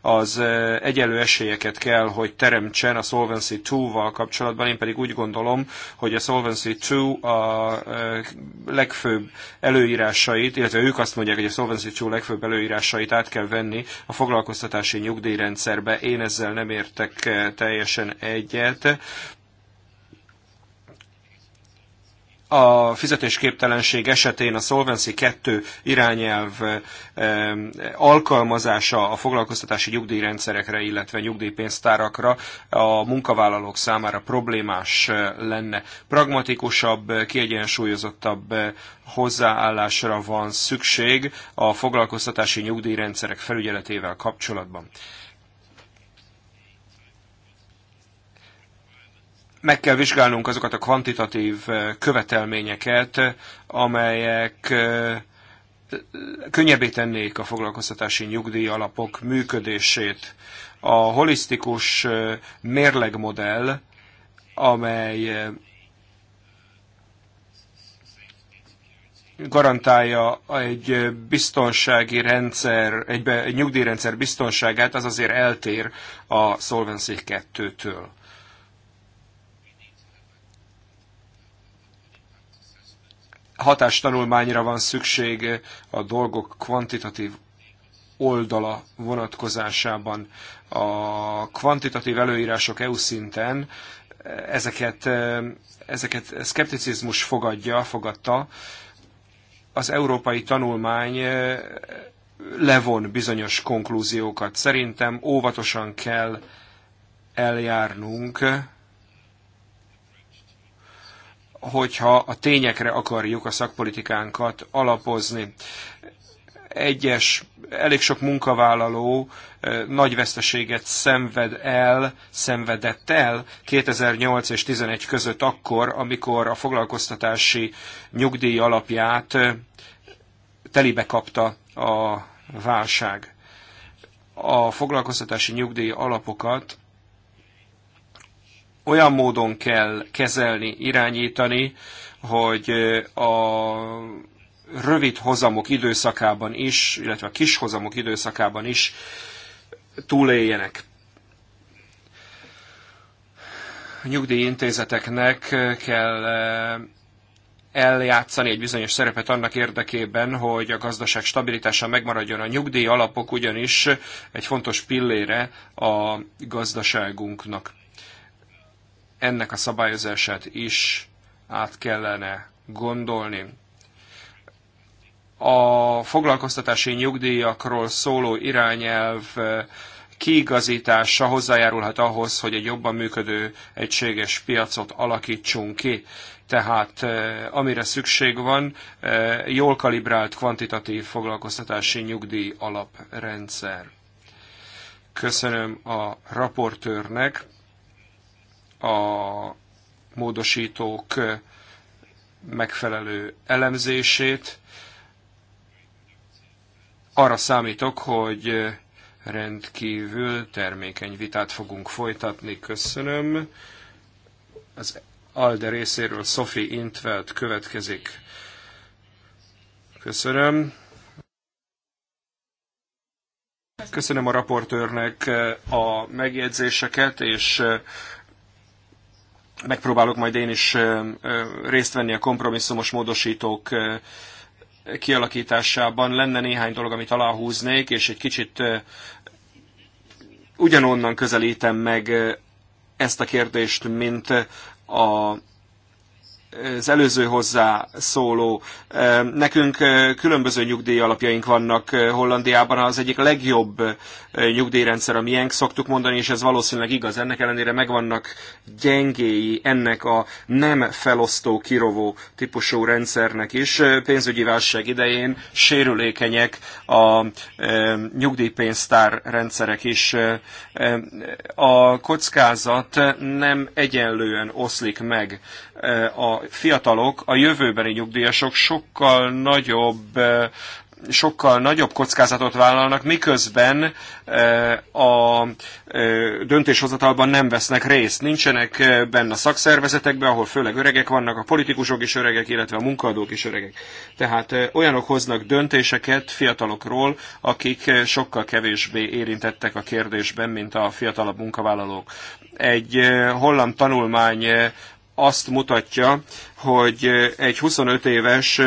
az eh, egyenlő esélyeket kell, hogy teremtsen a Solvency 2-val kapcsolatban. Én pedig úgy gondolom, hogy a Solvency 2 a eh, legfőbb előírásait, illetve ők azt mondják, hogy a Solvency 2 legfőbb előírásait át kell venni a foglalkoztatási nyugdíjrendszerbe. Én ezzel nem értek eh, teljesen teljesen egyet. a fizetésképtelenség esetén a Solvency 2 irányelv alkalmazása a foglalkoztatási nyugdíjrendszerekre, illetve nyugdíjpénztárakra a munkavállalók számára problémás eh, lenne. Pragmatikusabb, kiegyensúlyozottabb eh, hozzáállásra van szükség a foglalkoztatási nyugdíjrendszerek felügyeletével kapcsolatban. meg kell vizsgálnunk azokat a kvantitatív eh, követelményeket, amelyek eh, könnyebbé tennék a foglalkoztatási nyugdíj alapok működését. A holisztikus eh, mérlegmodell, amely garantálja egy biztonsági rendszer, egy, egy nyugdíjrendszer biztonságát, az azért eltér a Solvency 2-től. hatástanulmányra van szükség a dolgok kvantitatív oldala vonatkozásában. A kvantitatív előírások EU szinten eh, ezeket, eh, ezeket szkepticizmus fogadja, fogadta. Az európai tanulmány eh, levon bizonyos konklúziókat. Szerintem óvatosan kell eljárnunk hogyha a tényekre akarjuk a szakpolitikánkat alapozni. Egyes, elég sok munkavállaló nagy veszteséget szenved el, szenvedett el 2008 és 2011 között akkor, amikor a foglalkoztatási nyugdíj alapját telibe kapta a válság. A foglalkoztatási nyugdíj alapokat olyan módon kell kezelni, irányítani, hogy a rövid hozamok időszakában is, illetve a kis hozamok időszakában is túléljenek. A nyugdíjintézeteknek kell eljátszani egy bizonyos szerepet annak érdekében, hogy a gazdaság stabilitása megmaradjon. A nyugdíj alapok ugyanis egy fontos pillére a gazdaságunknak ennek a szabályozását is át kellene gondolni. A foglalkoztatási nyugdíjakról szóló irányelv kiigazítása hozzájárulhat ahhoz, hogy egy jobban működő egységes piacot alakítsunk ki. Tehát eh, amire szükség van, eh, jól kalibrált kvantitatív foglalkoztatási nyugdíj alaprendszer. Köszönöm a raportőrnek a módosítók megfelelő elemzését. Arra számítok, hogy rendkívül termékeny vitát fogunk folytatni. Köszönöm. Az ALDE részéről Sophie Intveld következik. Köszönöm. Köszönöm a raportőrnek a megjegyzéseket, és megpróbálok majd én is részt venni a kompromisszumos módosítók kialakításában. Lenne néhány dolog, amit aláhúznék, és egy kicsit ugyanonnan közelítem meg ezt a kérdést, mint a az előző szóló Nekünk különböző nyugdíj alapjaink vannak Hollandiában, az egyik legjobb nyugdíjrendszer a miénk, szoktuk mondani, és ez valószínűleg igaz. Ennek ellenére megvannak gyengéi ennek a nem felosztó, kirovó típusú rendszernek is. Pénzügyi válság idején sérülékenyek a nyugdíjpénztár rendszerek is. A kockázat nem egyenlően oszlik meg a fiatalok, a jövőbeni nyugdíjasok sokkal nagyobb eh, sokkal nagyobb kockázatot vállalnak, miközben eh, a eh, döntéshozatalban nem vesznek részt. Nincsenek benne a szakszervezetekben, ahol főleg öregek vannak, a politikusok is öregek, illetve a munkaadók is öregek. Tehát olyanok hoznak döntéseket fiatalokról, akik sokkal kevésbé érintettek a kérdésben, mint a fiatalabb munkavállalók. Egy holland tanulmány azt mutatja, hogy egy 25 éves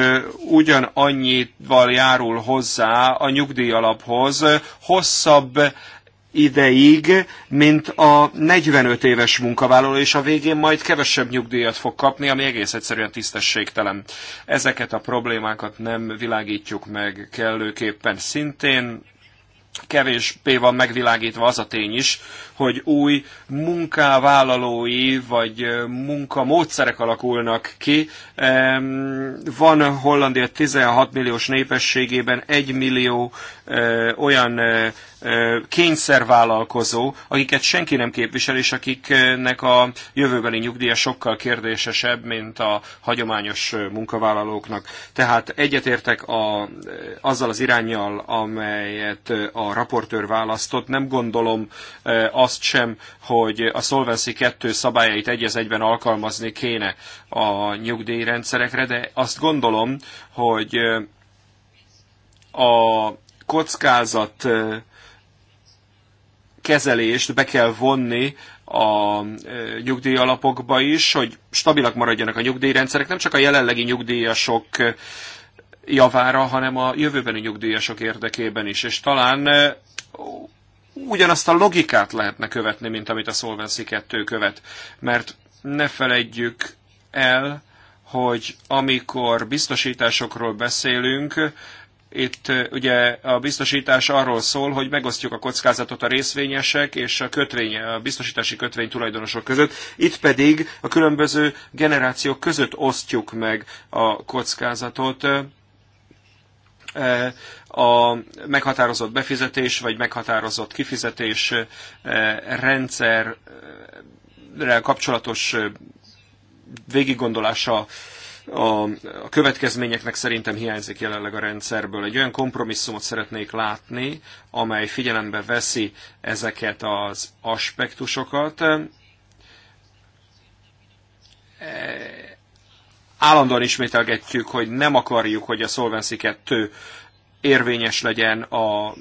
ugyanannyival járul hozzá a nyugdíjalaphoz hosszabb ideig, mint a 45 éves munkavállaló, és a végén majd kevesebb nyugdíjat fog kapni, ami egész egyszerűen tisztességtelen. Ezeket a problémákat nem világítjuk meg kellőképpen. Szintén kevésbé van megvilágítva az a tény is, hogy új munkavállalói vagy munkamódszerek alakulnak ki. Van Hollandia 16 milliós népességében 1 millió olyan kényszervállalkozó, akiket senki nem képvisel, és akiknek a jövőbeli nyugdíja sokkal kérdésesebb, mint a hagyományos munkavállalóknak. Tehát egyetértek a, azzal az irányjal, amelyet a a raportőr választott. Nem gondolom e, azt sem, hogy a Solvency 2 szabályait egy az egyben alkalmazni kéne a nyugdíjrendszerekre, de azt gondolom, hogy e, a kockázat e, kezelést be kell vonni a nyugdíjalapokba is, hogy stabilak maradjanak a nyugdíjrendszerek, nem csak a jelenlegi nyugdíjasok javára, hanem a jövőbeni nyugdíjasok érdekében is. És talán ugyanazt a logikát lehetne követni, mint amit a Solvency 2 követ. Mert ne feledjük el, hogy amikor biztosításokról beszélünk, itt ugye a biztosítás arról szól, hogy megosztjuk a kockázatot a részvényesek és a, kötvény, a biztosítási kötvény tulajdonosok között, itt pedig a különböző generációk között osztjuk meg a kockázatot a meghatározott befizetés vagy meghatározott kifizetés eh, rendszerrel kapcsolatos eh, végiggondolása a, következményeknek szerintem hiányzik jelenleg a rendszerből. Egy olyan kompromisszumot szeretnék látni, amely figyelembe veszi ezeket az aspektusokat. Eh, állandóan ismételgetjük, hogy nem akarjuk, hogy a Solvency 2 érvényes legyen a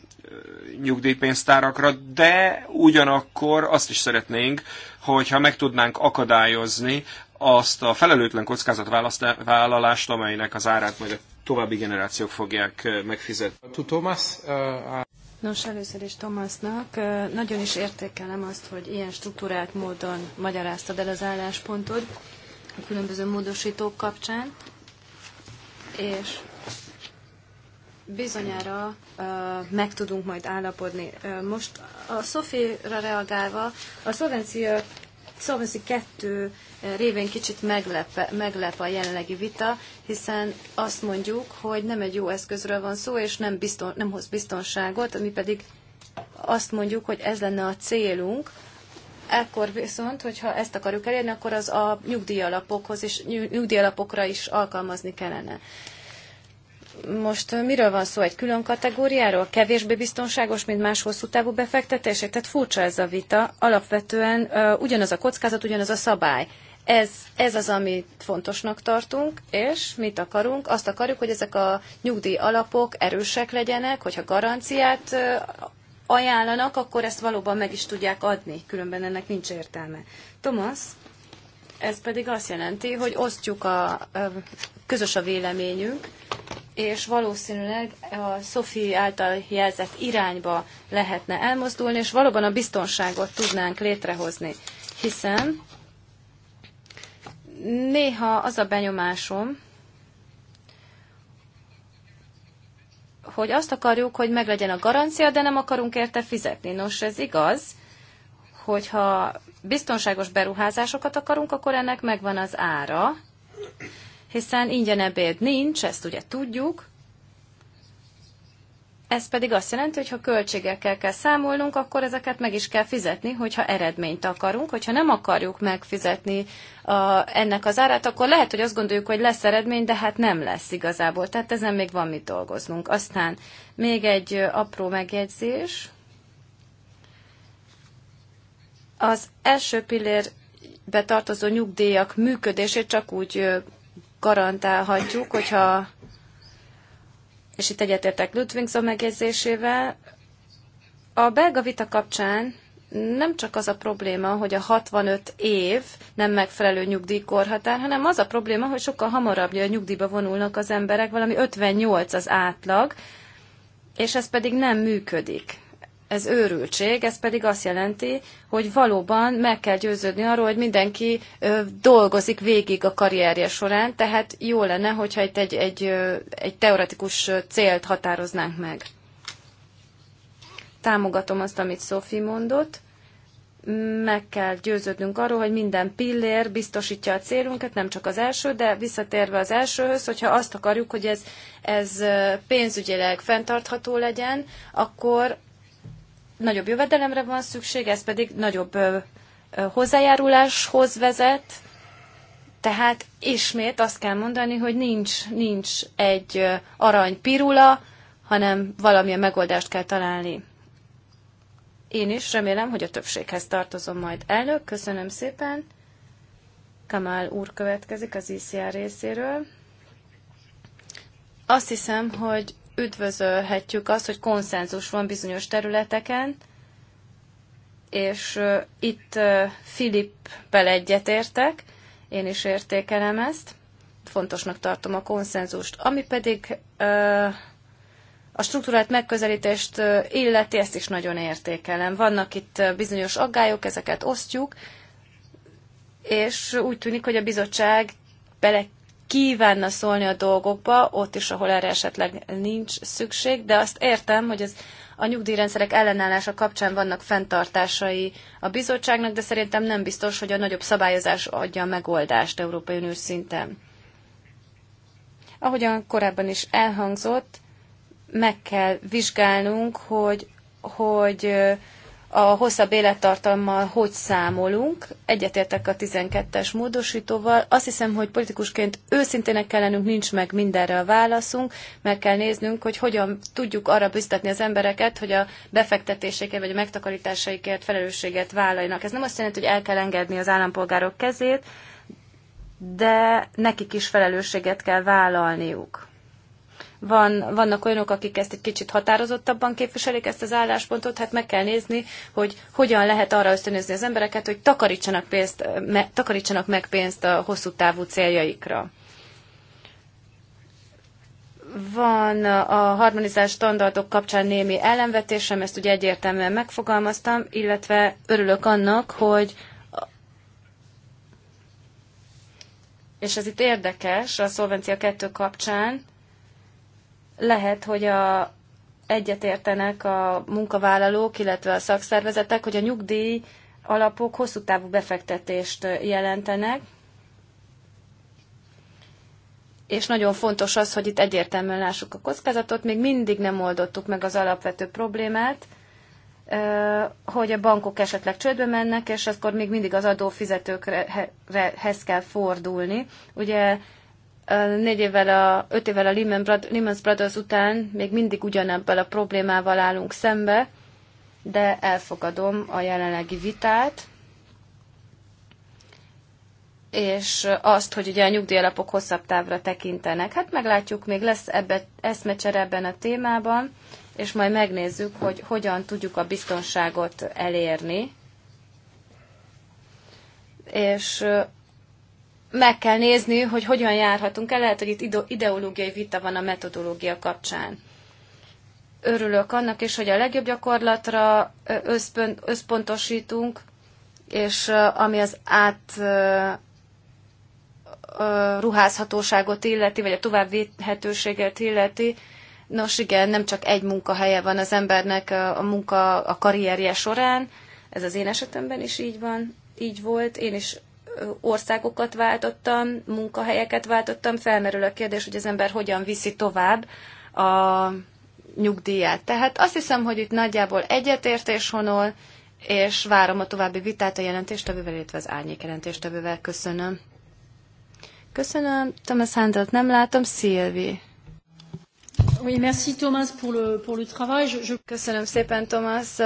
nyugdíjpénztárakra, de ugyanakkor azt is szeretnénk, hogyha meg tudnánk akadályozni azt a felelőtlen kockázatvállalást, amelynek az árát majd a további generációk fogják megfizetni. Tudomás? Uh, Nos, először is Tomasznak. Nagyon is értékelem azt, hogy ilyen struktúrált módon magyaráztad el az álláspontod a különböző módosítók kapcsán, és bizonyára uh, meg tudunk majd állapodni. Uh, most a Sofira reagálva, a szolvencia Szolvenci 2 révén kicsit meglep, meglep a jelenlegi vita, hiszen azt mondjuk, hogy nem egy jó eszközről van szó, és nem, bizton, nem hoz biztonságot, mi pedig azt mondjuk, hogy ez lenne a célunk, Ekkor viszont, hogyha ezt akarjuk elérni, akkor az a nyugdíjalapokhoz és nyugdíjalapokra is alkalmazni kellene. Most miről van szó? Egy külön kategóriáról? Kevésbé biztonságos, mint más hosszú távú befektetések? Tehát furcsa ez a vita. Alapvetően uh, ugyanaz a kockázat, ugyanaz a szabály. Ez, ez az, amit fontosnak tartunk, és mit akarunk? Azt akarjuk, hogy ezek a nyugdíj alapok erősek legyenek, hogyha garanciát ajánlanak, akkor ezt valóban meg is tudják adni, különben ennek nincs értelme. Thomas, ez pedig azt jelenti, hogy osztjuk a, a közös a véleményünk, és valószínűleg a Szofi által jelzett irányba lehetne elmozdulni, és valóban a biztonságot tudnánk létrehozni. Hiszen néha az a benyomásom, hogy azt akarjuk, hogy meglegyen a garancia, de nem akarunk érte fizetni. Nos, ez igaz, hogyha biztonságos beruházásokat akarunk, akkor ennek megvan az ára, hiszen ingyen ebéd nincs, ezt ugye tudjuk, ez pedig azt jelenti, hogy ha költségekkel kell számolnunk, akkor ezeket meg is kell fizetni, hogyha eredményt akarunk. Hogyha nem akarjuk megfizetni a, ennek az árát, akkor lehet, hogy azt gondoljuk, hogy lesz eredmény, de hát nem lesz igazából. Tehát ezen még van mit dolgoznunk. Aztán még egy apró megjegyzés. Az első pillérbe tartozó nyugdíjak működését csak úgy garantálhatjuk, hogyha és itt egyetértek Ludwigson megjegyzésével, a belga vita kapcsán nem csak az a probléma, hogy a 65 év nem megfelelő nyugdíjkorhatár, hanem az a probléma, hogy sokkal hamarabb a nyugdíjba vonulnak az emberek, valami 58 az átlag, és ez pedig nem működik ez őrültség, ez pedig azt jelenti, hogy valóban meg kell győződni arról, hogy mindenki dolgozik végig a karrierje során, tehát jó lenne, hogyha itt egy, egy, egy teoretikus célt határoznánk meg. Támogatom azt, amit Sophie mondott, meg kell győződnünk arról, hogy minden pillér biztosítja a célunkat, nem csak az első, de visszatérve az elsőhöz, hogyha azt akarjuk, hogy ez, ez pénzügyileg fenntartható legyen, akkor nagyobb jövedelemre van szükség, ez pedig nagyobb hozzájáruláshoz vezet, tehát ismét azt kell mondani, hogy nincs, nincs egy arany pirula, hanem valamilyen megoldást kell találni. Én is remélem, hogy a többséghez tartozom majd. Elnök, köszönöm szépen. Kamal úr következik az ICR részéről. Azt hiszem, hogy üdvözölhetjük azt, hogy konszenzus van bizonyos területeken, és itt Filippel egyetértek, én is értékelem ezt, fontosnak tartom a konszenzust. Ami pedig a struktúrált megközelítést illeti, ezt is nagyon értékelem. Vannak itt bizonyos aggályok, ezeket osztjuk, és úgy tűnik, hogy a bizottság bele kívánna szólni a dolgokba, ott is, ahol erre esetleg nincs szükség, de azt értem, hogy ez a nyugdíjrendszerek ellenállása kapcsán vannak fenntartásai a bizottságnak, de szerintem nem biztos, hogy a nagyobb szabályozás adja a megoldást Európai Uniós szinten. Ahogyan korábban is elhangzott, meg kell vizsgálnunk, hogy, hogy a hosszabb élettartammal hogy számolunk. Egyetértek a 12-es módosítóval. Azt hiszem, hogy politikusként őszintének kell lennünk, nincs meg mindenre a válaszunk, meg kell néznünk, hogy hogyan tudjuk arra biztatni az embereket, hogy a befektetéseikért vagy a megtakarításaikért felelősséget vállaljanak. Ez nem azt jelenti, hogy el kell engedni az állampolgárok kezét, de nekik is felelősséget kell vállalniuk. Van, vannak olyanok, akik ezt egy kicsit határozottabban képviselik, ezt az álláspontot, hát meg kell nézni, hogy hogyan lehet arra ösztönözni az embereket, hogy takarítsanak, pénzt, me, takarítsanak meg pénzt a hosszú távú céljaikra van a harmonizás standardok kapcsán némi ellenvetésem, ezt ugye egyértelműen megfogalmaztam, illetve örülök annak, hogy és ez itt érdekes a Szolvencia 2 kapcsán, lehet, hogy a, egyetértenek a munkavállalók, illetve a szakszervezetek, hogy a nyugdíj alapok hosszú távú befektetést jelentenek, és nagyon fontos az, hogy itt egyértelműen lássuk a kockázatot. Még mindig nem oldottuk meg az alapvető problémát, hogy a bankok esetleg csődbe mennek, és akkor még mindig az adófizetőkhez kell fordulni. Ugye négy évvel, a, öt évvel a Lehman Brothers, Lehman Brothers után még mindig ugyanebből a problémával állunk szembe, de elfogadom a jelenlegi vitát, és azt, hogy ugye a nyugdíjalapok hosszabb távra tekintenek. Hát meglátjuk, még lesz ebbe, eszmecsere ebben a témában, és majd megnézzük, hogy hogyan tudjuk a biztonságot elérni. És meg kell nézni, hogy hogyan járhatunk el. Lehet, hogy itt ideológiai vita van a metodológia kapcsán. Örülök annak is, hogy a legjobb gyakorlatra összpön, összpontosítunk, és ami az át ruházhatóságot illeti, vagy a továbbvéthetőséget illeti, Nos igen, nem csak egy munkahelye van az embernek a munka, a karrierje során, ez az én esetemben is így van, így volt. Én is országokat váltottam, munkahelyeket váltottam, felmerül a kérdés, hogy az ember hogyan viszi tovább a nyugdíját. Tehát azt hiszem, hogy itt nagyjából egyetértés honol, és várom a további vitát a jelentéstevővel, illetve az árnyék jelentéstevővel. Köszönöm. Köszönöm. Thomas Handelt nem látom. Szilvi. Oui, merci Thomas pour le, pour le travail. Je, je... Köszönöm szépen Thomas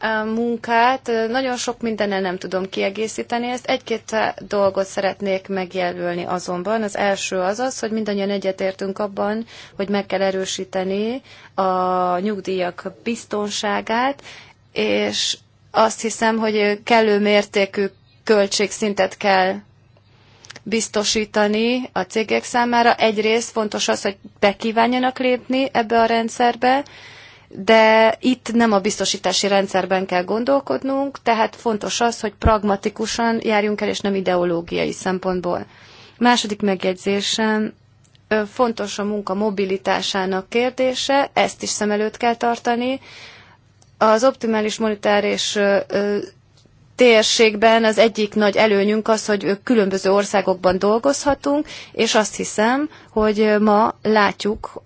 a munkát. Nagyon sok mindennel nem tudom kiegészíteni ezt. Egy-két dolgot szeretnék megjelölni azonban. Az első az az, hogy mindannyian egyetértünk abban, hogy meg kell erősíteni a nyugdíjak biztonságát, és azt hiszem, hogy kellő mértékű költségszintet kell biztosítani a cégek számára. Egyrészt fontos az, hogy bekívánjanak lépni ebbe a rendszerbe, de itt nem a biztosítási rendszerben kell gondolkodnunk, tehát fontos az, hogy pragmatikusan járjunk el, és nem ideológiai szempontból. Második megjegyzésem, fontos a munka mobilitásának kérdése, ezt is szem előtt kell tartani. Az optimális monetáris térségben az egyik nagy előnyünk az, hogy különböző országokban dolgozhatunk, és azt hiszem, hogy ma látjuk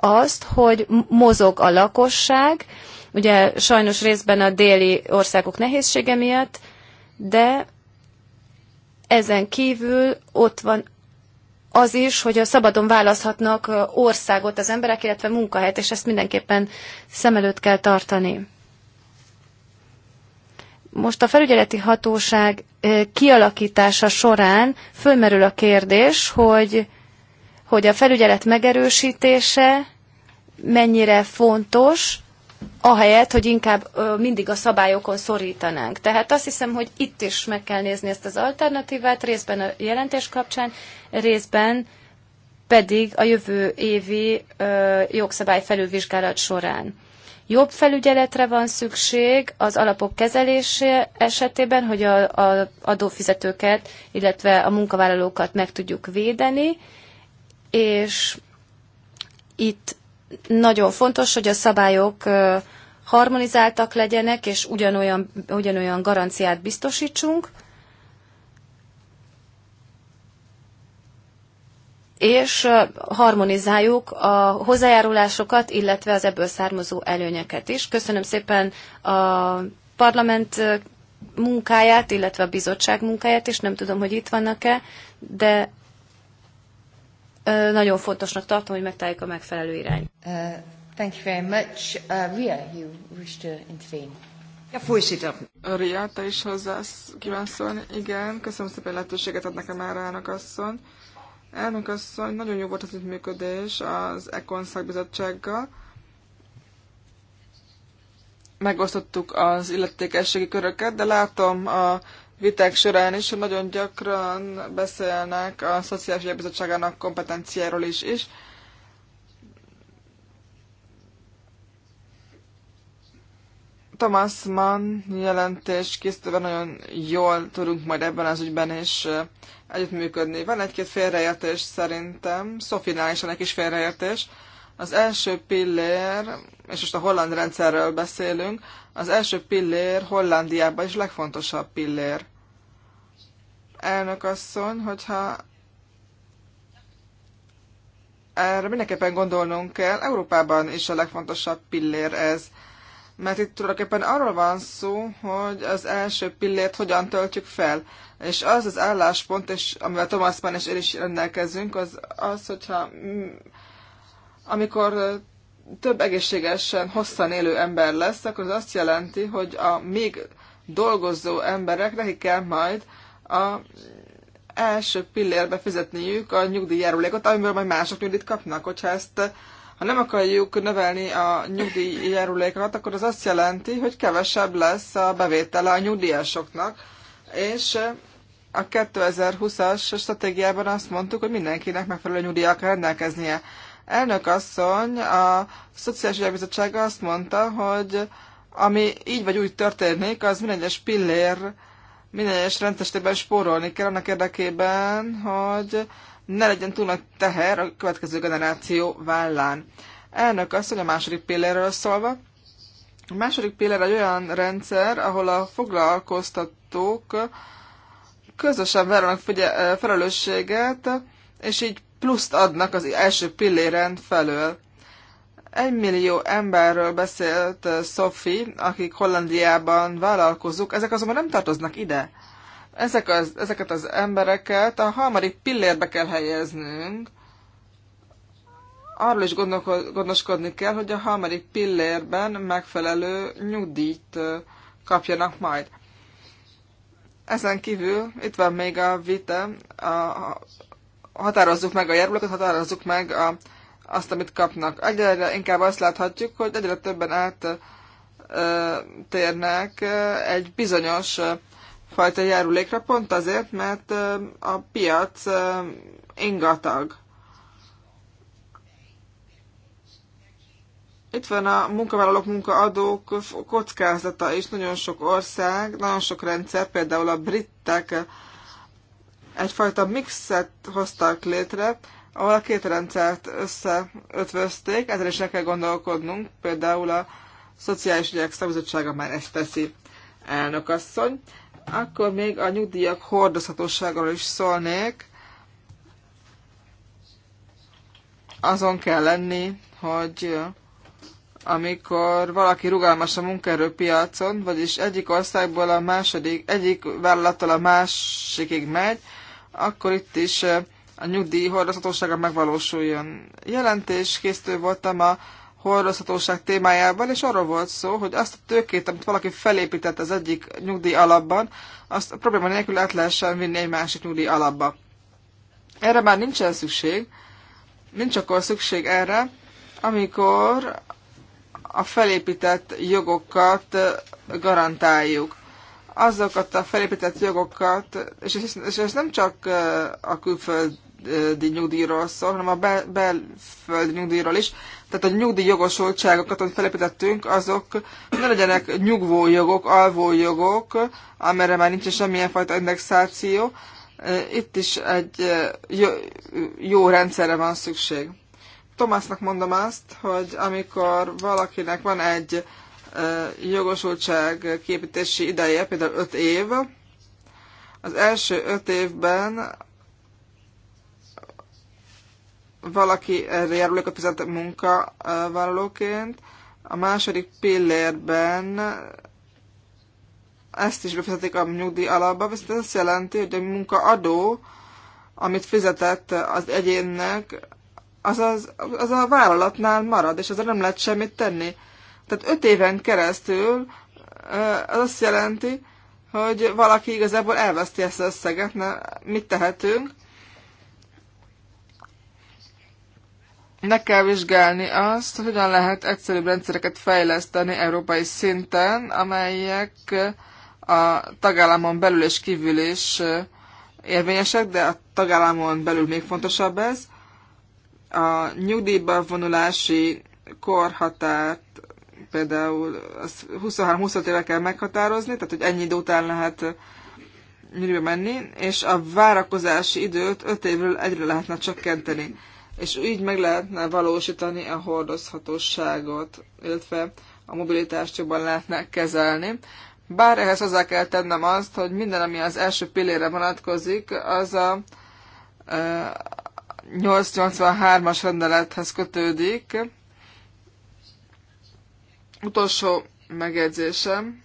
azt, hogy mozog a lakosság, ugye sajnos részben a déli országok nehézsége miatt, de ezen kívül ott van az is, hogy szabadon választhatnak országot az emberek, illetve munkahelyet, és ezt mindenképpen szem előtt kell tartani. Most a felügyeleti hatóság kialakítása során fölmerül a kérdés, hogy, hogy a felügyelet megerősítése mennyire fontos, ahelyett, hogy inkább mindig a szabályokon szorítanánk. Tehát azt hiszem, hogy itt is meg kell nézni ezt az alternatívát, részben a jelentés kapcsán, részben pedig a jövő évi jogszabály felülvizsgálat során. Jobb felügyeletre van szükség az alapok kezelése esetében, hogy a, a adófizetőket, illetve a munkavállalókat meg tudjuk védeni, és itt nagyon fontos, hogy a szabályok harmonizáltak legyenek, és ugyanolyan, ugyanolyan garanciát biztosítsunk. és harmonizáljuk a hozzájárulásokat, illetve az ebből származó előnyeket is. Köszönöm szépen a parlament munkáját, illetve a bizottság munkáját, is nem tudom, hogy itt vannak-e, de nagyon fontosnak tartom, hogy megtaláljuk a megfelelő irányt. Uh, thank you very much. Uh, Ria, you wish to intervene. Ja, Ria, te is hozzá kívánsz Igen, köszönöm szépen, lehetőséget ad nekem erre, elnök asszony. Uh, Elnök asszony, nagyon jó volt az együttműködés az Econ szakbizottsággal. Megosztottuk az illetékességi köröket, de látom a viták során is, hogy nagyon gyakran beszélnek a Szociális Bizottságának kompetenciáról is, is. Thomas Mann jelentés készítőben nagyon jól tudunk majd ebben az ügyben is együttműködni. Van egy-két félreértés szerintem, Szofinál is van egy kis félreértés. Az első pillér, és most a holland rendszerről beszélünk, az első pillér Hollandiában is legfontosabb pillér. Elnök asszony, hogyha erre mindenképpen gondolnunk kell, Európában is a legfontosabb pillér ez mert itt tulajdonképpen arról van szó, hogy az első pillét hogyan töltjük fel. És az az álláspont, és amivel Thomas Mann és én is rendelkezünk, az az, hogyha mm, amikor több egészségesen, hosszan élő ember lesz, akkor az azt jelenti, hogy a még dolgozó emberek nekik kell majd a első pillérbe fizetniük a nyugdíjjárulékot, amiből majd mások nyugdíjt kapnak. Hogyha ezt ha nem akarjuk növelni a nyugdíjjárulékokat, akkor az azt jelenti, hogy kevesebb lesz a bevétele a nyugdíjasoknak, és eh, a 2020-as stratégiában azt mondtuk, hogy mindenkinek megfelelő nyugdíjjal kell rendelkeznie. Elnök asszony, a Szociális Ügyelbizottság azt mondta, hogy ami így vagy úgy történik, az minden egyes pillér, minden egyes rendtestében spórolni kell annak érdekében, hogy ne legyen túl nagy teher a következő generáció vállán. Elnök azt, hogy a második pillérről szólva, a második pillér egy olyan rendszer, ahol a foglalkoztatók közösen vállalnak eh, felelősséget, és így pluszt adnak az első pilléren felől. Egy millió emberről beszélt eh, Sophie, akik Hollandiában vállalkozók, ezek azonban nem tartoznak ide ezek az, ezeket az embereket a harmadik pillérbe kell helyeznünk. Arról is gondoskodni kell, hogy a harmadik pillérben megfelelő nyugdíjt kapjanak majd. Ezen kívül itt van még a vita, a, a, határozzuk meg a járulékot, határozzuk meg a, azt, amit kapnak. Egyre inkább azt láthatjuk, hogy egyre többen áttérnek egy bizonyos fajta járulékra, pont azért, mert a piac ingatag. Itt van a munkavállalók, munkaadók kockázata is, nagyon sok ország, nagyon sok rendszer, például a britek egyfajta mixet hoztak létre, ahol a két rendszert összeötvözték, ezzel is le kell gondolkodnunk, például a Szociális Ügyek Szabizottsága már ezt teszi elnökasszony. Akkor még a nyugdíjak hordozhatóságról is szólnék. Azon kell lenni, hogy amikor valaki rugalmas a munkaerőpiacon, vagyis egyik országból a második, egyik vállalattal a másikig megy, akkor itt is a nyugdíj hordozhatósága megvalósuljon. készítő voltam a hordozhatóság témájában, és arról volt szó, hogy azt a tőkét, amit valaki felépített az egyik nyugdíj alapban, azt a probléma nélkül át lehessen vinni egy másik nyugdíj alapba. Erre már nincsen szükség, nincs akkor szükség erre, amikor a felépített jogokat garantáljuk. Azokat a felépített jogokat, és ez, és ez nem csak a külföldi nyugdíjról szól, hanem a belföldi nyugdíjról is, tehát a nyugdíjjogosultságokat, amit felépítettünk, azok ne legyenek nyugvó jogok, alvó jogok, amire már nincsen semmilyen fajta indexáció. Itt is egy eh, jó, jó rendszerre van szükség. Tomásnak mondom azt, hogy amikor valakinek van egy eh, jogosultság képítési ideje, például 5 év, az első 5 évben valaki erre a fizet munkavállalóként, a második pillérben ezt is befizetik a nyugdíj alapba, viszont ez azt jelenti, hogy a munkaadó, amit fizetett az egyénnek, az, az, az a vállalatnál marad, és azért nem lehet semmit tenni. Tehát öt éven keresztül az azt jelenti, hogy valaki igazából elveszti ezt az összeget, mert mit tehetünk? meg kell vizsgálni azt, hogyan lehet egyszerűbb rendszereket fejleszteni európai szinten, amelyek a tagállamon belül és kívül is érvényesek, de a tagállamon belül még fontosabb ez. A nyugdíjba vonulási korhatárt például 23-25 éve kell meghatározni, tehát hogy ennyi idő után lehet nyugdíjba menni, és a várakozási időt 5 évről egyre lehetne csökkenteni és így meg lehetne valósítani a hordozhatóságot, illetve a mobilitást jobban lehetne kezelni. Bár ehhez hozzá kell tennem azt, hogy minden, ami az első pillére vonatkozik, az a 883-as rendelethez kötődik. Utolsó megjegyzésem.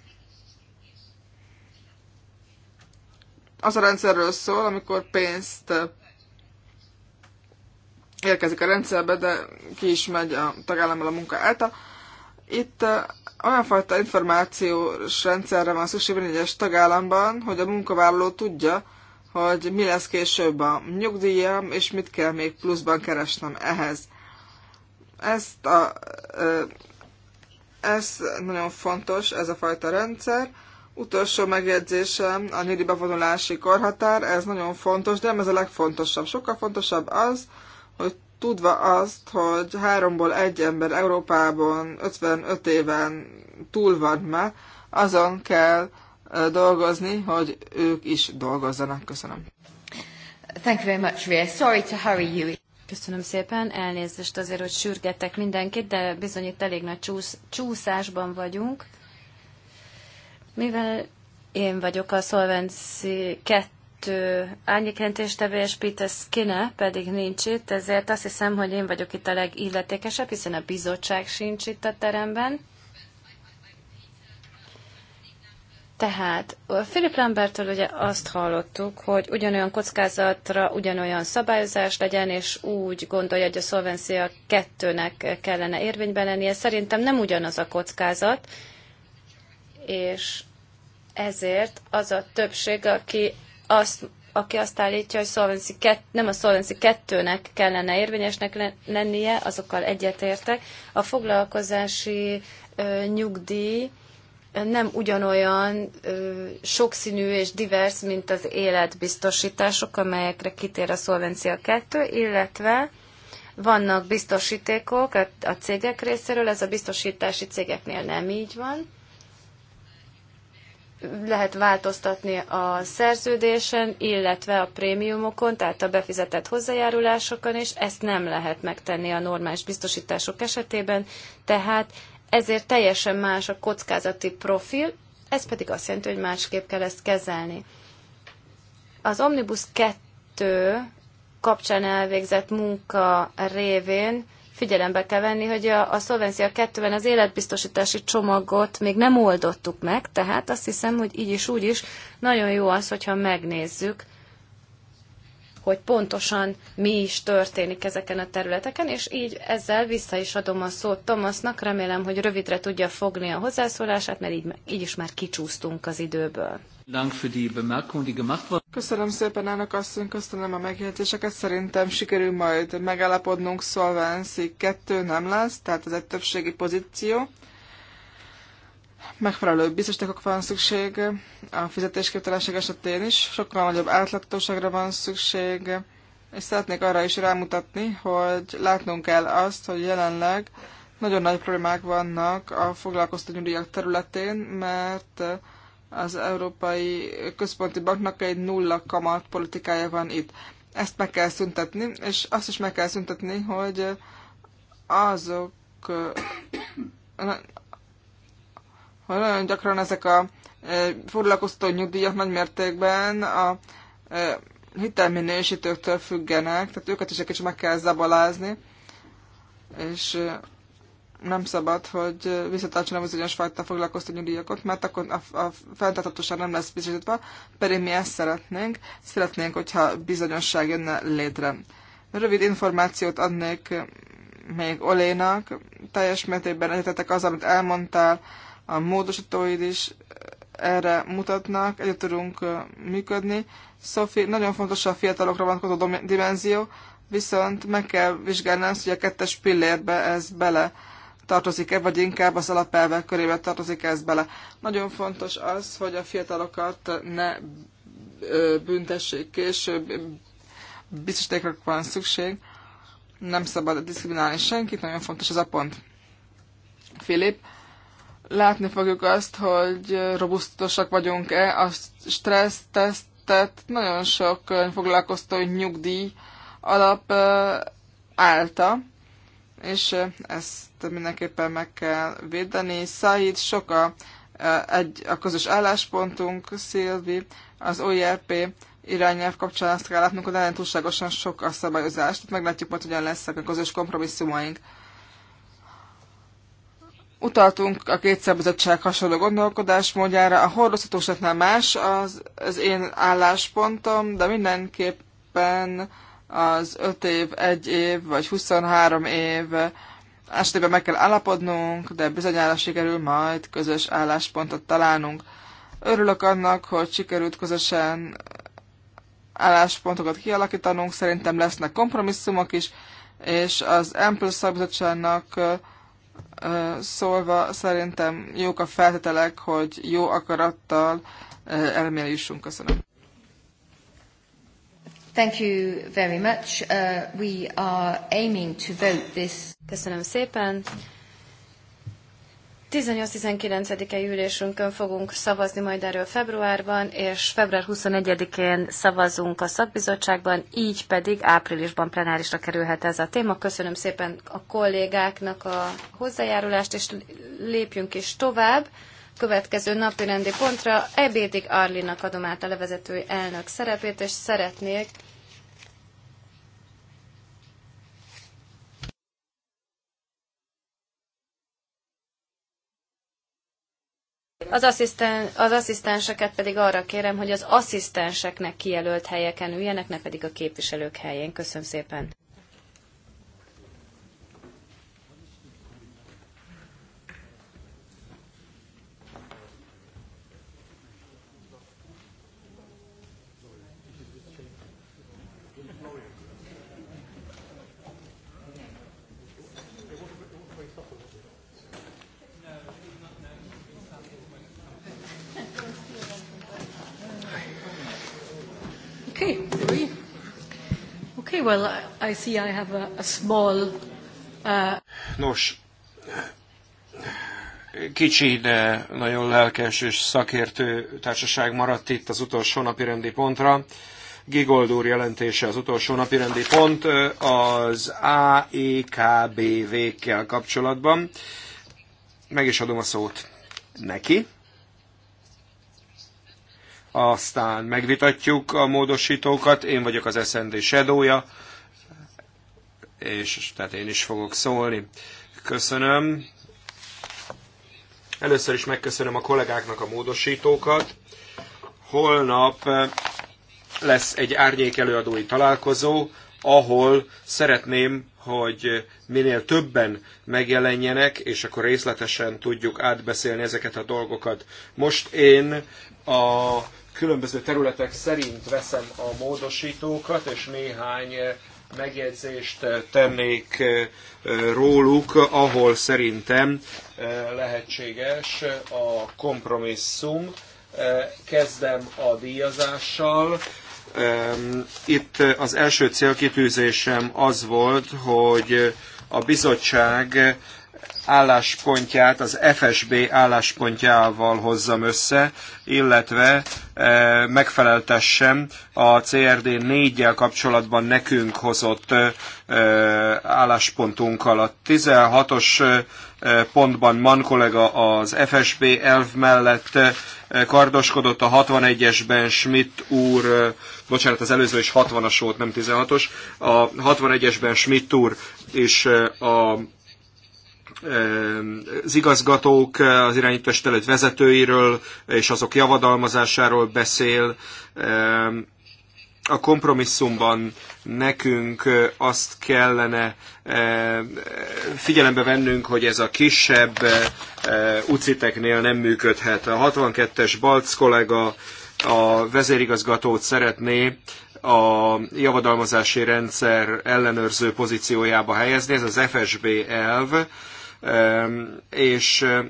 Az a rendszerről szól, amikor pénzt érkezik a rendszerbe, de ki is megy a tagállammal a munka által. Itt olyan fajta információs rendszerre van szükség egyes tagállamban, hogy a munkavállaló tudja, hogy mi lesz később a nyugdíjam, és mit kell még pluszban keresnem ehhez. Ezt a, ez nagyon fontos, ez a fajta rendszer. Utolsó megjegyzésem a nyíli bevonulási korhatár, ez nagyon fontos, de nem ez a legfontosabb. Sokkal fontosabb az, hogy tudva azt, hogy háromból egy ember Európában 55 éven túl van már, azon kell dolgozni, hogy ők is dolgozzanak. Köszönöm. Thank you very much, Ria. Sorry to hurry you. Köszönöm szépen, elnézést azért, hogy sürgetek mindenkit, de bizony itt elég nagy csúsz, csúszásban vagyunk. Mivel én vagyok a Solvency 2 kettő árnyékjelentéstevő és Peter Skinner pedig nincs itt, ezért azt hiszem, hogy én vagyok itt a legilletékesebb, hiszen a bizottság sincs itt a teremben. Tehát Philip Lambertől ugye azt hallottuk, hogy ugyanolyan kockázatra ugyanolyan szabályozás legyen, és úgy gondolja, hogy a szolvencia kettőnek kellene érvényben lennie. Szerintem nem ugyanaz a kockázat, és ezért az a többség, aki azt, aki azt állítja, hogy Solvency 2, nem a Solvency 2-nek kellene érvényesnek lennie, azokkal egyetértek. A foglalkozási ö, nyugdíj nem ugyanolyan ö, sokszínű és divers, mint az életbiztosítások, amelyekre kitér a Solvencia 2, illetve vannak biztosítékok a, a cégek részéről, ez a biztosítási cégeknél nem így van lehet változtatni a szerződésen, illetve a prémiumokon, tehát a befizetett hozzájárulásokon, és ezt nem lehet megtenni a normális biztosítások esetében, tehát ezért teljesen más a kockázati profil, ez pedig azt jelenti, hogy másképp kell ezt kezelni. Az Omnibus 2 kapcsán elvégzett munka révén figyelembe kell venni, hogy a, a Szolvencia 2-ben az életbiztosítási csomagot még nem oldottuk meg, tehát azt hiszem, hogy így is úgy is nagyon jó az, hogyha megnézzük, hogy pontosan mi is történik ezeken a területeken, és így ezzel vissza is adom a szót Thomasnak remélem, hogy rövidre tudja fogni a hozzászólását, mert így, így is már kicsúsztunk az időből. Köszönöm szépen, elnök asszony, köszönöm a megjegyzéseket. Szerintem sikerül majd megállapodnunk, Solvency 2 nem lesz, tehát ez egy többségi pozíció. Megfelelő biztosítékok van szükség a fizetésképtelenség esetén is, sokkal nagyobb átláthatóságra van szükség, és szeretnék arra is rámutatni, hogy látnunk kell azt, hogy jelenleg nagyon nagy problémák vannak a foglalkoztató nyugdíjak területén, mert az Európai Központi Banknak egy nulla kamat politikája van itt. Ezt meg kell szüntetni, és azt is meg kell szüntetni, hogy azok, hogy nagyon gyakran ezek a e, foglalkoztató nyugdíjak mértékben, a e, hitelminősítőktől függenek, tehát őket is egy kicsit meg kell zabalázni, és nem szabad, hogy visszatartsanak bizonyos fajta foglalkoztató nyugdíjakot, mert akkor a, a fenntarthatóság nem lesz biztosítva, pedig mi ezt szeretnénk, szeretnénk, hogyha bizonyosság jönne létre. Rövid információt adnék még Olénak, teljes mértékben egyetetek az, amit elmondtál, a módosítóid is erre mutatnak, együtt tudunk működni. Sophie, nagyon fontos a fiatalokra vonatkozó dimenzió, viszont meg kell vizsgálni azt, hogy a kettes pillérbe ez bele tartozik-e, vagy inkább az alapelvek körébe tartozik ez bele. Nagyon fontos az, hogy a fiatalokat ne büntessék később, biztosítékra van szükség, nem szabad diszkriminálni senkit, nagyon fontos ez a pont. Filip, látni fogjuk azt, hogy robusztusak vagyunk-e, a stressz tehát nagyon sok foglalkoztó nyugdíj alap állta, és ezt mindenképpen meg kell védeni. Said, sok a, egy, a közös álláspontunk, Szilvi, az OIRP irányelv kapcsán azt kell látnunk, hogy ellen túlságosan sok a szabályozás. Meglátjuk majd, hogyan lesznek a közös kompromisszumaink. Utaltunk a kétszer bizottság hasonló gondolkodásmódjára. A hordozhatóságnál más az, az én álláspontom, de mindenképpen az 5 év, 1 év vagy 23 év esetében meg kell állapodnunk, de bizonyára sikerül majd közös álláspontot találnunk. Örülök annak, hogy sikerült közösen álláspontokat kialakítanunk, szerintem lesznek kompromisszumok is, és az M plusz szólva szerintem jók a feltételek, hogy jó akarattal elmélyüssünk. Köszönöm. Thank you very much. Uh, we are aiming to vote this. Köszönöm szépen. 18-19. ülésünkön fogunk szavazni majd erről februárban, és február 21-én szavazunk a szakbizottságban, így pedig áprilisban plenárisra kerülhet ez a téma. Köszönöm szépen a kollégáknak a hozzájárulást, és lépjünk is tovább következő napirendi pontra. Ebédig Arlinak adom át a levezetői elnök szerepét, és szeretnék Az, assziszten, az asszisztenseket pedig arra kérem, hogy az asszisztenseknek kijelölt helyeken üljenek, ne pedig a képviselők helyén. Köszönöm szépen. well. I see I have a, a small... Uh... Nos, kicsi, de uh, nagyon lelkes és szakértő társaság maradt itt az utolsó napi rendi pontra. Gigold úr jelentése az utolsó napi rendi pont uh, az AEKBV-kkel kapcsolatban. Meg is adom a szót neki aztán megvitatjuk a módosítókat, én vagyok az SND shadowja, és tehát én is fogok szólni. Köszönöm. Először is megköszönöm a kollégáknak a módosítókat. Holnap eh, lesz egy árnyék előadói találkozó, ahol szeretném, hogy minél többen megjelenjenek, és akkor részletesen tudjuk átbeszélni ezeket a dolgokat. Most én a különböző területek szerint veszem a módosítókat, és néhány eh, megjegyzést eh, tennék eh, róluk, ahol szerintem lehetséges a kompromisszum. Kezdem a díjazással. Itt az első célkitűzésem az volt, hogy a bizottság álláspontját az FSB álláspontjával hozzam össze, illetve e, megfeleltessem a CRD 4-jel kapcsolatban nekünk hozott e, álláspontunkkal. A 16-os e, pontban Man kollega az FSB elv mellett kardoskodott, a 61-esben Schmidt úr, bocsánat, az előző is 60-as volt, nem 16-os, a 61-esben Schmidt úr és a az igazgatók, eh, az irányítóstelet vezetőiről és azok javadalmazásáról beszél. A kompromisszumban nekünk eh, azt kellene figyelembe vennünk, hogy ez a kisebb eh, uciteknél nem működhet. A 62-es Balc kollega a vezérigazgatót szeretné a javadalmazási rendszer ellenőrző pozíciójába helyezni, ez az FSB elv, és eh,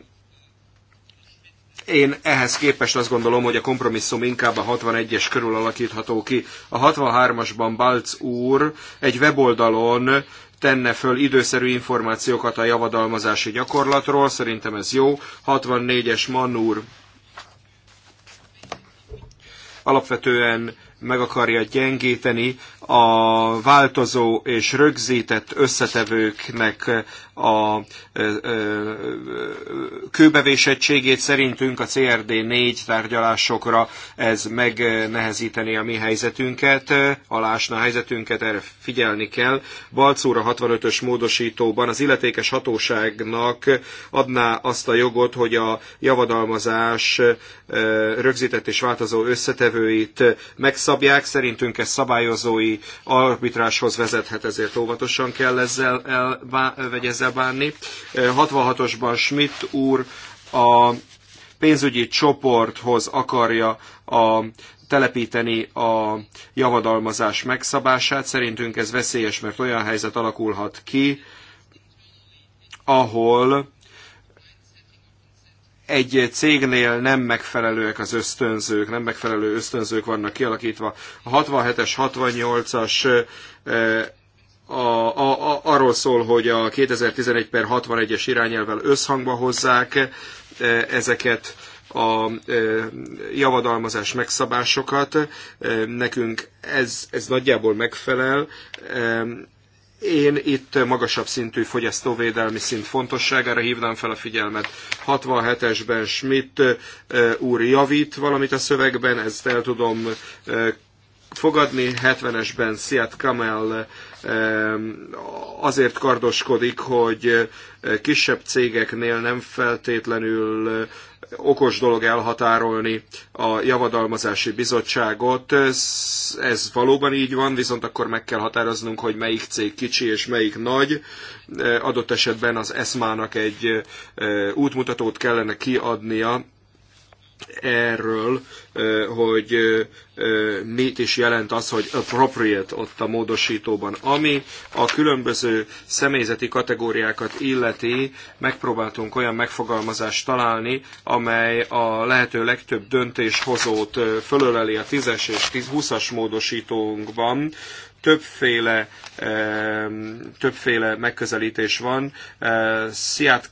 én ehhez képest azt gondolom, hogy a kompromisszum inkább a 61-es körül alakítható ki. A 63-asban Balc úr egy weboldalon tenne föl időszerű információkat a javadalmazási gyakorlatról, szerintem ez jó. 64-es Manúr alapvetően meg akarja gyengíteni a változó és rögzített összetevőknek a kőbevésettségét szerintünk a CRD4 tárgyalásokra ez megnehezíteni a mi helyzetünket, alásna helyzetünket, erre figyelni kell. Balcóra 65-ös módosítóban az illetékes hatóságnak adná azt a jogot, hogy a javadalmazás rögzített és változó összetevőit megszabják, szerintünk ez szabályozói nemzetközi arbitráshoz vezethet, ezért óvatosan kell ezzel, el, bá, vagy ezzel bánni. 66-osban Schmidt úr a pénzügyi csoporthoz akarja a telepíteni a javadalmazás megszabását. Szerintünk ez veszélyes, mert olyan helyzet alakulhat ki, ahol egy cégnél nem megfelelőek az ösztönzők, nem megfelelő ösztönzők vannak kialakítva. A 67-es, 68-as a, a, a, arról szól, hogy a 2011 per 61-es irányelvel összhangba hozzák ezeket a javadalmazás megszabásokat. Nekünk ez, ez nagyjából megfelel. Én itt magasabb szintű fogyasztóvédelmi szint fontosságára hívnám fel a figyelmet. 67-esben Schmidt úr javít valamit a szövegben, ezt el tudom fogadni. 70-esben Siat Kamel azért kardoskodik, hogy kisebb cégeknél nem feltétlenül okos dolog elhatárolni a javadalmazási bizottságot. Ez, ez valóban így van, viszont akkor meg kell határoznunk, hogy melyik cég kicsi és melyik nagy. Adott esetben az ESMA-nak egy útmutatót kellene kiadnia erről, hogy mit is jelent az, hogy appropriate ott a módosítóban. Ami a különböző személyzeti kategóriákat illeti, megpróbáltunk olyan megfogalmazást találni, amely a lehető legtöbb döntéshozót fölöleli a 10-es és 20-as módosítónkban, többféle, többféle megközelítés van. Sziát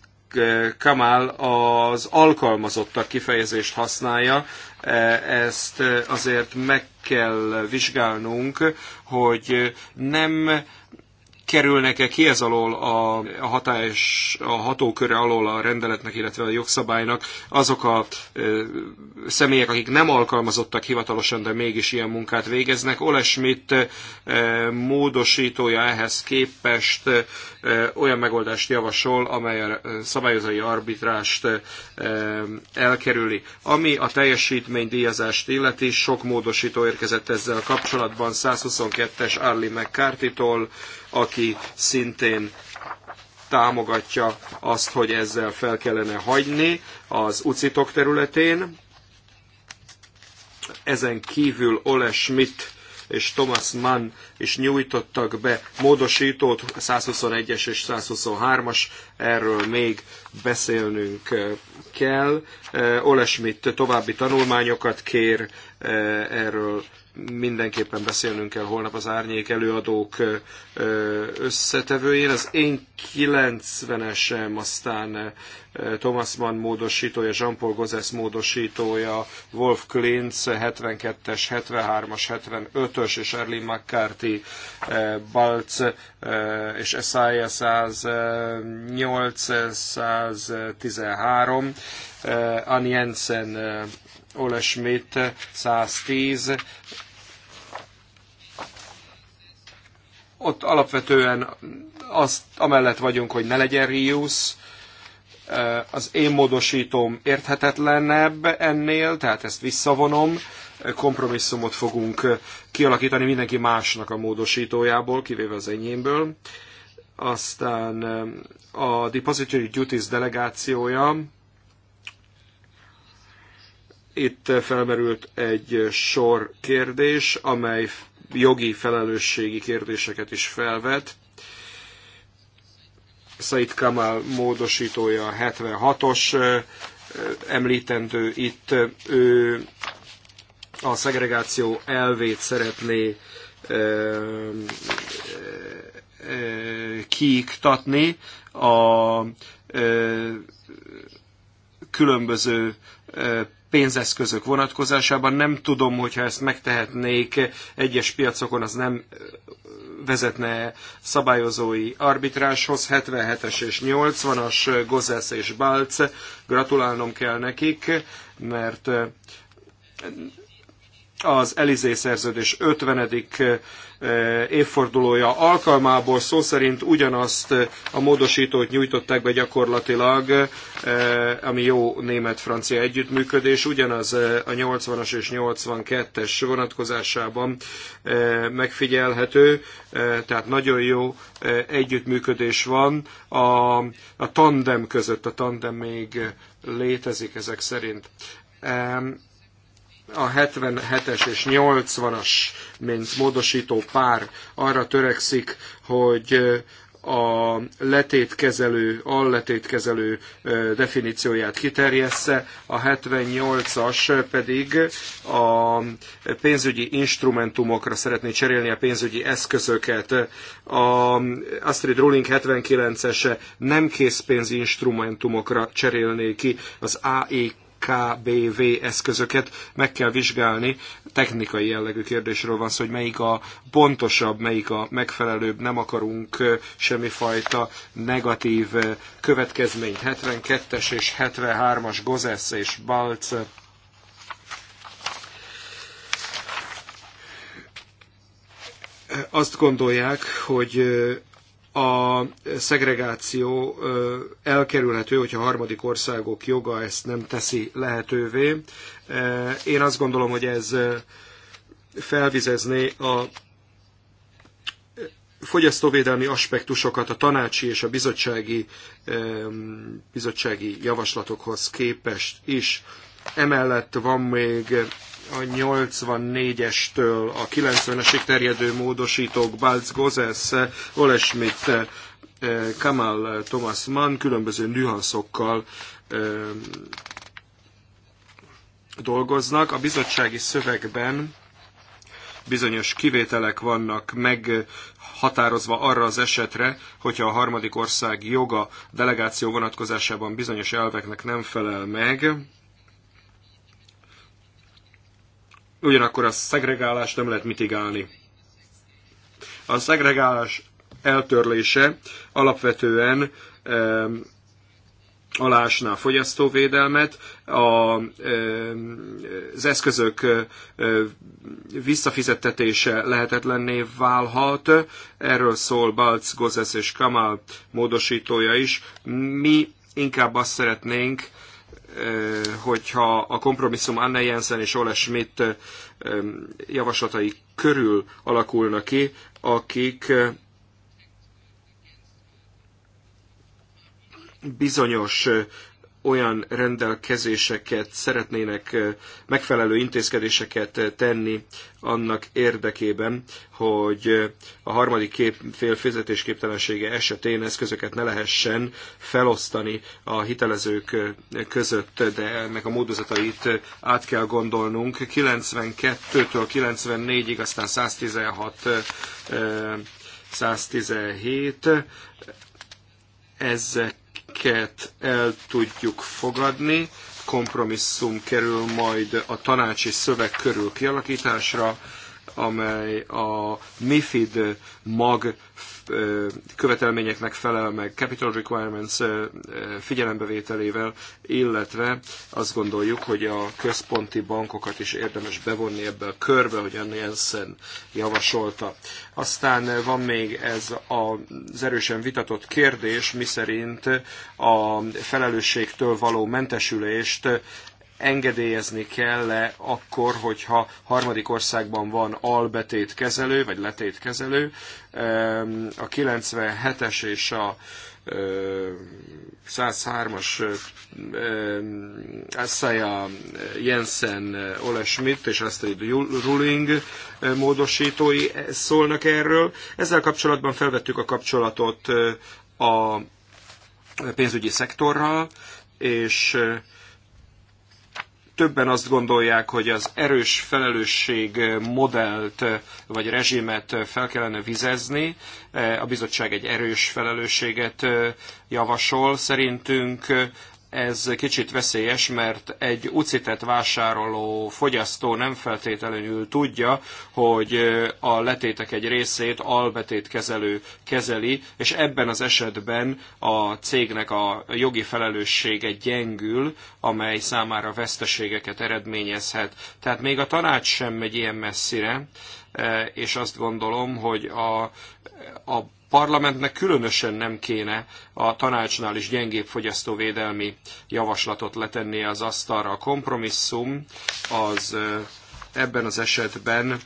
Kamal az alkalmazottak kifejezést használja, e, ezt azért meg kell vizsgálnunk, hogy nem kerülnek-e ki ez alól a, a hatás, a hatóköre alól a rendeletnek, illetve a jogszabálynak azok a ö, személyek, akik nem alkalmazottak hivatalosan, de mégis ilyen munkát végeznek. Olesmit módosítója ehhez képest ö, olyan megoldást javasol, amely a szabályozói arbitrást elkerüli. Ami a teljesítménydíjazást illeti, sok módosító érkezett ezzel kapcsolatban, 122-es Arlie McCarthy-tól, aki szintén támogatja azt, hogy ezzel fel kellene hagyni az ucitok területén. Ezen kívül Ole Schmidt és Thomas Mann is nyújtottak be módosítót, 121-es és 123-as, erről még beszélnünk eh, kell. Eh, Ole Schmidt további tanulmányokat kér eh, erről mindenképpen beszélnünk kell holnap az árnyék előadók összetevőjén. Az én 90-esem, aztán Thomas Mann módosítója, Jean-Paul Gozes módosítója, Wolf Klintz 72-es, 73-as, 75-ös és Erlin McCarthy, Balc és Esaia 108, 113, Ann Jensen Ole Schmidt 110. Ott alapvetően azt amellett vagyunk, hogy ne legyen Rius, eh, az én módosítom érthetetlenebb ennél, tehát ezt visszavonom, kompromisszumot fogunk kialakítani mindenki másnak a módosítójából, kivéve az enyémből. Aztán eh, a Depository Duties delegációja, itt felmerült egy sor kérdés, amely jogi felelősségi kérdéseket is felvet. Said Kamal módosítója 76-os említendő itt. Ő a szegregáció elvét szeretné kiiktatni a különböző pénzeszközök vonatkozásában. Nem tudom, hogyha ezt megtehetnék egyes piacokon, az nem vezetne szabályozói arbitráshoz. 77-es és 80-as Gozesz és balce Gratulálnom kell nekik, mert az Elizé szerződés 50. Eh, évfordulója alkalmából szó szerint ugyanazt eh, a módosítót nyújtották be gyakorlatilag, eh, ami jó német-francia együttműködés, ugyanaz a 80-as és 82-es vonatkozásában megfigyelhető, tehát nagyon jó együttműködés van a, a tandem között, a tandem még létezik ezek szerint a 77-es és 80-as, mint módosító pár arra törekszik, hogy a letétkezelő, alletétkezelő definícióját kiterjessze, a 78-as pedig a pénzügyi instrumentumokra szeretné cserélni a pénzügyi eszközöket. A Astrid Ruling 79-ese nem készpénzi instrumentumokra cserélné ki az AEK KBV eszközöket meg kell vizsgálni. Technikai jellegű kérdésről van szó, hogy melyik a pontosabb, melyik a megfelelőbb. Nem akarunk semmifajta negatív következmény. 72-es és 73-as Gozesz és Balc azt gondolják, hogy a szegregáció elkerülhető, hogyha harmadik országok joga ezt nem teszi lehetővé. Én azt gondolom, hogy ez felvizezné a fogyasztóvédelmi aspektusokat a tanácsi és a bizottsági, bizottsági javaslatokhoz képest is. Emellett van még a 84-estől a 90-esig terjedő módosítók Balc Gozes, Ole Schmidt, eh, Kamal Thomas Mann különböző nüanszokkal eh, dolgoznak. A bizottsági szövegben bizonyos kivételek vannak meghatározva arra az esetre, hogyha a harmadik ország joga delegáció vonatkozásában bizonyos elveknek nem felel meg, Ugyanakkor a szegregálást nem lehet mitigálni. A szegregálás eltörlése alapvetően alásná a fogyasztóvédelmet, a, az eszközök visszafizettetése lehetetlenné válhat, erről szól Balc, Gozesz és Kamal módosítója is. Mi inkább azt szeretnénk, Eh, hogyha a kompromisszum Anne Jensen és Ole Schmidt eh, javaslatai körül alakulna ki, akik eh, bizonyos olyan rendelkezéseket szeretnének, megfelelő intézkedéseket tenni annak érdekében, hogy a harmadik kép, fél fizetésképtelensége esetén eszközöket ne lehessen felosztani a hitelezők között, de ennek a módozatait át kell gondolnunk. 92-től 94-ig, aztán 116 117 ezek ezeket el tudjuk fogadni, kompromisszum kerül majd a tanácsi szöveg körül kialakításra, amely a MIFID mag követelményeknek felel meg capital requirements figyelembevételével, illetve azt gondoljuk, hogy a központi bankokat is érdemes bevonni ebbe a körbe, hogy Anne Jensen javasolta. Aztán van még ez az erősen vitatott kérdés, miszerint a felelősségtől való mentesülést engedélyezni kell-e akkor, hogyha harmadik országban van albetét kezelő, vagy letét kezelő. A 97-es és a 103-as Assaya Jensen Ole Schmidt és Astrid Ruling módosítói e, szólnak erről. Ezzel kapcsolatban felvettük a kapcsolatot a pénzügyi szektorral, és többen azt gondolják, hogy az erős felelősség modellt vagy rezsimet fel kellene vizezni. A bizottság egy erős felelősséget javasol. Szerintünk ez kicsit veszélyes, mert egy ucitet vásároló fogyasztó nem feltétlenül tudja, hogy a letétek egy részét albetét kezelő kezeli, és ebben az esetben a cégnek a jogi felelőssége gyengül, amely számára veszteségeket eredményezhet. Tehát még a tanács sem megy ilyen messzire, és azt gondolom, hogy a, a parlamentnek különösen nem kéne a tanácsnál is gyengébb fogyasztóvédelmi javaslatot letennie az asztalra. A kompromisszum az ebben az esetben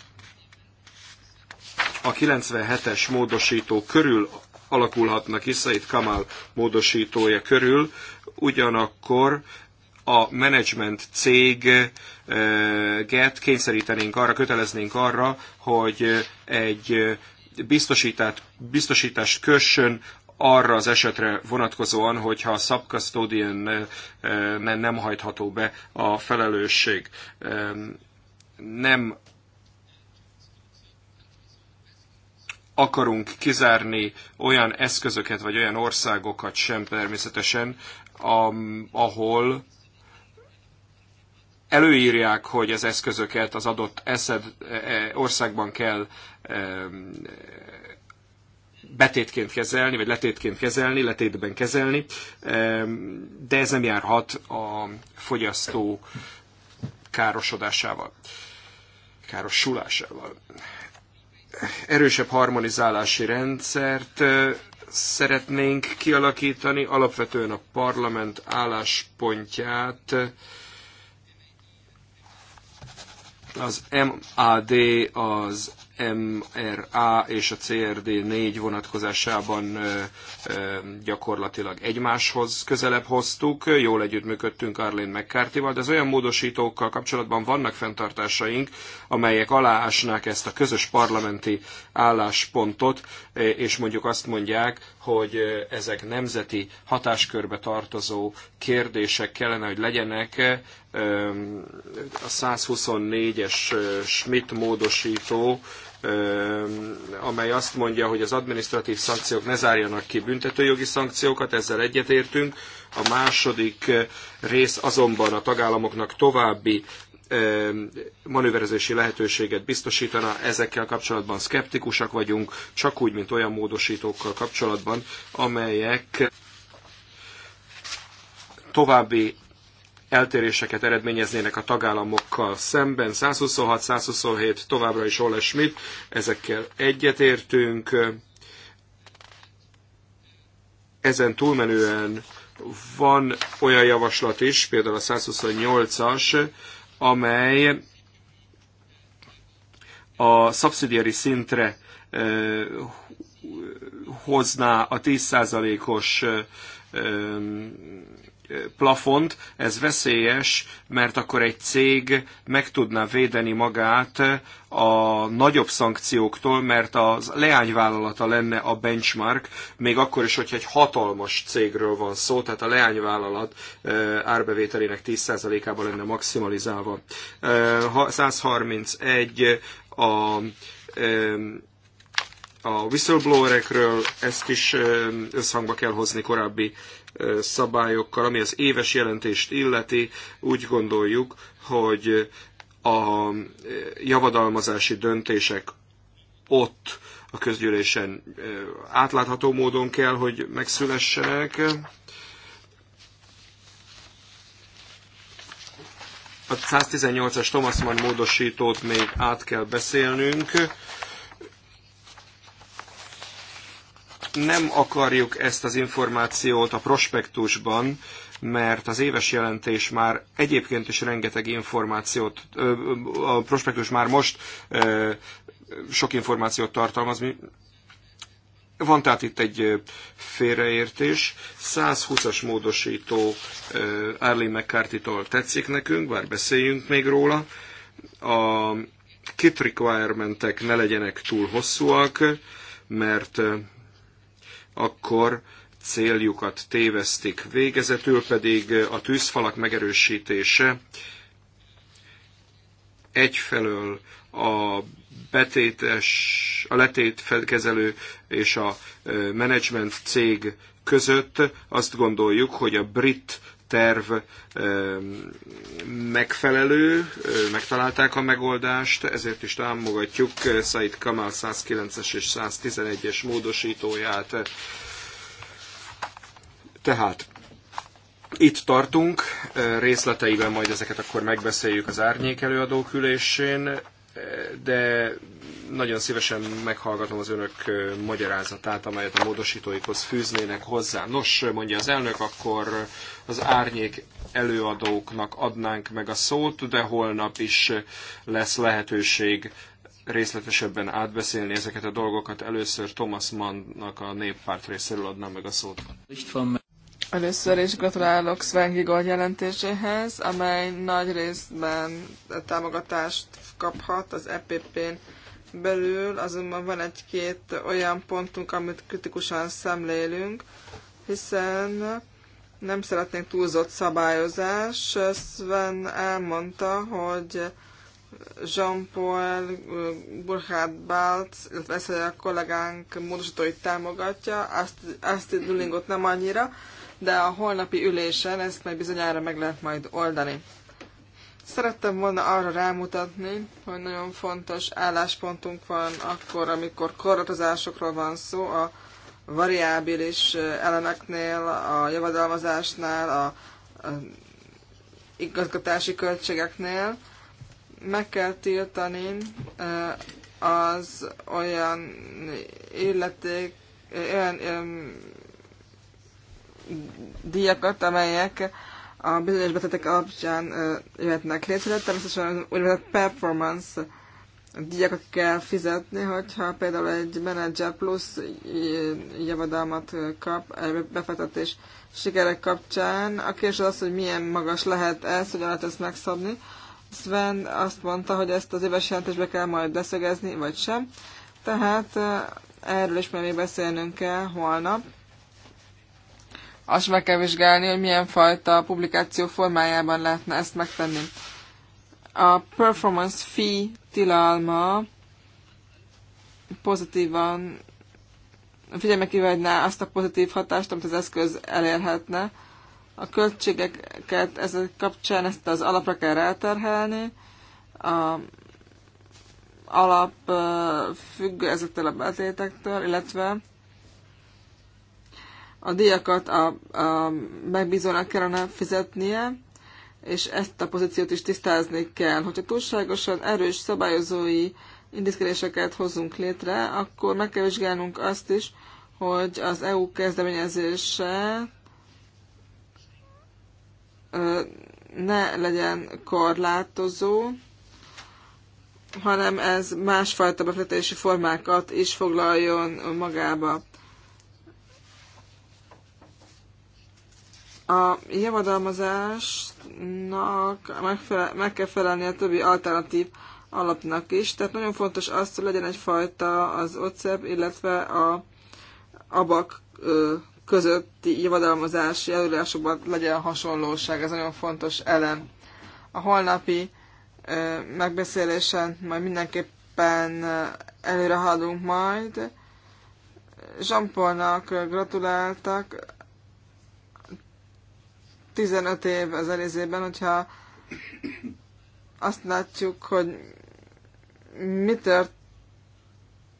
a 97-es módosító körül alakulhatnak ki, Said Kamal módosítója körül, ugyanakkor a menedzsment céget kényszerítenénk arra, köteleznénk arra, hogy egy biztosítást, biztosítást kössön arra az esetre vonatkozóan, hogyha a subcustodian eh, eh, nem hajtható be a felelősség. Nem akarunk kizárni olyan eszközöket, vagy olyan országokat sem természetesen, ahol előírják, hogy az eszközöket az adott eszed e, e, országban kell e, betétként kezelni, vagy letétként kezelni, letétben kezelni, de ez nem járhat a fogyasztó károsodásával, károsulásával. Erősebb harmonizálási rendszert szeretnénk kialakítani, alapvetően a parlament álláspontját az MAD, az MRA és a CRD4 vonatkozásában gyakorlatilag egymáshoz közelebb hoztuk. Jól együttműködtünk Arlene mccarthy de az olyan módosítókkal kapcsolatban vannak fenntartásaink, amelyek aláásnák ezt a közös parlamenti álláspontot, és mondjuk azt mondják, hogy ezek nemzeti hatáskörbe tartozó kérdések kellene, hogy legyenek, a 124-es Schmidt módosító, amely azt mondja, hogy az administratív szankciók ne zárjanak ki büntetőjogi szankciókat, ezzel egyetértünk. A második rész azonban a tagállamoknak további manőverezési lehetőséget biztosítana. Ezekkel kapcsolatban szkeptikusak vagyunk, csak úgy, mint olyan módosítókkal kapcsolatban, amelyek további eltéréseket eredményeznének a tagállamokkal szemben. 126, 127 továbbra is Ole Schmidt, ezekkel egyetértünk. Ezen túlmenően van olyan javaslat is, például a 128-as, amely a szubszidiári szintre hozná a 10%-os plafont, ez veszélyes, mert akkor egy cég meg tudná védeni magát a nagyobb szankcióktól, mert az leányvállalata lenne a benchmark, még akkor is, hogyha egy hatalmas cégről van szó, tehát a leányvállalat eh, árbevételének 10%-ában lenne maximalizálva. 131 eh, a eh, a whistleblowerekről ezt is összhangba kell hozni korábbi szabályokkal, ami az éves jelentést illeti, úgy gondoljuk, hogy a javadalmazási döntések ott a közgyűlésen átlátható módon kell, hogy megszülessenek. A 118-as Thomas Mann módosítót még át kell beszélnünk Nem akarjuk ezt az információt a prospektusban, mert az éves jelentés már egyébként is rengeteg információt, a prospektus már most sok információt tartalmaz, van tehát itt egy félreértés. 120-as módosító Arlene McCarthy-tól tetszik nekünk, bár beszéljünk még róla. A kit requirementek ne legyenek túl hosszúak, mert akkor céljukat tévesztik. Végezetül pedig a tűzfalak megerősítése egyfelől a betétes, a letétkezelő és a menedzsment cég között azt gondoljuk, hogy a brit terv megfelelő, megtalálták a megoldást, ezért is támogatjuk Said Kamal 109-es és 111-es módosítóját. Tehát itt tartunk, részleteiben majd ezeket akkor megbeszéljük az árnyék előadók ülésén, de nagyon szívesen meghallgatom az önök magyarázatát, amelyet a módosítóikhoz fűznének hozzá. Nos, mondja az elnök, akkor az árnyék előadóknak adnánk meg a szót, de holnap is lesz lehetőség részletesebben átbeszélni ezeket a dolgokat. Először Thomas Mannnak a néppárt részéről adnám meg a szót. Először is gratulálok Sven Gigold jelentéséhez, amely nagy részben támogatást kaphat az EPP-n belül azonban van egy-két olyan pontunk, amit kritikusan szemlélünk, hiszen nem szeretnénk túlzott szabályozás. Sven elmondta, hogy Jean-Paul Burkhard Balc, illetve ez, a kollégánk módosítóit támogatja, azt, azt Dulingot nem annyira, de a holnapi ülésen ezt majd bizonyára meg lehet majd oldani. Szerettem volna arra rámutatni, hogy nagyon fontos álláspontunk van akkor, amikor korlátozásokról van szó, a variábilis eh, elemeknél, a javadalmazásnál, a, a igazgatási költségeknél. Meg kell tiltani eh, az olyan illeték, eh, olyan, olyan díjakat, amelyek a bizonyos betetek alapján jöhetnek létre, természetesen úgynevezett performance díjakat kell fizetni, hogyha például egy menedzser plusz javadalmat kap befektetés sikerek kapcsán. A kérdés az, hogy milyen magas lehet ez, hogy lehet ezt megszabni. Sven azt mondta, hogy ezt az éves jelentésbe kell majd beszögezni, vagy sem. Tehát erről is még beszélnünk kell holnap azt meg kell vizsgálni, hogy milyen fajta publikáció formájában lehetne ezt megtenni. A performance fee tilalma pozitívan figyelme kivagyná azt a pozitív hatást, amit az eszköz elérhetne. A költségeket ezek kapcsán ezt az alapra kell ráterhelni, a alap függ ezektől a betétektől, illetve a díjakat a, a megbízónak kellene fizetnie, és ezt a pozíciót is tisztázni kell. Hogyha túlságosan erős szabályozói intézkedéseket hozunk létre, akkor meg kell vizsgálnunk azt is, hogy az EU kezdeményezése ne legyen korlátozó, hanem ez másfajta befektetési formákat is foglaljon magába. A javadalmazásnak megfele- meg kell felelni a többi alternatív alapnak is, tehát nagyon fontos az, hogy legyen egyfajta az OCEP, illetve a ABAK közötti javadalmazási előírásokban legyen hasonlóság, ez nagyon fontos elem. A holnapi megbeszélésen majd mindenképpen előre haladunk majd. Zsampolnak gratuláltak, 15 év az elézében, hogyha azt látjuk, hogy mi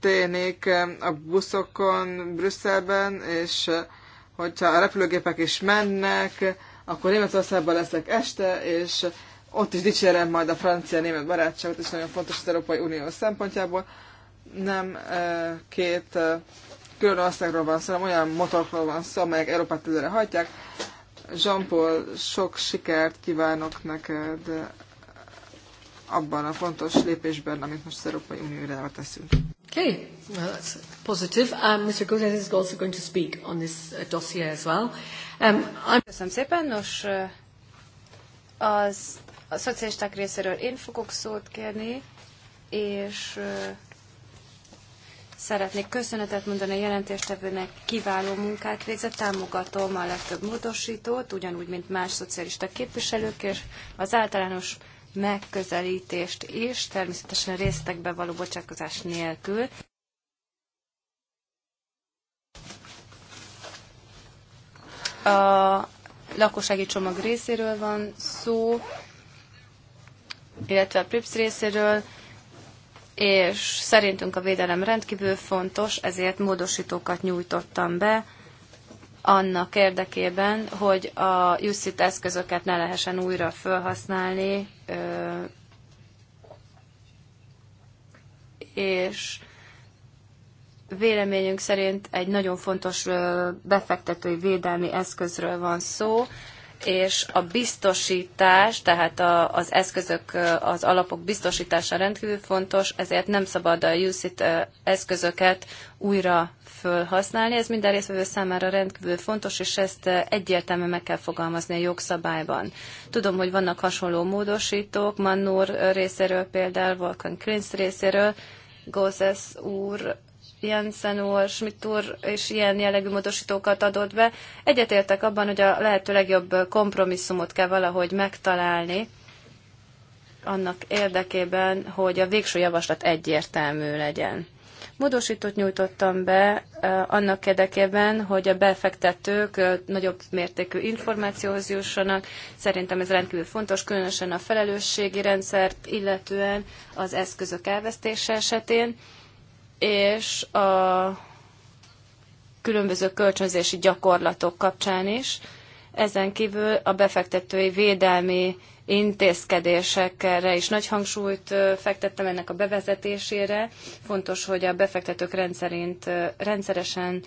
történik eh, a buszokon Brüsszelben, és eh, hogyha a repülőgépek is mennek, akkor Németországban leszek este, és ott is dicsérem majd a francia-német barátságot, és nagyon fontos az Európai Unió szempontjából. Nem eh, két külön országról van szó, hanem olyan motorokról van szó, amelyek Európát előre hajtják. Jean-Paul, sok sikert kívánok neked abban a fontos lépésben, amit most az Európai Unióra teszünk. Okay, well that's positive. Um, Mr. Gozes is also going to speak on this uh, dossier as well. Um, I'm... Köszönöm szépen. Nos, uh, az a szocialisták részéről én fogok szót kérni, és uh, Szeretnék köszönetet mondani a jelentéstevőnek, kiváló munkát végzett, támogatom a legtöbb módosítót, ugyanúgy, mint más szocialista képviselők, és az általános megközelítést is, természetesen részletekbe való bocsátkozás nélkül. A lakossági csomag részéről van szó, illetve a PRIPS részéről, és szerintünk a védelem rendkívül fontos, ezért módosítókat nyújtottam be annak érdekében, hogy a UCIT eszközöket ne lehessen újra felhasználni, és véleményünk szerint egy nagyon fontos befektetői védelmi eszközről van szó, és a biztosítás, tehát a, az eszközök, az alapok biztosítása rendkívül fontos, ezért nem szabad a UCIT eszközöket újra fölhasználni. Ez minden részvevő számára rendkívül fontos, és ezt egyértelműen meg kell fogalmazni a jogszabályban. Tudom, hogy vannak hasonló módosítók, Mannur részéről például, Volkan Klinz részéről, Gózes úr ilyen úr, Schmidt és ilyen jellegű módosítókat adott be. Egyetértek abban, hogy a lehető legjobb kompromisszumot kell valahogy megtalálni annak érdekében, hogy a végső javaslat egyértelmű legyen. Módosítót nyújtottam be annak érdekében, hogy a befektetők nagyobb mértékű információhoz jussanak. Szerintem ez rendkívül fontos, különösen a felelősségi rendszert, illetően az eszközök elvesztése esetén és a különböző kölcsönzési gyakorlatok kapcsán is. Ezen kívül a befektetői védelmi intézkedésekre is nagy hangsúlyt fektettem ennek a bevezetésére. Fontos, hogy a befektetők rendszerint rendszeresen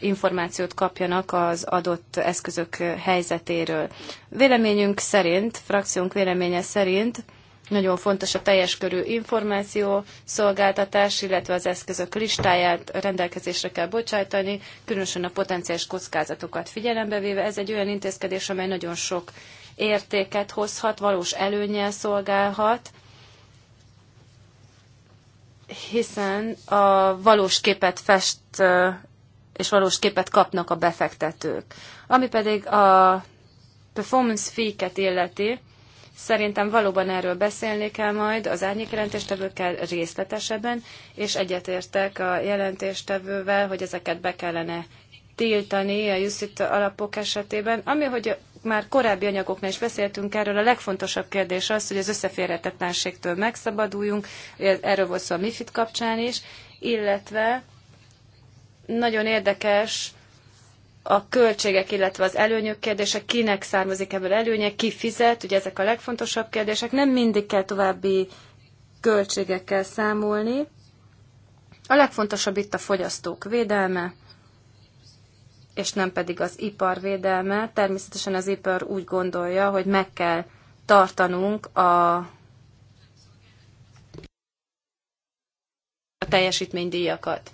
információt kapjanak az adott eszközök helyzetéről. Véleményünk szerint, frakciónk véleménye szerint nagyon fontos a teljes körű információ szolgáltatás, illetve az eszközök listáját rendelkezésre kell bocsájtani, különösen a potenciális kockázatokat figyelembe véve. Ez egy olyan intézkedés, amely nagyon sok értéket hozhat, valós előnyel szolgálhat, hiszen a valós képet fest és valós képet kapnak a befektetők. Ami pedig a performance fee-ket illeti, Szerintem valóban erről beszélni kell majd az jelentéstevőkkel részletesebben, és egyetértek a jelentéstevővel, hogy ezeket be kellene tiltani a jussit alapok esetében. Ami, hogy már korábbi anyagoknál is beszéltünk erről, a legfontosabb kérdés az, hogy az összeférhetetlenségtől megszabaduljunk, erről volt szó a MIFID kapcsán is, illetve nagyon érdekes a költségek, illetve az előnyök kérdése, kinek származik ebből előnye, ki fizet, ugye ezek a legfontosabb kérdések, nem mindig kell további költségekkel számolni. A legfontosabb itt a fogyasztók védelme, és nem pedig az ipar védelme. Természetesen az ipar úgy gondolja, hogy meg kell tartanunk a a teljesítménydíjakat.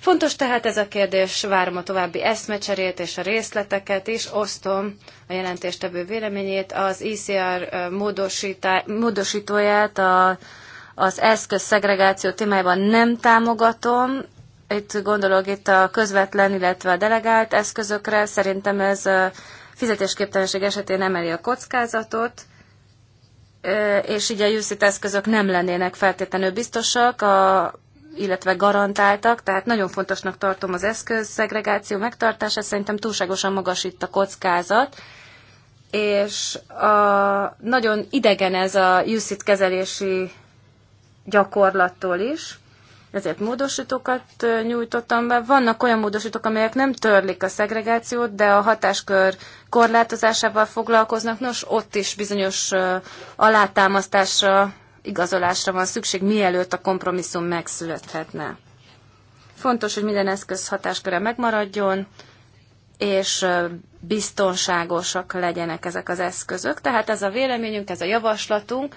Fontos tehát ez a kérdés, várom a további eszmecserét és a részleteket is, osztom a jelentéstevő véleményét, az ICR e módosítá, módosítóját a, az eszköz szegregáció témájában nem támogatom, itt gondolok itt a közvetlen, illetve a delegált eszközökre, szerintem ez fizetésképtelenség esetén emeli a kockázatot, és így a UCIT eszközök nem lennének feltétlenül biztosak, a illetve garantáltak, tehát nagyon fontosnak tartom az eszköz szegregáció megtartását, szerintem túlságosan magas itt a kockázat, és a, nagyon idegen ez a UCIT kezelési gyakorlattól is, ezért módosítókat nyújtottam be. Vannak olyan módosítók, amelyek nem törlik a szegregációt, de a hatáskör korlátozásával foglalkoznak. Nos, ott is bizonyos alátámasztásra igazolásra van szükség, mielőtt a kompromisszum megszülethetne. Fontos, hogy minden eszköz hatásköre megmaradjon, és biztonságosak legyenek ezek az eszközök. Tehát ez a véleményünk, ez a javaslatunk,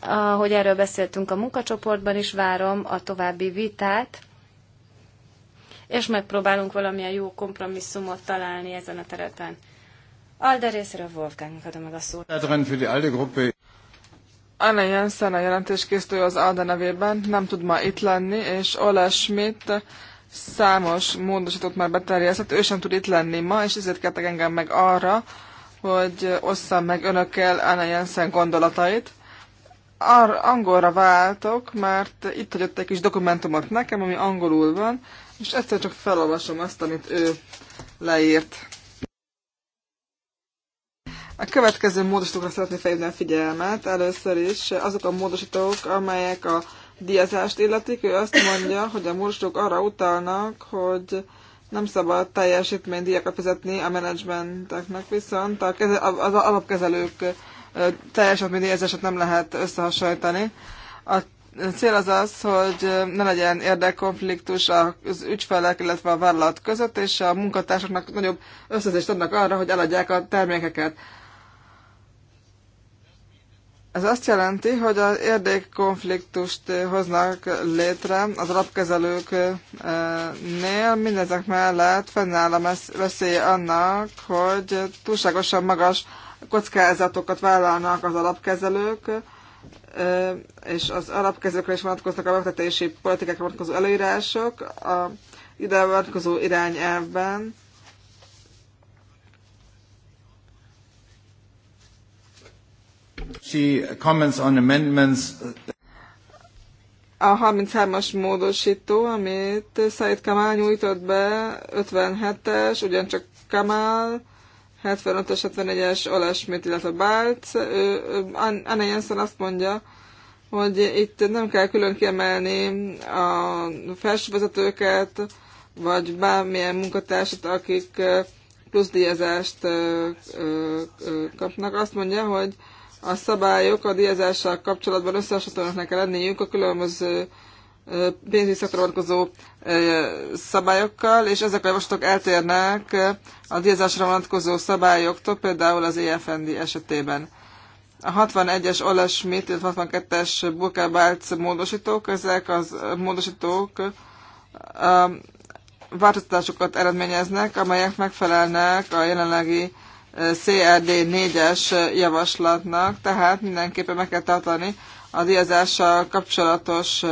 ahogy erről beszéltünk a munkacsoportban is, várom a további vitát, és megpróbálunk valamilyen jó kompromisszumot találni ezen a területen. Alde részéről Wolfgangnak adom meg a szót. Anna Jensen a jelentéskészítő az ALDE nevében nem tud ma itt lenni, és Ola Schmidt számos módosítót már beterjesztett, ő sem tud itt lenni ma, és ezért kértek engem meg arra, hogy osszam meg önökkel Anna Jensen gondolatait. Ar- angolra váltok, mert itt hagyott egy kis dokumentumot nekem, ami angolul van, és egyszer csak felolvasom azt, amit ő leírt. A következő módosítókra szeretnék felhívni a figyelmet. Először is azok a módosítók, amelyek a diazást illetik, ő azt mondja, hogy a módosítók arra utalnak, hogy nem szabad teljesítménydíjakat fizetni a menedzsmenteknek, viszont a az alapkezelők teljesítménydíjazását nem lehet összehasonlítani. A cél az az, hogy ne legyen érdekkonfliktus az ügyfelek, illetve a vállalat között, és a munkatársaknak nagyobb összezést adnak arra, hogy eladják a termékeket. Ez azt jelenti, hogy az érdekkonfliktust hoznak létre az alapkezelőknél, mindezek mellett fennáll a veszélye annak, hogy túlságosan magas kockázatokat vállalnak az alapkezelők, és az alapkezelőkre is vonatkoznak a befektetési politikákra vonatkozó előírások, a ide vonatkozó irányelvben A 33-as módosító, amit Said Kamal nyújtott be, 57-es, ugyancsak Kamal, 75 es 71-es, Ola Schmidt, illetve Bálc. Anne Jensen azt mondja, hogy itt nem kell külön kiemelni a felsővezetőket, vagy bármilyen munkatársat, akik plusz díjazást kapnak. Azt mondja, hogy a szabályok a díjazással kapcsolatban összehasonlítanak kell lenniük a különböző pénzügyi szektorra vonatkozó szabályokkal, és ezek a javaslatok eltérnek a díjazásra vonatkozó szabályoktól, például az EFND esetében. A 61-es Ola Schmidt, illetve 62-es Burkhard módosítók, ezek az módosítók változtatásokat eredményeznek, amelyek megfelelnek a jelenlegi CRD 4-es javaslatnak, tehát mindenképpen meg kell tartani a díjazással kapcsolatos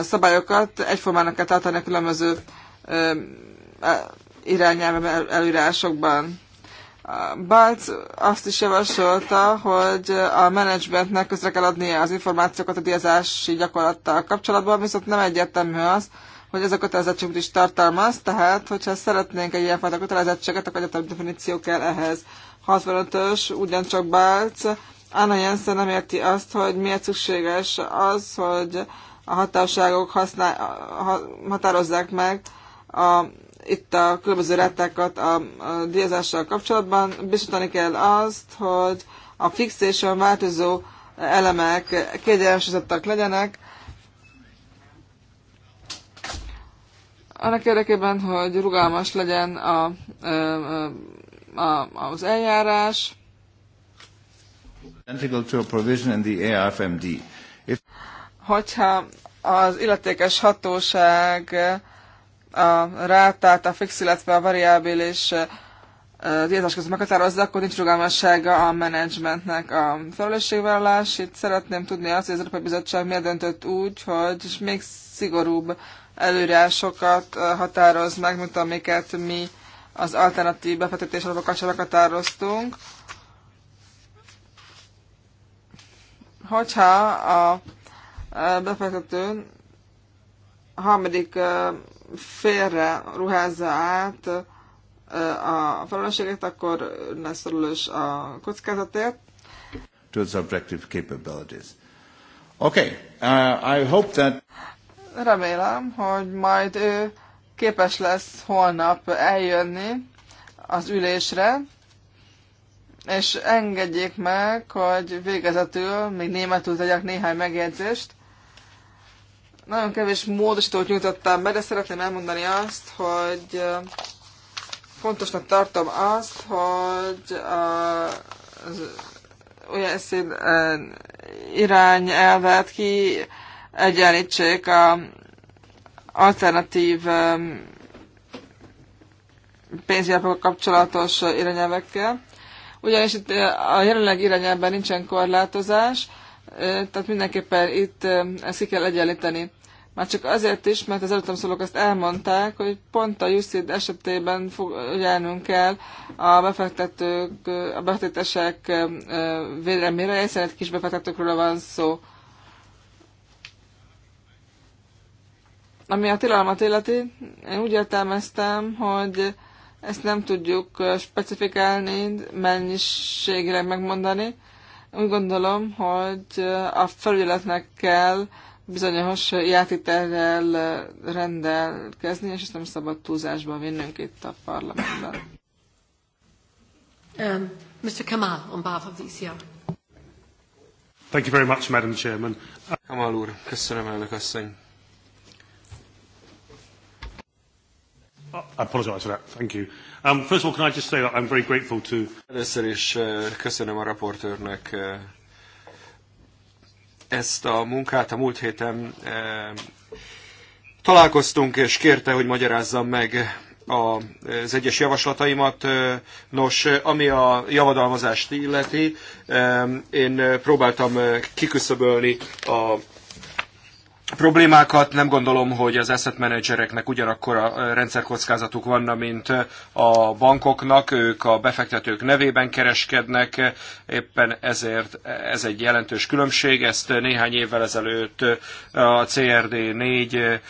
szabályokat, egyformának kell tartani a különböző irányában előírásokban. Balc azt is javasolta, hogy a menedzsmentnek közre kell adnia az információkat a díjazási gyakorlattal kapcsolatban, viszont nem egyértelmű az, hogy ez a kötelezettségünk is tartalmaz, tehát hogyha szeretnénk egy ilyenfajta kötelezettséget, akkor egyetlen definíció kell ehhez. 65-ös, ugyancsak Bálc, Anna Jensen nem érti azt, hogy miért szükséges az, hogy a hatóságok használ, határozzák meg a, itt a különböző rettákat a, a díjazással kapcsolatban. Biztosítani kell azt, hogy a fix és a változó elemek kiegyensúlyozottak legyenek, Annak érdekében, hogy rugalmas legyen a, a, az eljárás. Hogyha az illetékes hatóság a rátát, a fix, illetve a variábilis diétás között meghatározza, akkor nincs rugalmassága a menedzsmentnek a felelősségvállalás. Itt szeretném tudni azt, hogy az Európai Bizottság miért döntött úgy, hogy még szigorúbb előreásokat határoz meg, mint amiket mi az alternatív befektetés alapokat sem meghatároztunk. Hogyha a befektető harmadik félre ruházza át a felelősséget, akkor lesz felelős a kockázatért. To its objective capabilities. Okay, uh, I hope that remélem, hogy majd ő képes lesz holnap eljönni az ülésre, és engedjék meg, hogy végezetül még németül tegyek néhány megjegyzést. Nagyon kevés módosítót nyújtottam be, de szeretném elmondani azt, hogy fontosnak tartom azt, hogy az olyan szín irány elvet ki egyenlítsék a alternatív um, pénzjárapokkal kapcsolatos irányelvekkel. Ugyanis itt uh, a jelenleg irányelben nincsen korlátozás, uh, tehát mindenképpen itt um, ezt ki kell egyenlíteni. Már csak azért is, mert az előttem szólók azt elmondták, hogy pont a UCID esetében figyelnünk uh, kell a befektetők, a befektetések um, védelmére, hiszen egy kis befektetőkről van szó. Ami a tilalmat illeti, én úgy értelmeztem, hogy ezt nem tudjuk specifikálni, mennyiségre megmondani. Úgy gondolom, hogy a felügyeletnek kell bizonyos játéterrel rendelkezni, és ezt nem szabad túlzásba vinnünk itt a parlamentben. Um, Mr. Kamal, on behalf of the ECR. Thank you very much, Madam Chairman. Kamal úr, köszönöm elnök asszony. apologize for that. Thank you. Um, first of all, can I just say that I'm very grateful to... Először is uh, köszönöm a raportőrnek uh, ezt a munkát. A múlt héten um, találkoztunk, és kérte, hogy magyarázzam meg az egyes javaslataimat. Uh, nos, ami a javadalmazást illeti, um, én próbáltam kiküszöbölni a problémákat. Nem gondolom, hogy az asset managereknek ugyanakkor a rendszerkockázatuk vannak, mint a bankoknak. Ők a befektetők nevében kereskednek, éppen ezért ez egy jelentős különbség. Ezt néhány évvel ezelőtt a CRD 4,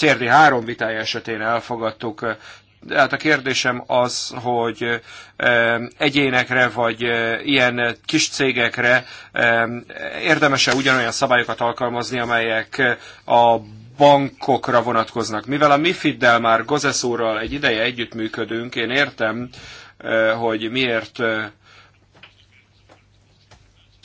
CRD 3 vitája esetén elfogadtuk de hát a kérdésem az, hogy egyénekre vagy ilyen kis cégekre érdemese ugyanolyan szabályokat alkalmazni, amelyek a bankokra vonatkoznak. Mivel a MIFID-del már Gozeszúrral egy ideje együttműködünk, én értem, eh, hogy miért eh,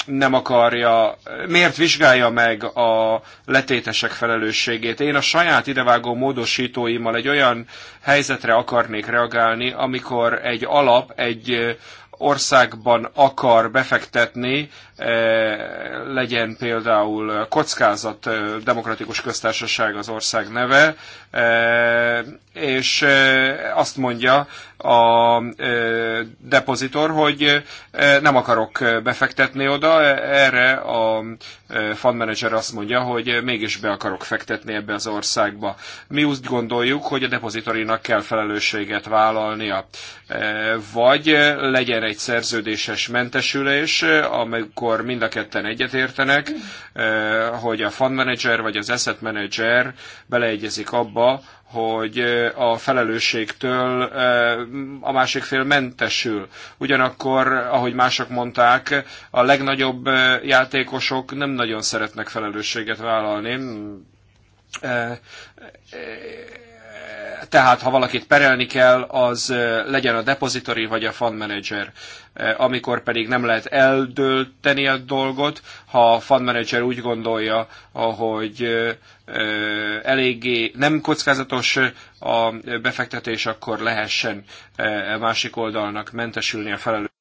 nem akarja, miért vizsgálja meg a letétesek felelősségét. Én a saját idevágó módosítóimmal egy olyan helyzetre akarnék reagálni, amikor egy alap, egy országban akar befektetni, eh, legyen például kockázat, eh, demokratikus köztársaság az ország neve, eh, és azt mondja, a depozitor, hogy nem akarok befektetni oda, erre a fund manager azt mondja, hogy mégis be akarok fektetni ebbe az országba. Mi úgy gondoljuk, hogy a depozitorinak kell felelősséget vállalnia, vagy legyen egy szerződéses mentesülés, amikor mind a ketten egyetértenek, hogy a fund manager vagy az asset manager beleegyezik abba, hogy a felelősségtől a másik fél mentesül. Ugyanakkor, ahogy mások mondták, a legnagyobb játékosok nem nagyon szeretnek felelősséget vállalni tehát ha valakit perelni kell, az legyen a depozitori vagy a fund manager. Amikor pedig nem lehet eldölteni a dolgot, ha a fund manager úgy gondolja, hogy eléggé nem kockázatos a befektetés, akkor lehessen másik oldalnak mentesülni a felelősséget.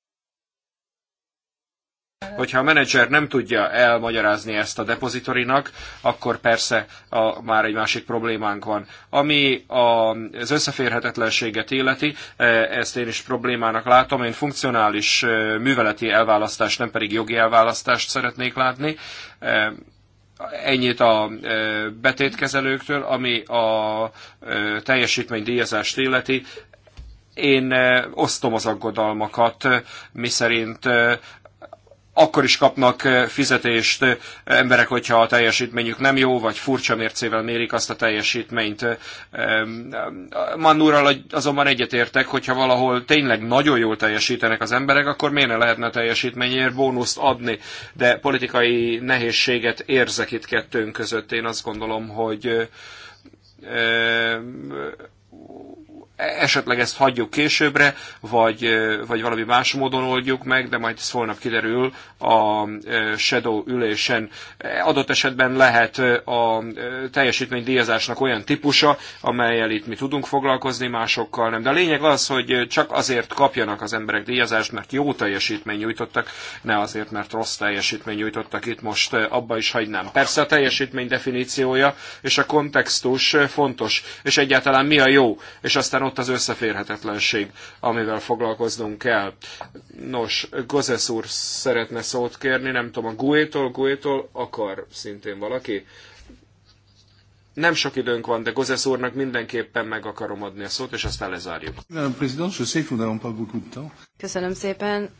Hogyha a menedzser nem tudja elmagyarázni ezt a depozitorinak, akkor persze a, már egy másik problémánk van. Ami a, az összeférhetetlenséget illeti, e, ezt én is problémának látom. Én funkcionális e, műveleti elválasztást, nem pedig jogi elválasztást szeretnék látni e, ennyit a betétkezelőktől, ami a teljesítménydíjazást illeti. Én osztom az aggodalmakat, miszerint akkor is kapnak eh, fizetést eh, emberek, hogyha a teljesítményük nem jó, vagy furcsa mércével mérik azt a teljesítményt. Eh, Mannurral azonban egyetértek, hogyha valahol tényleg nagyon jól teljesítenek az emberek, akkor miért ne lehetne teljesítményért bónuszt adni? De politikai nehézséget érzek itt kettőnk között. Én azt gondolom, hogy esetleg ezt hagyjuk későbbre, vagy, vagy valami más módon oldjuk meg, de majd ez holnap kiderül a Shadow ülésen. Adott esetben lehet a teljesítménydíjazásnak olyan típusa, amelyel itt mi tudunk foglalkozni, másokkal nem. De a lényeg az, hogy csak azért kapjanak az emberek díjazást, mert jó teljesítmény nyújtottak, ne azért, mert rossz teljesítmény nyújtottak itt most abba is hagynám. Persze a teljesítmény definíciója és a kontextus fontos, és egyáltalán mi a jó, és aztán ott az összeférhetetlenség, amivel foglalkoznunk kell. Nos, Gozesz úr szeretne szót kérni, nem tudom, a Guétól, Guétól akar szintén valaki. Nem sok időnk van, de Gozesz úrnak mindenképpen meg akarom adni a szót, és aztán lezárjuk. Köszönöm szépen.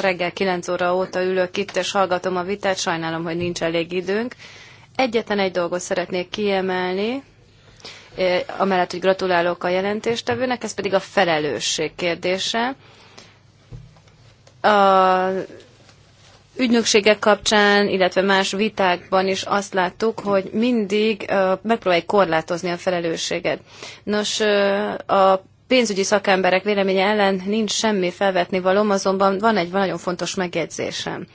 Reggel 9 óra óta ülök itt, és hallgatom a vitát, sajnálom, hogy nincs elég időnk. Egyetlen egy dolgot szeretnék kiemelni, Eh, amellett, hogy gratulálok a jelentéstevőnek, ez pedig a felelősség kérdése. A ügynökségek kapcsán, illetve más vitákban is azt láttuk, hogy mindig eh, megpróbálj megpróbálják korlátozni a felelősséget. Nos, eh, a pénzügyi szakemberek véleménye ellen nincs semmi felvetni valóm, azonban van egy nagyon fontos megjegyzésem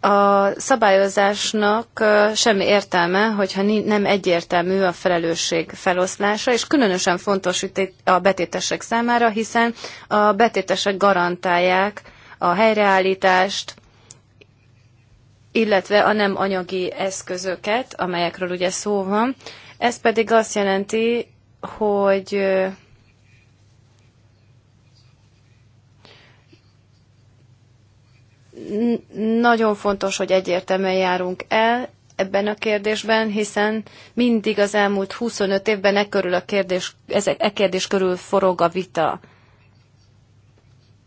a szabályozásnak semmi értelme, hogyha nem egyértelmű a felelősség feloszlása, és különösen fontos itt a betétesek számára, hiszen a betétesek garantálják a helyreállítást, illetve a nem anyagi eszközöket, amelyekről ugye szó van. Ez pedig azt jelenti, hogy nagyon fontos, hogy egyértelműen járunk el ebben a kérdésben, hiszen mindig az elmúlt 25 évben e, körül a kérdés, ezek, e kérdés körül forog a vita.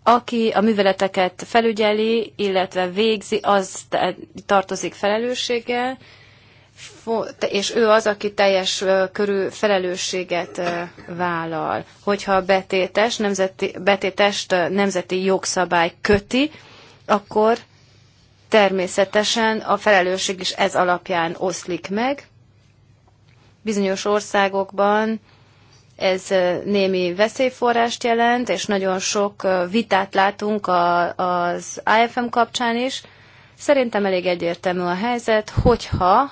Aki a műveleteket felügyeli, illetve végzi, az tartozik felelősséggel, és ő az, aki teljes körű felelősséget vállal. Hogyha a betétes, nemzeti, betétest nemzeti jogszabály köti, akkor természetesen a felelősség is ez alapján oszlik meg. Bizonyos országokban ez némi veszélyforrást jelent, és nagyon sok vitát látunk az IFM kapcsán is. Szerintem elég egyértelmű a helyzet, hogyha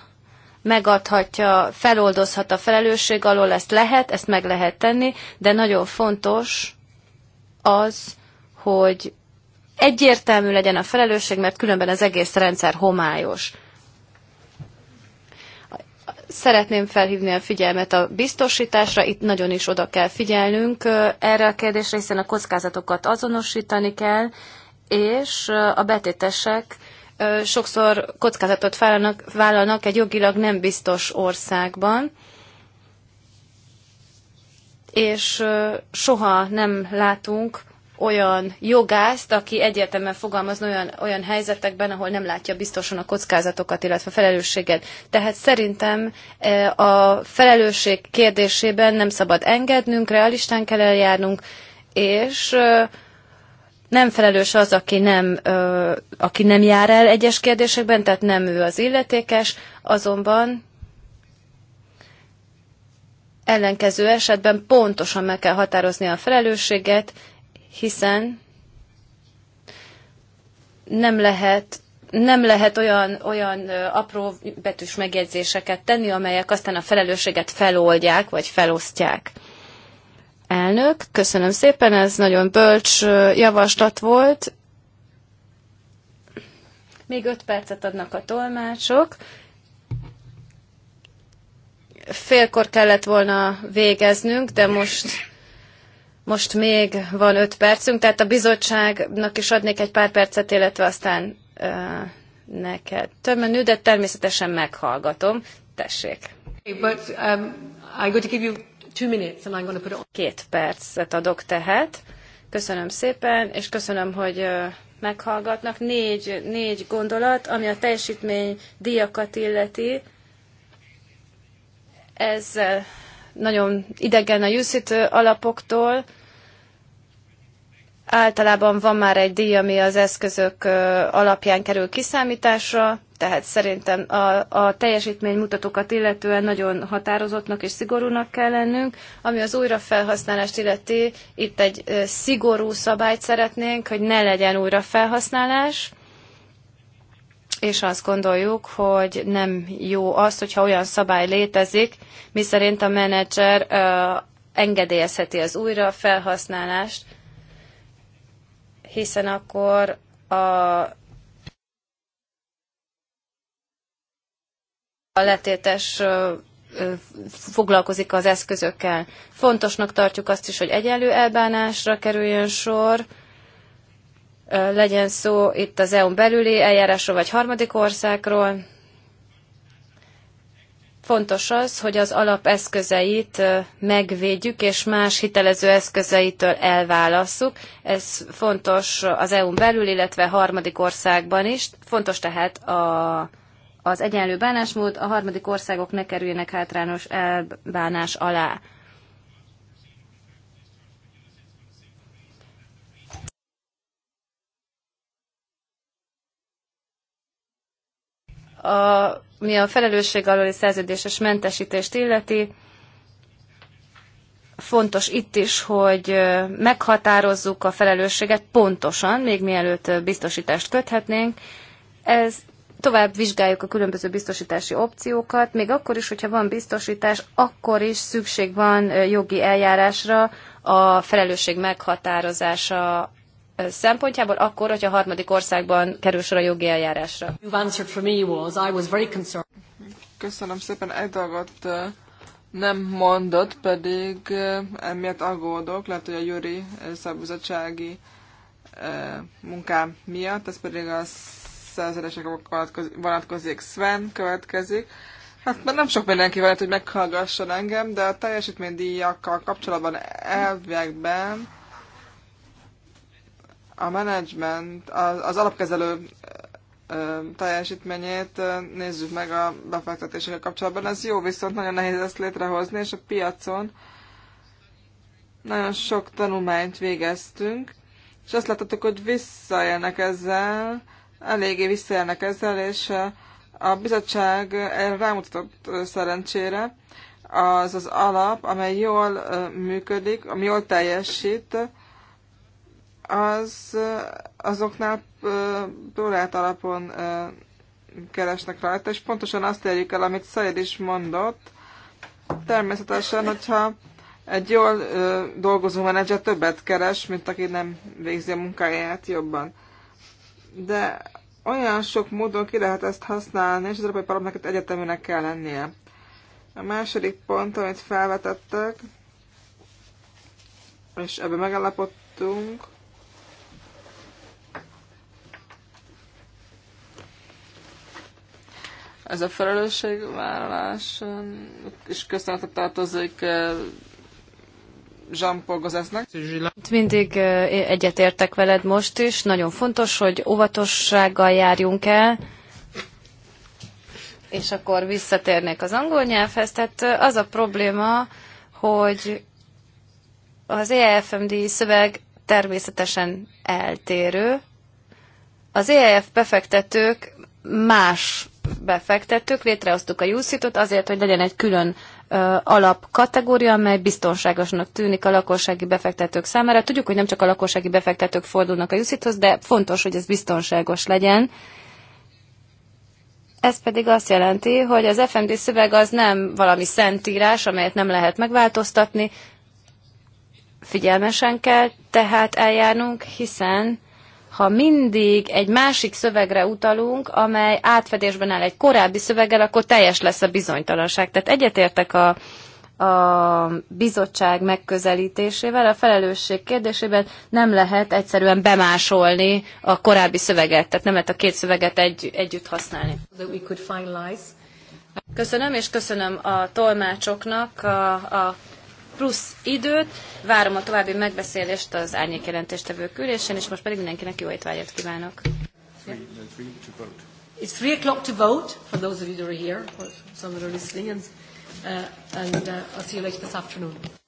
megadhatja, feloldozhat a felelősség alól, ezt lehet, ezt meg lehet tenni, de nagyon fontos az, hogy egyértelmű legyen a felelősség, mert különben az egész rendszer homályos. Szeretném felhívni a figyelmet a biztosításra, itt nagyon is oda kell figyelnünk erre a kérdésre, hiszen a kockázatokat azonosítani kell, és a betétesek sokszor kockázatot vállalnak, vállalnak egy jogilag nem biztos országban, és soha nem látunk olyan jogászt, aki egyértelműen fogalmaz olyan, olyan helyzetekben, ahol nem látja biztosan a kockázatokat, illetve a felelősséget. Tehát szerintem eh, a felelősség kérdésében nem szabad engednünk, realistán kell eljárnunk, és eh, nem felelős az, aki nem, eh, aki nem jár el egyes kérdésekben, tehát nem ő az illetékes, azonban ellenkező esetben pontosan meg kell határozni a felelősséget, hiszen nem lehet nem lehet olyan, olyan apró betűs megjegyzéseket tenni, amelyek aztán a felelősséget feloldják, vagy felosztják. Elnök, köszönöm szépen, ez nagyon bölcs javaslat volt. Még öt percet adnak a tolmácsok. Félkor kellett volna végeznünk, de most most még van öt percünk, tehát a bizottságnak is adnék egy pár percet, illetve aztán ö, neked tömönő, de természetesen meghallgatom. Tessék. Um, Két percet adok tehát. Köszönöm szépen, és köszönöm, hogy meghallgatnak. Négy, négy gondolat, ami a teljesítmény díjakat illeti. Ezzel nagyon idegen a UCIT alapoktól. Általában van már egy díj, ami az eszközök alapján kerül kiszámításra, tehát szerintem a, a teljesítménymutatókat illetően nagyon határozottnak és szigorúnak kell lennünk. Ami az újrafelhasználást illeti, itt egy szigorú szabályt szeretnénk, hogy ne legyen újrafelhasználás és azt gondoljuk, hogy nem jó az, hogyha olyan szabály létezik, miszerint a menedzser engedélyezheti az újra felhasználást, hiszen akkor a a letétes foglalkozik az eszközökkel. Fontosnak tartjuk azt is, hogy egyenlő elbánásra kerüljön sor, legyen szó itt az EU-n belüli eljárásról vagy harmadik országról. Fontos az, hogy az alapeszközeit megvédjük, és más hitelező eszközeitől elválasszuk. Ez fontos az EU-n belül, illetve harmadik országban is. Fontos tehát a, az egyenlő bánásmód, a harmadik országok ne kerüljenek hátrányos elbánás alá. A, mi a felelősség alóli szerződéses mentesítést illeti, fontos itt is, hogy meghatározzuk a felelősséget pontosan, még mielőtt biztosítást köthetnénk. Ez tovább vizsgáljuk a különböző biztosítási opciókat, még akkor is, hogyha van biztosítás, akkor is szükség van jogi eljárásra a felelősség meghatározása szempontjából akkor, hogyha a harmadik országban kerül sor a jogi eljárásra. Köszönöm szépen, egy dolgot nem mondott, pedig emiatt aggódok, lehet, hogy a Juri szabbizottsági munkám miatt, ez pedig a szerződések vonatkozik. Sven következik. Hát már nem sok mindenki van, hogy meghallgasson engem, de a teljesítménydíjakkal kapcsolatban elvekben a menedzsment, az, az alapkezelő teljesítményét nézzük meg a befektetésekkel kapcsolatban. Ez jó, viszont nagyon nehéz ezt létrehozni, és a piacon nagyon sok tanulmányt végeztünk, és azt láthattuk, hogy visszaélnek ezzel, eléggé visszaélnek ezzel, és a bizottság erre rámutatott szerencsére, az az alap, amely jól működik, ami jól teljesít, az azoknál próbált alapon keresnek rajta, és pontosan azt érjük el, amit Szaid is mondott. Természetesen, hogyha egy jól ö, dolgozó menedzser többet keres, mint aki nem végzi a munkáját jobban. De olyan sok módon ki lehet ezt használni, és az Európai Parlamentnek egyeteműnek kell lennie. A második pont, amit felvetettek, és ebben megállapodtunk, Ez a felelősségvállalás um, és köszönetet tartozik uh, Jean-Paul Gozesznek. Mindig uh, egyetértek veled most is. Nagyon fontos, hogy óvatossággal járjunk el, és akkor visszatérnék az angol nyelvhez. Tehát uh, az a probléma, hogy az EFMD szöveg természetesen eltérő. Az EF befektetők más befektettük, létrehoztuk a Jusszitot azért, hogy legyen egy külön alapkategória, amely biztonságosnak tűnik a lakossági befektetők számára. Tudjuk, hogy nem csak a lakossági befektetők fordulnak a Jussithoz, de fontos, hogy ez biztonságos legyen. Ez pedig azt jelenti, hogy az FMD szöveg az nem valami szentírás, amelyet nem lehet megváltoztatni. Figyelmesen kell tehát eljárnunk, hiszen ha mindig egy másik szövegre utalunk, amely átfedésben áll egy korábbi szöveggel, akkor teljes lesz a bizonytalanság. Tehát egyetértek a, a bizottság megközelítésével, a felelősség kérdésében nem lehet egyszerűen bemásolni a korábbi szöveget, tehát nem lehet a két szöveget egy, együtt használni. Köszönöm, és köszönöm a tolmácsoknak a, a plusz időt. Várom a további megbeszélést az árnyék jelentéstevők ülésen, és most pedig mindenkinek jó étvágyat kívánok. It's three o'clock to vote for those of you that are here, or some that are listening, and, uh, and uh, I'll see you later this afternoon.